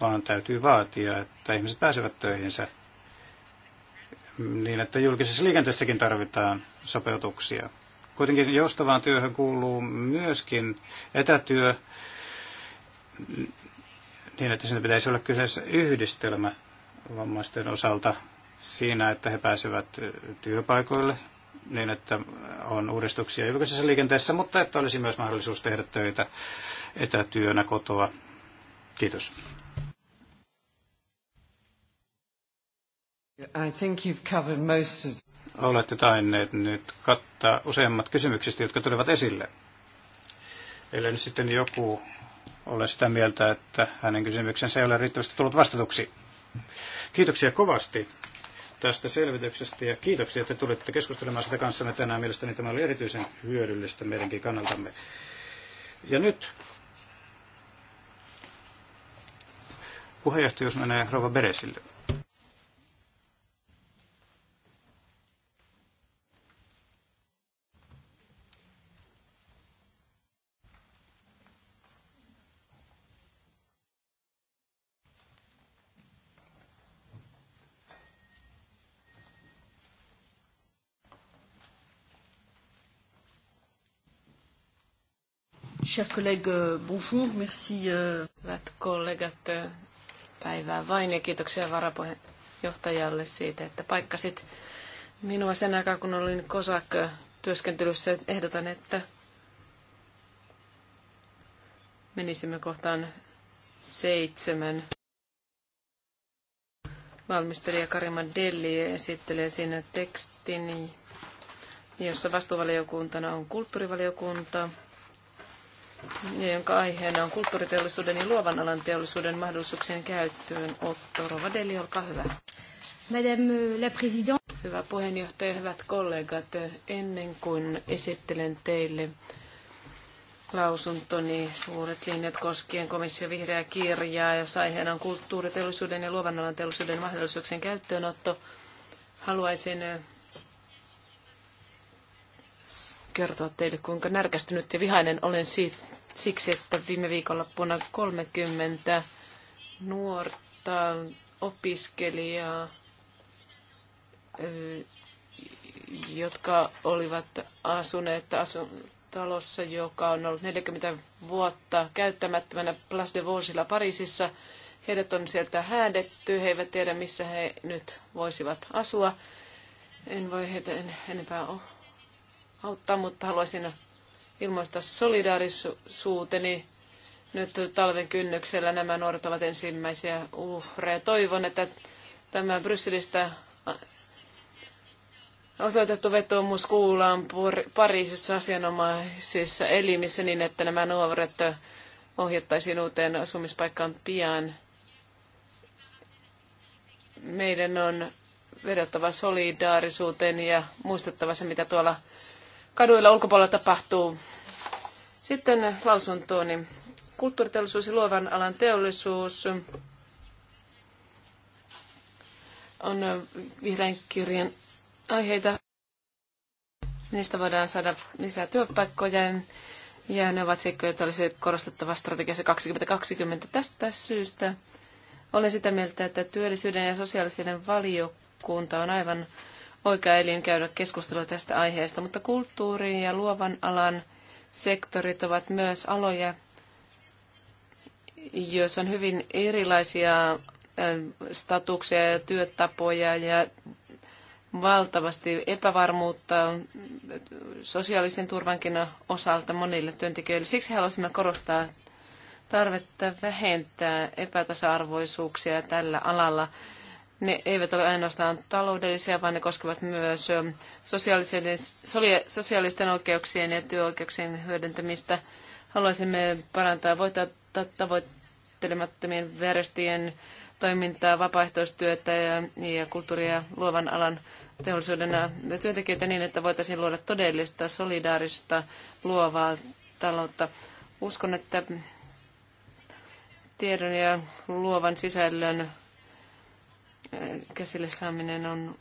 vaan täytyy vaatia, että ihmiset pääsevät töihinsä niin, että julkisessa liikenteessäkin tarvitaan sopeutuksia. Kuitenkin joustavaan työhön kuuluu myöskin etätyö, niin että siinä pitäisi olla kyseessä yhdistelmä vammaisten osalta siinä, että he pääsevät työpaikoille, niin, että on uudistuksia julkisessa liikenteessä, mutta että olisi myös mahdollisuus tehdä töitä etätyönä kotoa. Kiitos. I think you've covered most of... Olette tainneet nyt kattaa useammat kysymyksistä, jotka tulevat esille. Eli nyt sitten joku ole sitä mieltä, että hänen kysymyksensä ei ole riittävästi tullut vastatuksi. Kiitoksia kovasti tästä selvityksestä ja kiitoksia, että tulitte keskustelemaan sitä kanssamme tänään. Mielestäni tämä oli erityisen hyödyllistä meidänkin kannaltamme. Ja nyt puheenjohtajuus menee Rova Beresille. Chers collègues, euh, bonjour, merci. Euh. Hyvät kollegat, päivää vain ja kiitoksia varapuheenjohtajalle siitä, että paikkasit minua sen aikaa, kun olin COSAC-työskentelyssä. Ehdotan, että menisimme kohtaan seitsemän. Valmistelija Karima Delli esittelee siinä tekstin, jossa vastuuvaliokuntana on kulttuurivaliokunta jonka aiheena on kulttuuriteollisuuden ja luovan alan teollisuuden mahdollisuuksien käyttöön. Otto Rovadeli, olkaa hyvä. Madame la Présidente. Hyvä puheenjohtaja, hyvät kollegat. Ennen kuin esittelen teille lausuntoni suuret linjat koskien komission vihreää kirjaa, jos aiheena on kulttuuriteollisuuden ja luovan alan teollisuuden mahdollisuuksien käyttöönotto, haluaisin kertoa teille, kuinka närkästynyt ja vihainen olen siitä, siksi, että viime viikonloppuna 30 nuorta opiskelijaa, jotka olivat asuneet asun, talossa, joka on ollut 40 vuotta käyttämättömänä Place de Vosilla Pariisissa. Heidät on sieltä häädetty, he eivät tiedä missä he nyt voisivat asua. En voi heitä en, enempää auttaa, mutta haluaisin ilmoista solidaarisuuteni. Nyt talven kynnyksellä nämä nuoret ovat ensimmäisiä uhreja. Toivon, että tämä Brysselistä osoitettu vetoomus kuullaan Pariisissa asianomaisissa elimissä niin, että nämä nuoret ohjattaisiin uuteen asumispaikkaan pian. Meidän on vedottava solidaarisuuteen ja muistettava se, mitä tuolla kaduilla ulkopuolella tapahtuu. Sitten lausuntooni. Kulttuuriteollisuus ja luovan alan teollisuus on vihreän kirjan aiheita. Niistä voidaan saada lisää työpaikkoja ja ne ovat seikkoja, joita olisi korostettava strategiassa 2020 tästä syystä. Olen sitä mieltä, että työllisyyden ja sosiaalisen valiokunta on aivan oikea elin käydä keskustelua tästä aiheesta, mutta kulttuurin ja luovan alan sektorit ovat myös aloja, joissa on hyvin erilaisia statuksia ja työtapoja ja valtavasti epävarmuutta sosiaalisen turvankin osalta monille työntekijöille. Siksi haluaisimme korostaa tarvetta vähentää epätasa-arvoisuuksia tällä alalla ne eivät ole ainoastaan taloudellisia, vaan ne koskevat myös sosiaalisten oikeuksien ja työoikeuksien hyödyntämistä. Haluaisimme parantaa voittaa tavoittelemattomien verestien toimintaa, vapaaehtoistyötä ja, ja kulttuuria luovan alan teollisuuden työntekijöitä niin, että voitaisiin luoda todellista, solidaarista, luovaa taloutta. Uskon, että tiedon ja luovan sisällön käsille saaminen on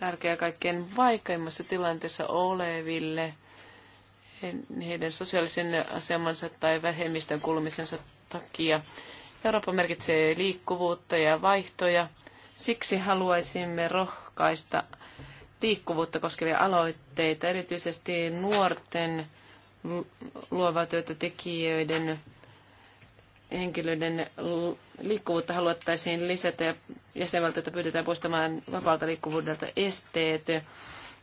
tärkeää kaikkein vaikeimmassa tilanteessa oleville heidän sosiaalisen asemansa tai vähemmistön kuulumisensa takia. Eurooppa merkitsee liikkuvuutta ja vaihtoja. Siksi haluaisimme rohkaista liikkuvuutta koskevia aloitteita, erityisesti nuorten luovaa työtä tekijöiden henkilöiden liikkuvuutta haluttaisiin lisätä ja jäsenvaltioita pyydetään poistamaan vapaalta liikkuvuudelta esteet.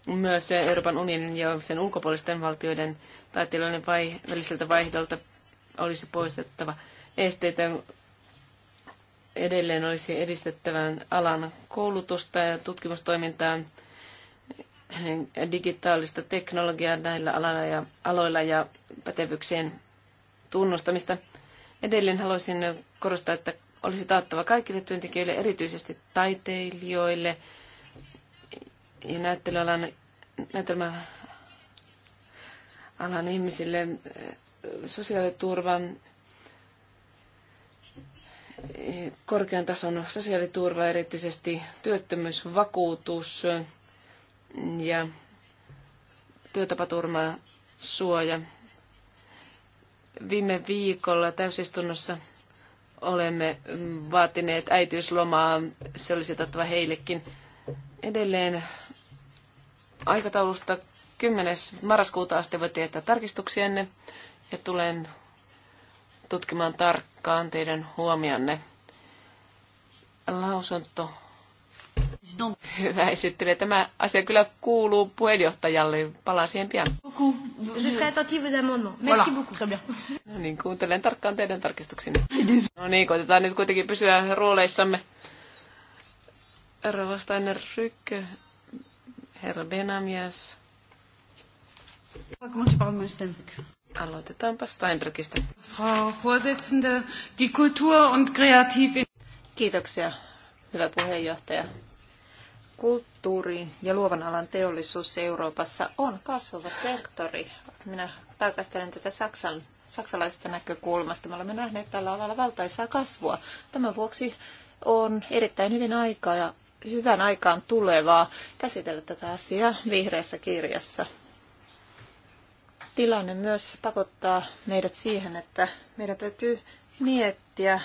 Myös Euroopan unionin ja sen ulkopuolisten valtioiden taiteilijoiden vai, väliseltä vaihdolta olisi poistettava esteitä. Edelleen olisi edistettävän alan koulutusta ja tutkimustoimintaa digitaalista teknologiaa näillä aloilla ja, aloilla ja pätevyyksien tunnustamista. Edelleen haluaisin korostaa, että olisi taattava kaikille työntekijöille, erityisesti taiteilijoille ja näyttelyalan, näytelmäalan ihmisille eh, sosiaaliturvan eh, korkean tason sosiaaliturva, erityisesti työttömyysvakuutus eh, ja työtapaturma suoja. Viime viikolla täysistunnossa olemme vaatineet äitiyslomaa. Se olisi tottava heillekin. Edelleen aikataulusta 10. marraskuuta asti voi tietää tarkistuksienne ja tulen tutkimaan tarkkaan teidän huomionne. Lausunto No, hyvä esittely. Tämä asia kyllä kuuluu puheenjohtajalle. Palaan siihen pian. Je serai attentive aux amendements. Merci beaucoup. Très bien. [laughs] No niin, kuuntelen tarkkaan teidän tarkistuksenne. No niin, koitetaan nyt kuitenkin pysyä rooleissamme. Rova Steiner Rykkö, herra Benamias. Aloitetaanpa Steinrykistä. Frau Vorsitzende, die Kultur- und Kreativ... Kiitoksia, hyvä puheenjohtaja kulttuuri ja luovan alan teollisuus Euroopassa on kasvava sektori. Minä tarkastelen tätä Saksan, saksalaisesta näkökulmasta. Me olemme nähneet tällä alalla valtaisaa kasvua. Tämän vuoksi on erittäin hyvin aikaa ja hyvän aikaan tulevaa käsitellä tätä asiaa vihreässä kirjassa. Tilanne myös pakottaa meidät siihen, että meidän täytyy miettiä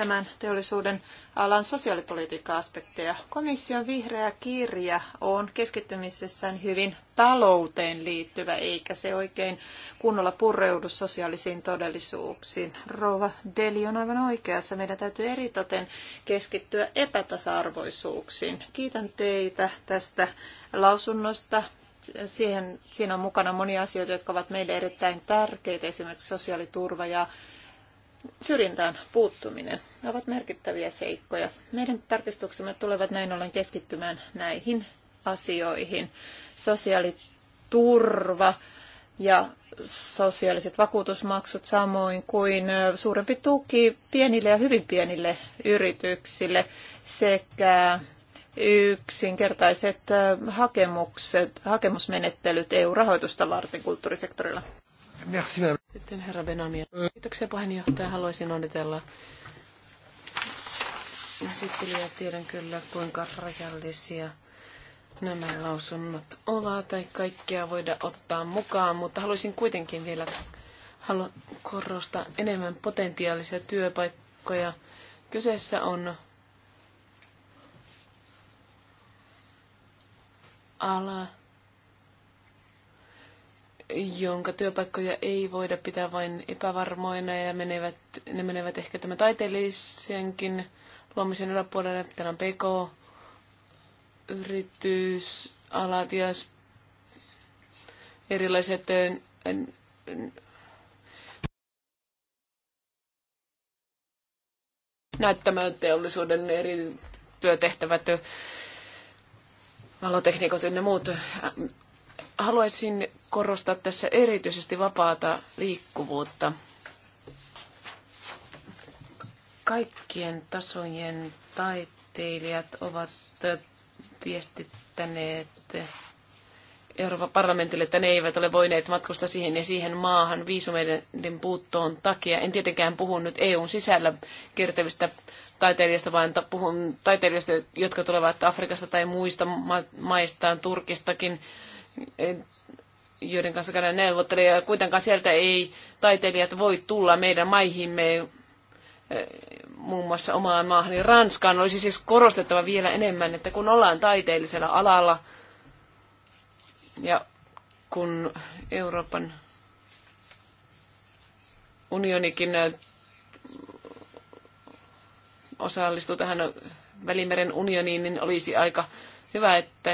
tämän teollisuuden alan sosiaalipolitiikka-aspekteja. Komission vihreä kirja on keskittymisessään hyvin talouteen liittyvä, eikä se oikein kunnolla pureudu sosiaalisiin todellisuuksiin. Rova Deli on aivan oikeassa. Meidän täytyy eritoten keskittyä epätasa-arvoisuuksiin. Kiitän teitä tästä lausunnosta siihen, siinä on mukana monia asioita, jotka ovat meille erittäin tärkeitä, esimerkiksi sosiaaliturva ja syrjintään puuttuminen ovat merkittäviä seikkoja. Meidän tarkistuksemme tulevat näin ollen keskittymään näihin asioihin. Sosiaaliturva ja sosiaaliset vakuutusmaksut samoin kuin suurempi tuki pienille ja hyvin pienille yrityksille sekä yksinkertaiset hakemukset, hakemusmenettelyt EU-rahoitusta varten kulttuurisektorilla. Merci, sitten herra Benamia. Kiitoksia puheenjohtaja. Haluaisin onnitella esittelijä. Tiedän kyllä, kuinka rajallisia nämä lausunnot ovat, tai kaikkea voida ottaa mukaan, mutta haluaisin kuitenkin vielä haluan korostaa enemmän potentiaalisia työpaikkoja. Kyseessä on ala, jonka työpaikkoja ei voida pitää vain epävarmoina ja menevät, ne menevät ehkä tämän taiteellisenkin luomisen yläpuolelle. Täällä on PK, yritysalat ja erilaiset teollisuuden eri työtehtävät, valotekniikot ynnä muut Haluaisin korostaa tässä erityisesti vapaata liikkuvuutta. Kaikkien tasojen taiteilijat ovat viestittäneet Euroopan parlamentille, että ne eivät ole voineet matkustaa siihen ja siihen maahan viisumeiden puuttoon takia. En tietenkään puhu nyt EUn sisällä kiertävistä taiteilijasta, vaan puhun taiteilijasta, jotka tulevat Afrikasta tai muista maistaan, Turkistakin, joiden kanssa käydään neuvotteluja. Kuitenkaan sieltä ei taiteilijat voi tulla meidän maihimme, eh, muun muassa omaan maahan, niin Ranskaan olisi siis korostettava vielä enemmän, että kun ollaan taiteellisella alalla ja kun Euroopan unionikin eh, osallistuu tähän Välimeren unioniin, niin olisi aika hyvä, että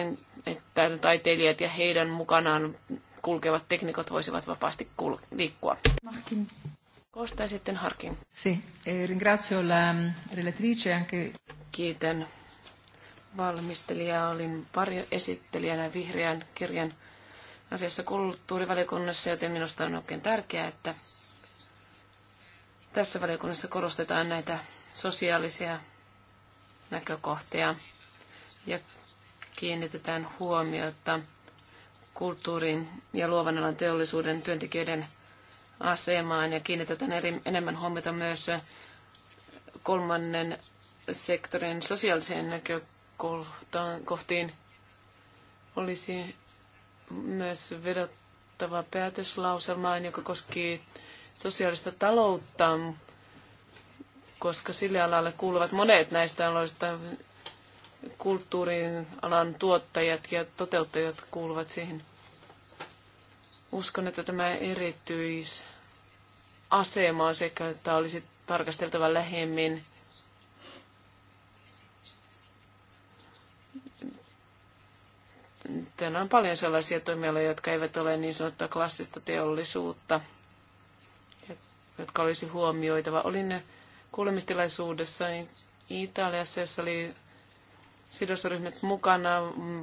että taiteilijat ja heidän mukanaan kulkevat teknikot voisivat vapaasti kul- liikkua. Markin. Kosta sitten Harkin. Si. E, ringrazio la mm, relatrice e anche... Kiitän valmistelijaa. Olin pari esittelijänä vihreän kirjan asiassa kulttuurivaliokunnassa, joten minusta on oikein tärkeää, että tässä valiokunnassa korostetaan näitä sosiaalisia näkökohtia ja kiinnitetään huomiota kulttuurin ja luovan alan teollisuuden työntekijöiden asemaan ja kiinnitetään eri, enemmän huomiota myös kolmannen sektorin sosiaaliseen kohtiin. Olisi myös vedottava päätöslauselmaan, joka koski sosiaalista taloutta, koska sille alalle kuuluvat monet näistä aloista kulttuurin alan tuottajat ja toteuttajat kuuluvat siihen. Uskon, että tämä erityis asema sekä, että olisi tarkasteltava lähemmin. Täällä on paljon sellaisia toimialoja, jotka eivät ole niin sanottua klassista teollisuutta, jotka olisi huomioitava. Olin kuulemistilaisuudessa Italiassa, jossa oli sidosryhmät mukana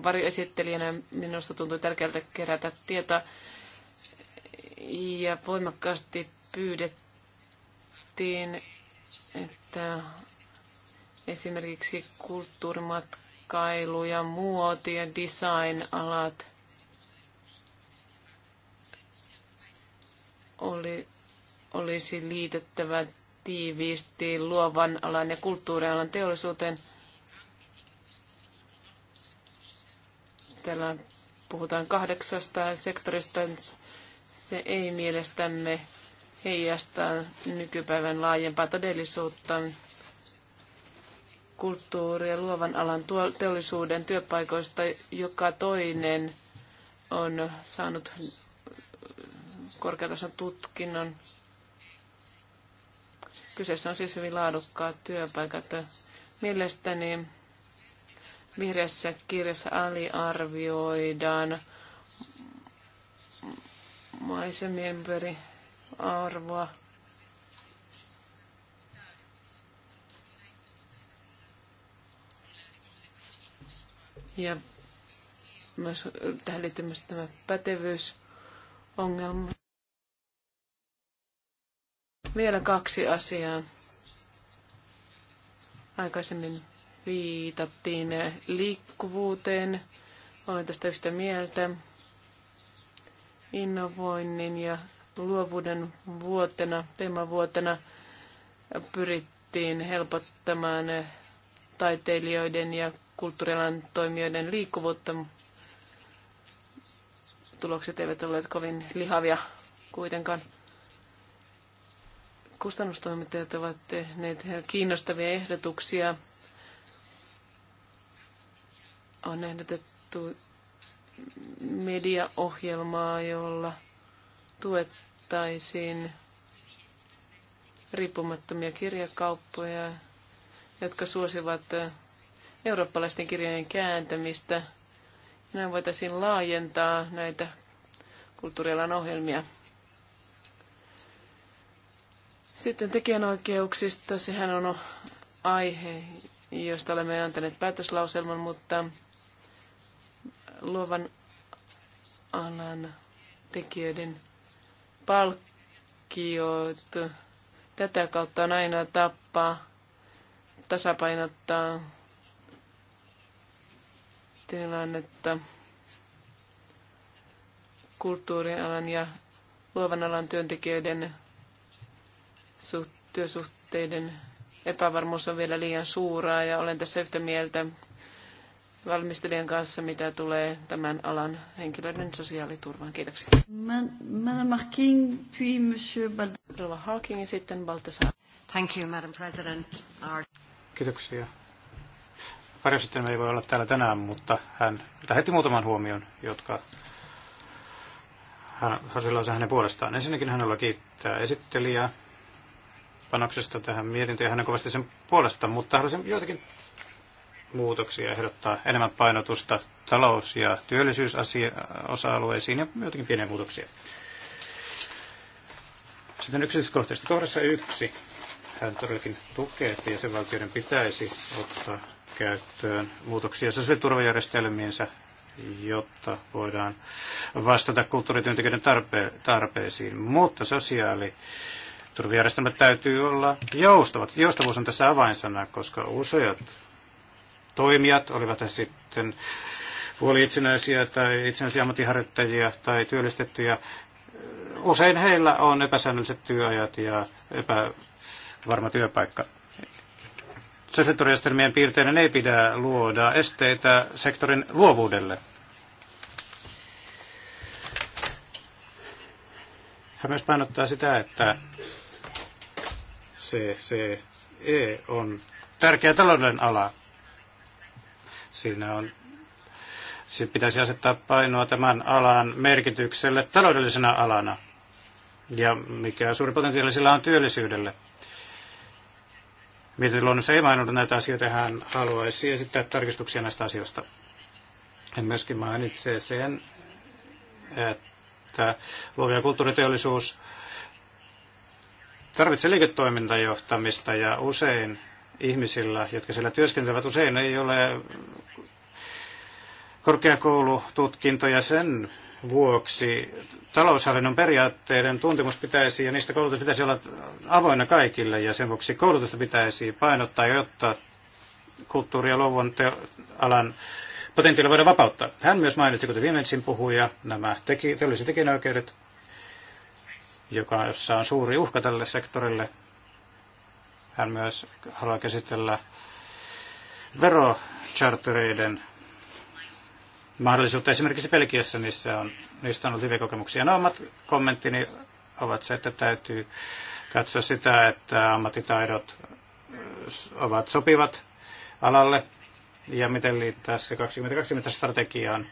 varjoesittelijänä. Minusta tuntui tärkeältä kerätä tietoa ja voimakkaasti pyydettiin, että esimerkiksi kulttuurimatkailu ja muoti ja design-alat oli, olisi liitettävä tiiviisti luovan alan ja kulttuurialan teollisuuteen – Täällä puhutaan kahdeksasta sektorista. Se ei mielestämme heijasta nykypäivän laajempaa todellisuutta. Kulttuuri- ja luovan alan teollisuuden työpaikoista joka toinen on saanut korkeatason tutkinnon. Kyseessä on siis hyvin laadukkaat työpaikat. Mielestäni vihreässä kirjassa aliarvioidaan maisemien arvoa. Ja myös tähän liittyy myös tämä pätevyysongelma. Vielä kaksi asiaa. Aikaisemmin viitattiin liikkuvuuteen. Olen tästä yhtä mieltä. Innovoinnin ja luovuuden vuotena, teemavuotena pyrittiin helpottamaan taiteilijoiden ja kulttuurialan toimijoiden liikkuvuutta. Tulokset eivät olleet kovin lihavia kuitenkaan. Kustannustoimittajat ovat tehneet kiinnostavia ehdotuksia on ehdotettu mediaohjelmaa, jolla tuettaisiin riippumattomia kirjakauppoja, jotka suosivat eurooppalaisten kirjojen kääntämistä. Näin voitaisiin laajentaa näitä kulttuurialan ohjelmia. Sitten tekijänoikeuksista. Sehän on aihe, josta olemme antaneet päätöslauselman, mutta luovan alan tekijöiden palkkiot. Tätä kautta on aina tapa tasapainottaa tilannetta kulttuurialan ja luovan alan työntekijöiden työsuhteiden epävarmuus on vielä liian suuraa ja olen tässä yhtä mieltä valmistelijan kanssa, mitä tulee tämän alan henkilöiden sosiaaliturvaan. Kiitoksia. Madame Harking, puis Monsieur Baltasar. Harking ja sitten Baltasar. Thank you, Madam President. Our... Kiitoksia. Pari sitten ei voi olla täällä tänään, mutta hän lähetti muutaman huomion, jotka hän halusi lausua hänen puolestaan. Ensinnäkin hänellä kiittää esittelijää panoksesta tähän mietintöön ja hänen kovasti sen puolesta, mutta haluaisin joitakin muutoksia, ehdottaa enemmän painotusta talous- ja työllisyysosa-alueisiin ja joitakin pieniä muutoksia. Sitten yksityiskohtaisesti kohdassa yksi. Hän todellakin tukee, että jäsenvaltioiden pitäisi ottaa käyttöön muutoksia sosiaaliturvajärjestelmiinsä, jotta voidaan vastata kulttuurityöntekijöiden tarpe- tarpeisiin. Mutta sosiaali Turvajärjestelmät täytyy olla joustavat. Joustavuus on tässä avainsana, koska useat toimijat, olivat he sitten puoli itsenäisiä tai itsenäisiä ammattiharjoittajia tai työllistettyjä. Usein heillä on epäsäännölliset työajat ja epävarma työpaikka. Sosiaaliturjastelmien piirteinen ei pidä luoda esteitä sektorin luovuudelle. Hän myös painottaa sitä, että CCE on tärkeä talouden ala. Siinä on Siinä pitäisi asettaa painoa tämän alan merkitykselle taloudellisena alana ja mikä suuri potentiaali sillä on työllisyydelle. Mietin luonnossa ei mainita näitä asioita, hän haluaisi esittää tarkistuksia näistä asioista. Hän myöskin mainitsee sen, että luovia ja kulttuuriteollisuus tarvitsee liiketoimintajohtamista ja usein ihmisillä, jotka siellä työskentelevät, usein ei ole korkeakoulututkintoja sen vuoksi taloushallinnon periaatteiden tuntemus pitäisi ja niistä koulutus pitäisi olla avoinna kaikille ja sen vuoksi koulutusta pitäisi painottaa ja ottaa kulttuuri- ja alan potentiaalia voidaan vapauttaa. Hän myös mainitsi, kuten viimeisin puhuja, nämä teki, teolliset tekijänoikeudet, joka, jossa on suuri uhka tälle sektorille. Hän myös haluaa käsitellä verochartereiden mahdollisuutta. Esimerkiksi Belgiassa niissä on, niistä on ollut hyviä kokemuksia. No omat kommenttini ovat se, että täytyy katsoa sitä, että ammattitaidot äh, ovat sopivat alalle ja miten liittää se 2020 strategiaan,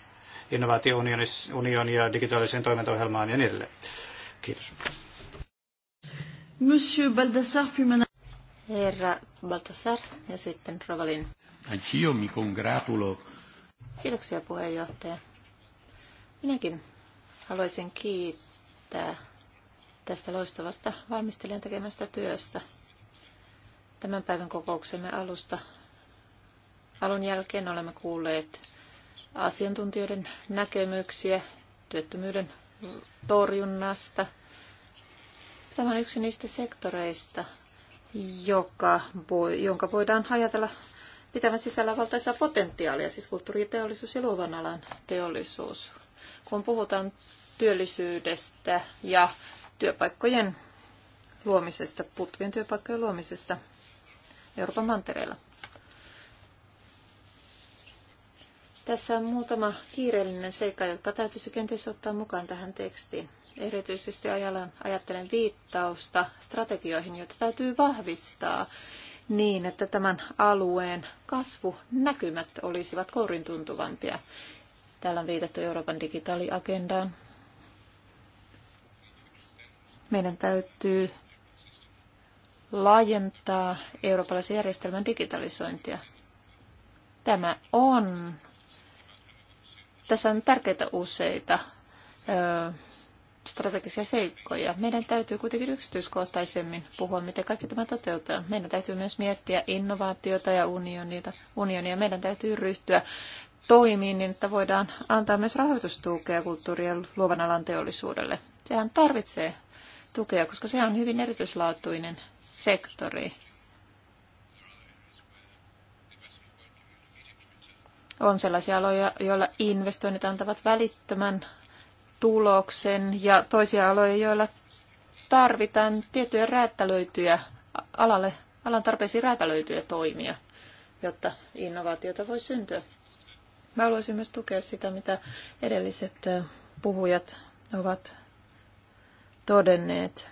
innovaatiounion ja digitaaliseen toimintaohjelmaan ja niin edelleen. Kiitos. Monsieur Baldassar, Herra Baltasar ja sitten Rovalin. Anch'io mi congratulo. Kiitoksia puheenjohtaja. Minäkin haluaisin kiittää tästä loistavasta valmistelijan tekemästä työstä. Tämän päivän kokouksemme alusta alun jälkeen olemme kuulleet asiantuntijoiden näkemyksiä työttömyyden torjunnasta. Tämä on yksi niistä sektoreista, joka voi, jonka voidaan ajatella pitävän sisällä valtaisaa potentiaalia, siis kulttuuriteollisuus ja luovan alan teollisuus. Kun puhutaan työllisyydestä ja työpaikkojen luomisesta, puuttuvien työpaikkojen luomisesta Euroopan mantereella. Tässä on muutama kiireellinen seikka, jotka täytyisi kenties ottaa mukaan tähän tekstiin. Erityisesti ajattelen viittausta strategioihin, joita täytyy vahvistaa niin, että tämän alueen kasvunäkymät olisivat kourin tuntuvampia. Täällä on viitattu Euroopan digitaaliagendaan. Meidän täytyy laajentaa eurooppalaisen järjestelmän digitalisointia. Tämä on, tässä on tärkeitä useita strategisia seikkoja. Meidän täytyy kuitenkin yksityiskohtaisemmin puhua, miten kaikki tämä toteutetaan. Meidän täytyy myös miettiä innovaatiota ja unionia. unionia. Meidän täytyy ryhtyä toimiin niin, että voidaan antaa myös rahoitustukea kulttuuri- ja luovan alan teollisuudelle. Sehän tarvitsee tukea, koska se on hyvin erityislaatuinen sektori. On sellaisia aloja, joilla investoinnit antavat välittömän tuloksen ja toisia aloja, joilla tarvitaan tiettyjä räätälöityjä alalle, alan tarpeisiin räätälöityjä toimia, jotta innovaatiota voi syntyä. Mä haluaisin myös tukea sitä, mitä edelliset puhujat ovat todenneet.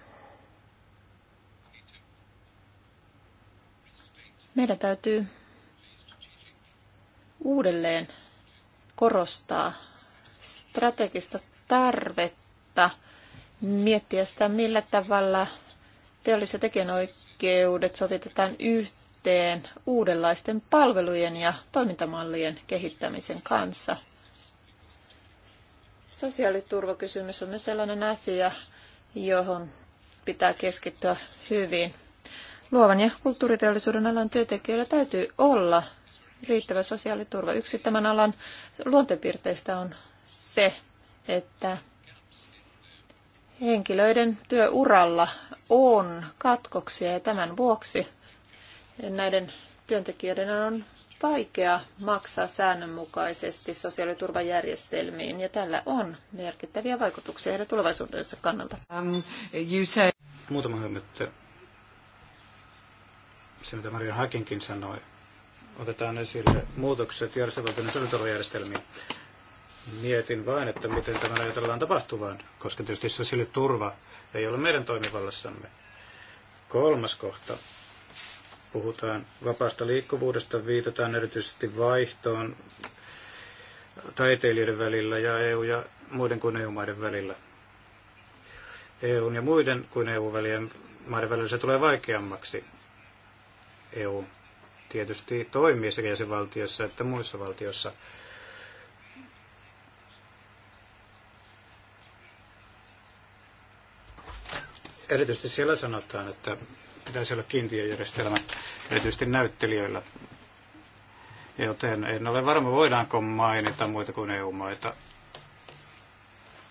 Meidän täytyy uudelleen korostaa strategista tarvetta miettiä sitä, millä tavalla teollis- ja tekijänoikeudet sovitetaan yhteen uudenlaisten palvelujen ja toimintamallien kehittämisen kanssa. Sosiaaliturvakysymys on myös sellainen asia, johon pitää keskittyä hyvin. Luovan ja kulttuuriteollisuuden alan työntekijöillä täytyy olla riittävä sosiaaliturva. Yksi tämän alan luontepiirteistä on se, että henkilöiden työuralla on katkoksia ja tämän vuoksi näiden työntekijöiden on vaikea maksaa säännönmukaisesti sosiaaliturvajärjestelmiin ja tällä on merkittäviä vaikutuksia heidän tulevaisuudensa kannalta. Um, say... Muutama hölmöttö. Se, mitä Maria Hakinkin sanoi, otetaan esille muutokset järjestelmien sosiaaliturvajärjestelmiin. Mietin vain, että miten tämä ajatellaan tapahtuvan, koska tietysti turva ei ole meidän toimivallassamme. Kolmas kohta. Puhutaan vapaasta liikkuvuudesta, viitataan erityisesti vaihtoon taiteilijoiden välillä ja EU ja muiden kuin EU-maiden välillä. EUn ja muiden kuin EU-välien maiden välillä se tulee vaikeammaksi. EU tietysti toimii sekä jäsenvaltiossa että muissa valtioissa. Erityisesti siellä sanotaan, että pitäisi olla kiintiöjärjestelmä erityisesti näyttelijöillä. Joten en ole varma, voidaanko mainita muita kuin EU-maita.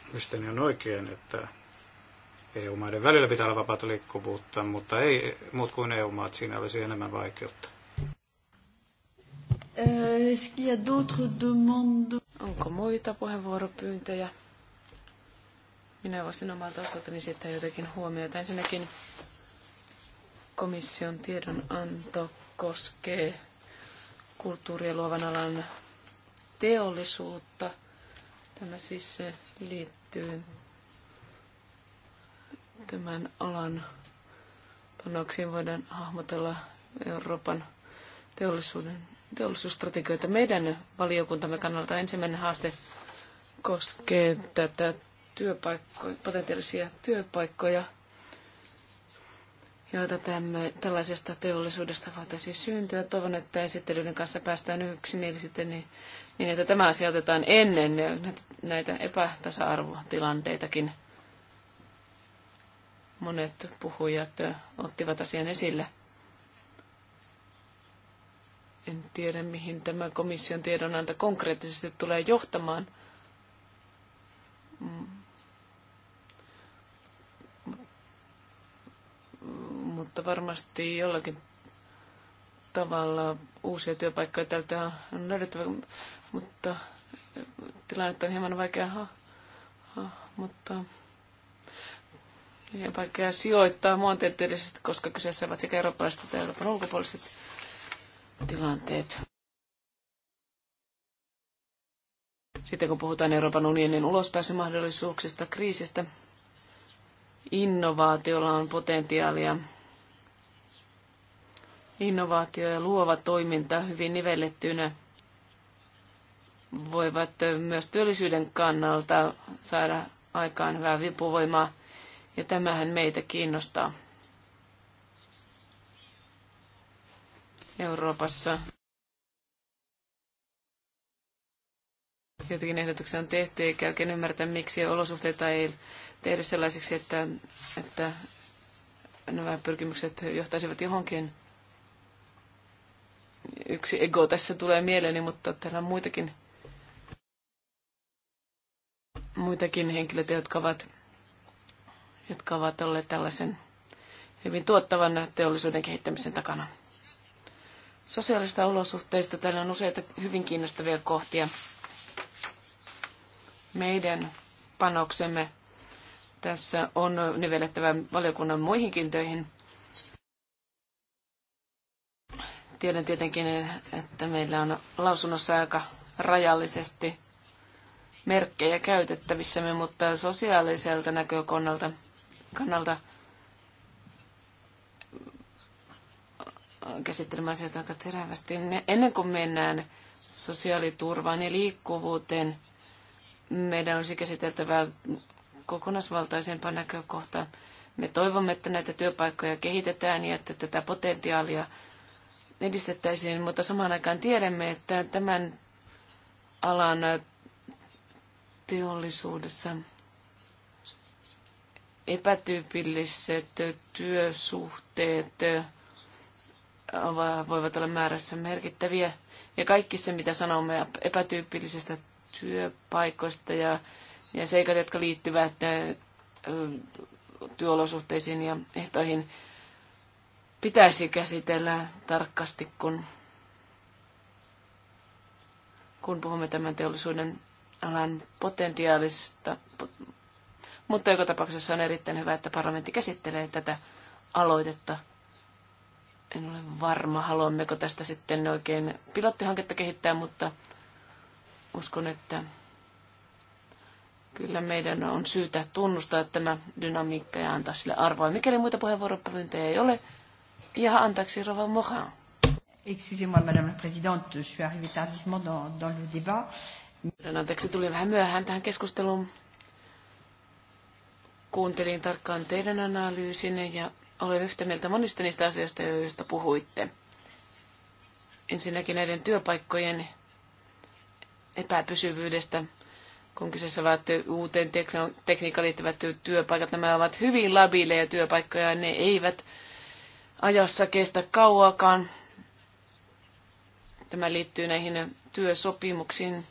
Mielestäni on oikein, että EU-maiden välillä pitää olla vapaata liikkuvuutta, mutta ei muut kuin EU-maat, siinä olisi enemmän vaikeutta. Äh, Onko muita puheenvuoropyyntöjä? Minä voisin omalta osaltani sitten jotakin huomiota. Ensinnäkin komission tiedonanto koskee kulttuuri- ja luovan alan teollisuutta. Tämä siis liittyy tämän alan panoksiin voidaan hahmotella Euroopan teollisuuden, teollisuusstrategioita. Meidän valiokuntamme kannalta ensimmäinen haaste koskee tätä työpaikkoja, potentiaalisia työpaikkoja, joita tämme, tällaisesta teollisuudesta voitaisiin syntyä. Toivon, että esittelyiden kanssa päästään yksi niin, sitten, niin, niin että tämä asia otetaan ennen näitä epätasa-arvotilanteitakin. Monet puhujat ottivat asian esille. En tiedä, mihin tämä komission tiedonanto konkreettisesti tulee johtamaan mutta varmasti jollakin tavalla uusia työpaikkoja tältä on löydettävä, mutta tilannetta on hieman vaikea ha, ha, mutta ja vaikea sijoittaa maantieteellisesti, koska kyseessä ovat sekä eurooppalaiset että Euroopan ulkopuoliset tilanteet. Sitten kun puhutaan Euroopan unionin ulospääsymahdollisuuksista kriisistä, innovaatiolla on potentiaalia innovaatio ja luova toiminta hyvin nivellettynä voivat myös työllisyyden kannalta saada aikaan hyvää vipuvoimaa, ja tämähän meitä kiinnostaa Euroopassa. jotenkin ehdotuksia on tehty, eikä oikein ymmärtä, miksi olosuhteita ei tehdä sellaisiksi, että, että nämä pyrkimykset johtaisivat johonkin yksi ego tässä tulee mieleeni, mutta täällä on muitakin, muitakin henkilöitä, jotka ovat, jotka ovat olleet tällaisen hyvin tuottavan teollisuuden kehittämisen takana. Sosiaalista olosuhteista täällä on useita hyvin kiinnostavia kohtia. Meidän panoksemme tässä on nivellettävä valiokunnan muihinkin töihin – Tiedän tietenkin, että meillä on lausunnossa aika rajallisesti merkkejä käytettävissämme, mutta sosiaaliselta näkökannalta kannalta käsittelemään sieltä aika terävästi. Ennen kuin mennään sosiaaliturvaan ja liikkuvuuteen, meidän olisi käsiteltävä kokonaisvaltaisempaa näkökohtaa. Me toivomme, että näitä työpaikkoja kehitetään ja että tätä potentiaalia edistettäisiin, mutta samaan aikaan tiedämme, että tämän alan teollisuudessa epätyypilliset työsuhteet voivat olla määrässä merkittäviä. Ja kaikki se, mitä sanomme epätyypillisistä työpaikoista ja, ja seikat, jotka liittyvät työolosuhteisiin ja ehtoihin, pitäisi käsitellä tarkasti, kun, kun puhumme tämän teollisuuden alan potentiaalista. Mutta joka tapauksessa on erittäin hyvä, että parlamentti käsittelee tätä aloitetta. En ole varma, haluammeko tästä sitten oikein pilottihanketta kehittää, mutta uskon, että kyllä meidän on syytä tunnustaa tämä dynamiikka ja antaa sille arvoa. Mikäli muita puheenvuoropyyntöjä ei ole, ja anteeksi, Rova Morin. Excusez-moi, Madame la Présidente, je suis arrivée tardivement dans, dans le débat. Anteeksi, tulin vähän myöhään tähän keskusteluun. Kuuntelin tarkkaan teidän analyysinne ja olen yhtä mieltä monista niistä asioista, joista puhuitte. Ensinnäkin näiden työpaikkojen epäpysyvyydestä, kun kyseessä ovat uuteen tekniikkaan liittyvät työpaikat. Nämä ovat hyvin labiileja työpaikkoja, ne eivät ajassa kestä kauakaan. Tämä liittyy näihin työsopimuksiin,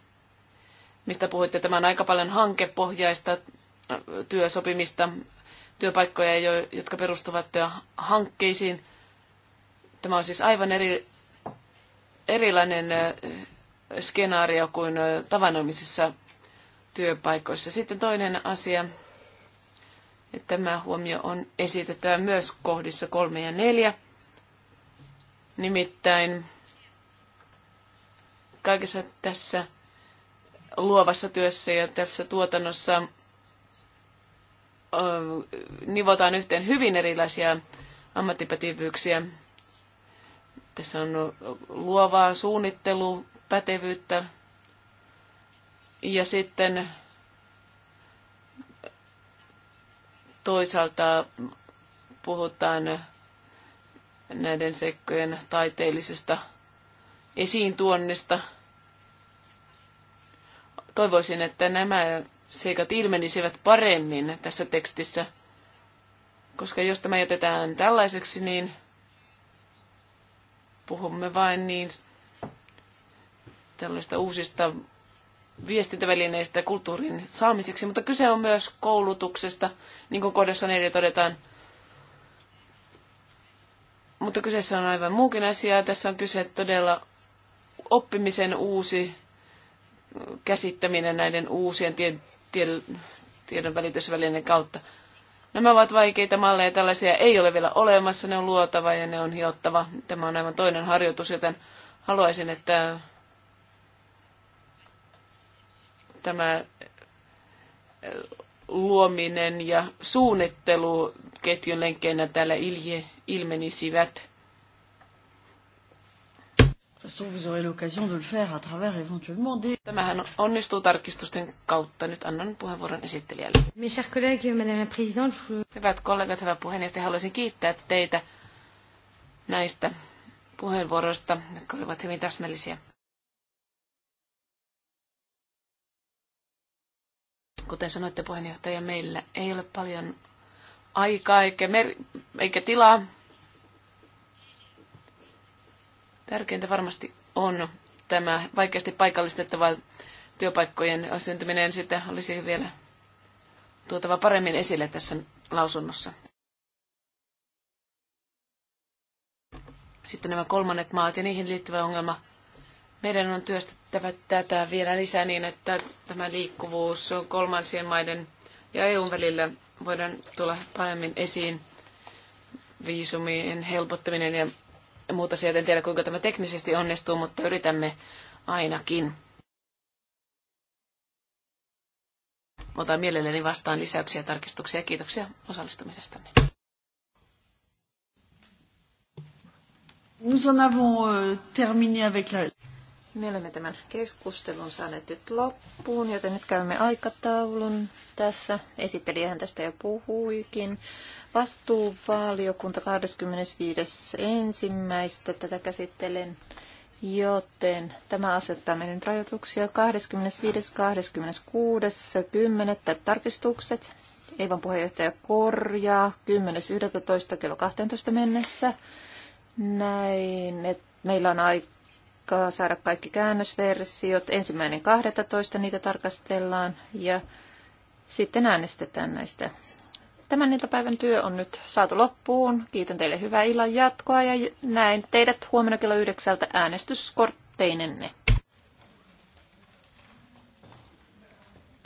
mistä puhuitte. Tämä on aika paljon hankepohjaista äh, työsopimista, työpaikkoja, jotka perustuvat hankkeisiin. Tämä on siis aivan eri, erilainen äh, skenaario kuin äh, tavanomisissa työpaikoissa. Sitten toinen asia, Tämä huomio on esitettävä myös kohdissa kolme ja neljä. Nimittäin kaikessa tässä luovassa työssä ja tässä tuotannossa nivotaan yhteen hyvin erilaisia ammattipätevyyksiä. Tässä on luovaa suunnittelupätevyyttä ja sitten Toisaalta puhutaan näiden sekkojen taiteellisesta esiintuonnista. Toivoisin, että nämä seikat ilmenisivät paremmin tässä tekstissä, koska jos tämä jätetään tällaiseksi, niin puhumme vain niin tällaista uusista viestintävälineistä kulttuurin saamiseksi, mutta kyse on myös koulutuksesta, niin kuin kohdassa 4 todetaan. Mutta kyseessä on aivan muukin asia. Tässä on kyse todella oppimisen uusi käsittäminen näiden uusien tie, tie, tiedon välitysvälineiden kautta. Nämä ovat vaikeita malleja, tällaisia ei ole vielä olemassa, ne on luotava ja ne on hiottava. Tämä on aivan toinen harjoitus, joten haluaisin, että tämä luominen ja suunnittelu ketjun lenkkeinä täällä ilje, ilmenisivät. Tämähän onnistuu tarkistusten kautta. Nyt annan puheenvuoron esittelijälle. Hyvät kollegat, hyvä puheenjohtaja, haluaisin kiittää teitä näistä puheenvuoroista, jotka olivat hyvin täsmällisiä. Kuten sanoitte puheenjohtaja, meillä ei ole paljon aikaa eikä, mer- eikä tilaa. Tärkeintä varmasti on tämä vaikeasti paikallistettava työpaikkojen asentaminen. Sitä olisi vielä tuotava paremmin esille tässä lausunnossa. Sitten nämä kolmannet maat ja niihin liittyvä ongelma – meidän on työstettävä tätä vielä lisää niin, että tämä liikkuvuus kolmansien maiden ja EUn välillä voidaan tulla paremmin esiin. Viisumien helpottaminen ja muuta sieltä. En tiedä, kuinka tämä teknisesti onnistuu, mutta yritämme ainakin. Otan mielelläni vastaan lisäyksiä ja tarkistuksia. Kiitoksia osallistumisestanne. Nous en avons euh, terminé avec la... Me olemme tämän keskustelun saaneet nyt loppuun, joten nyt käymme aikataulun tässä. Esittelijähän tästä jo puhuikin. Vastuuvaaliokunta 25.1. tätä käsittelen, joten tämä asettaa meidän nyt rajoituksia 25.26.10. tarkistukset. Eivan puheenjohtaja korjaa 10.11. kello 12 mennessä. Näin, että meillä on aikaa saada kaikki käännösversiot. Ensimmäinen 12 niitä tarkastellaan ja sitten äänestetään näistä. Tämän iltapäivän työ on nyt saatu loppuun. Kiitän teille hyvää illan jatkoa ja näin teidät huomenna kello yhdeksältä äänestyskortteinenne.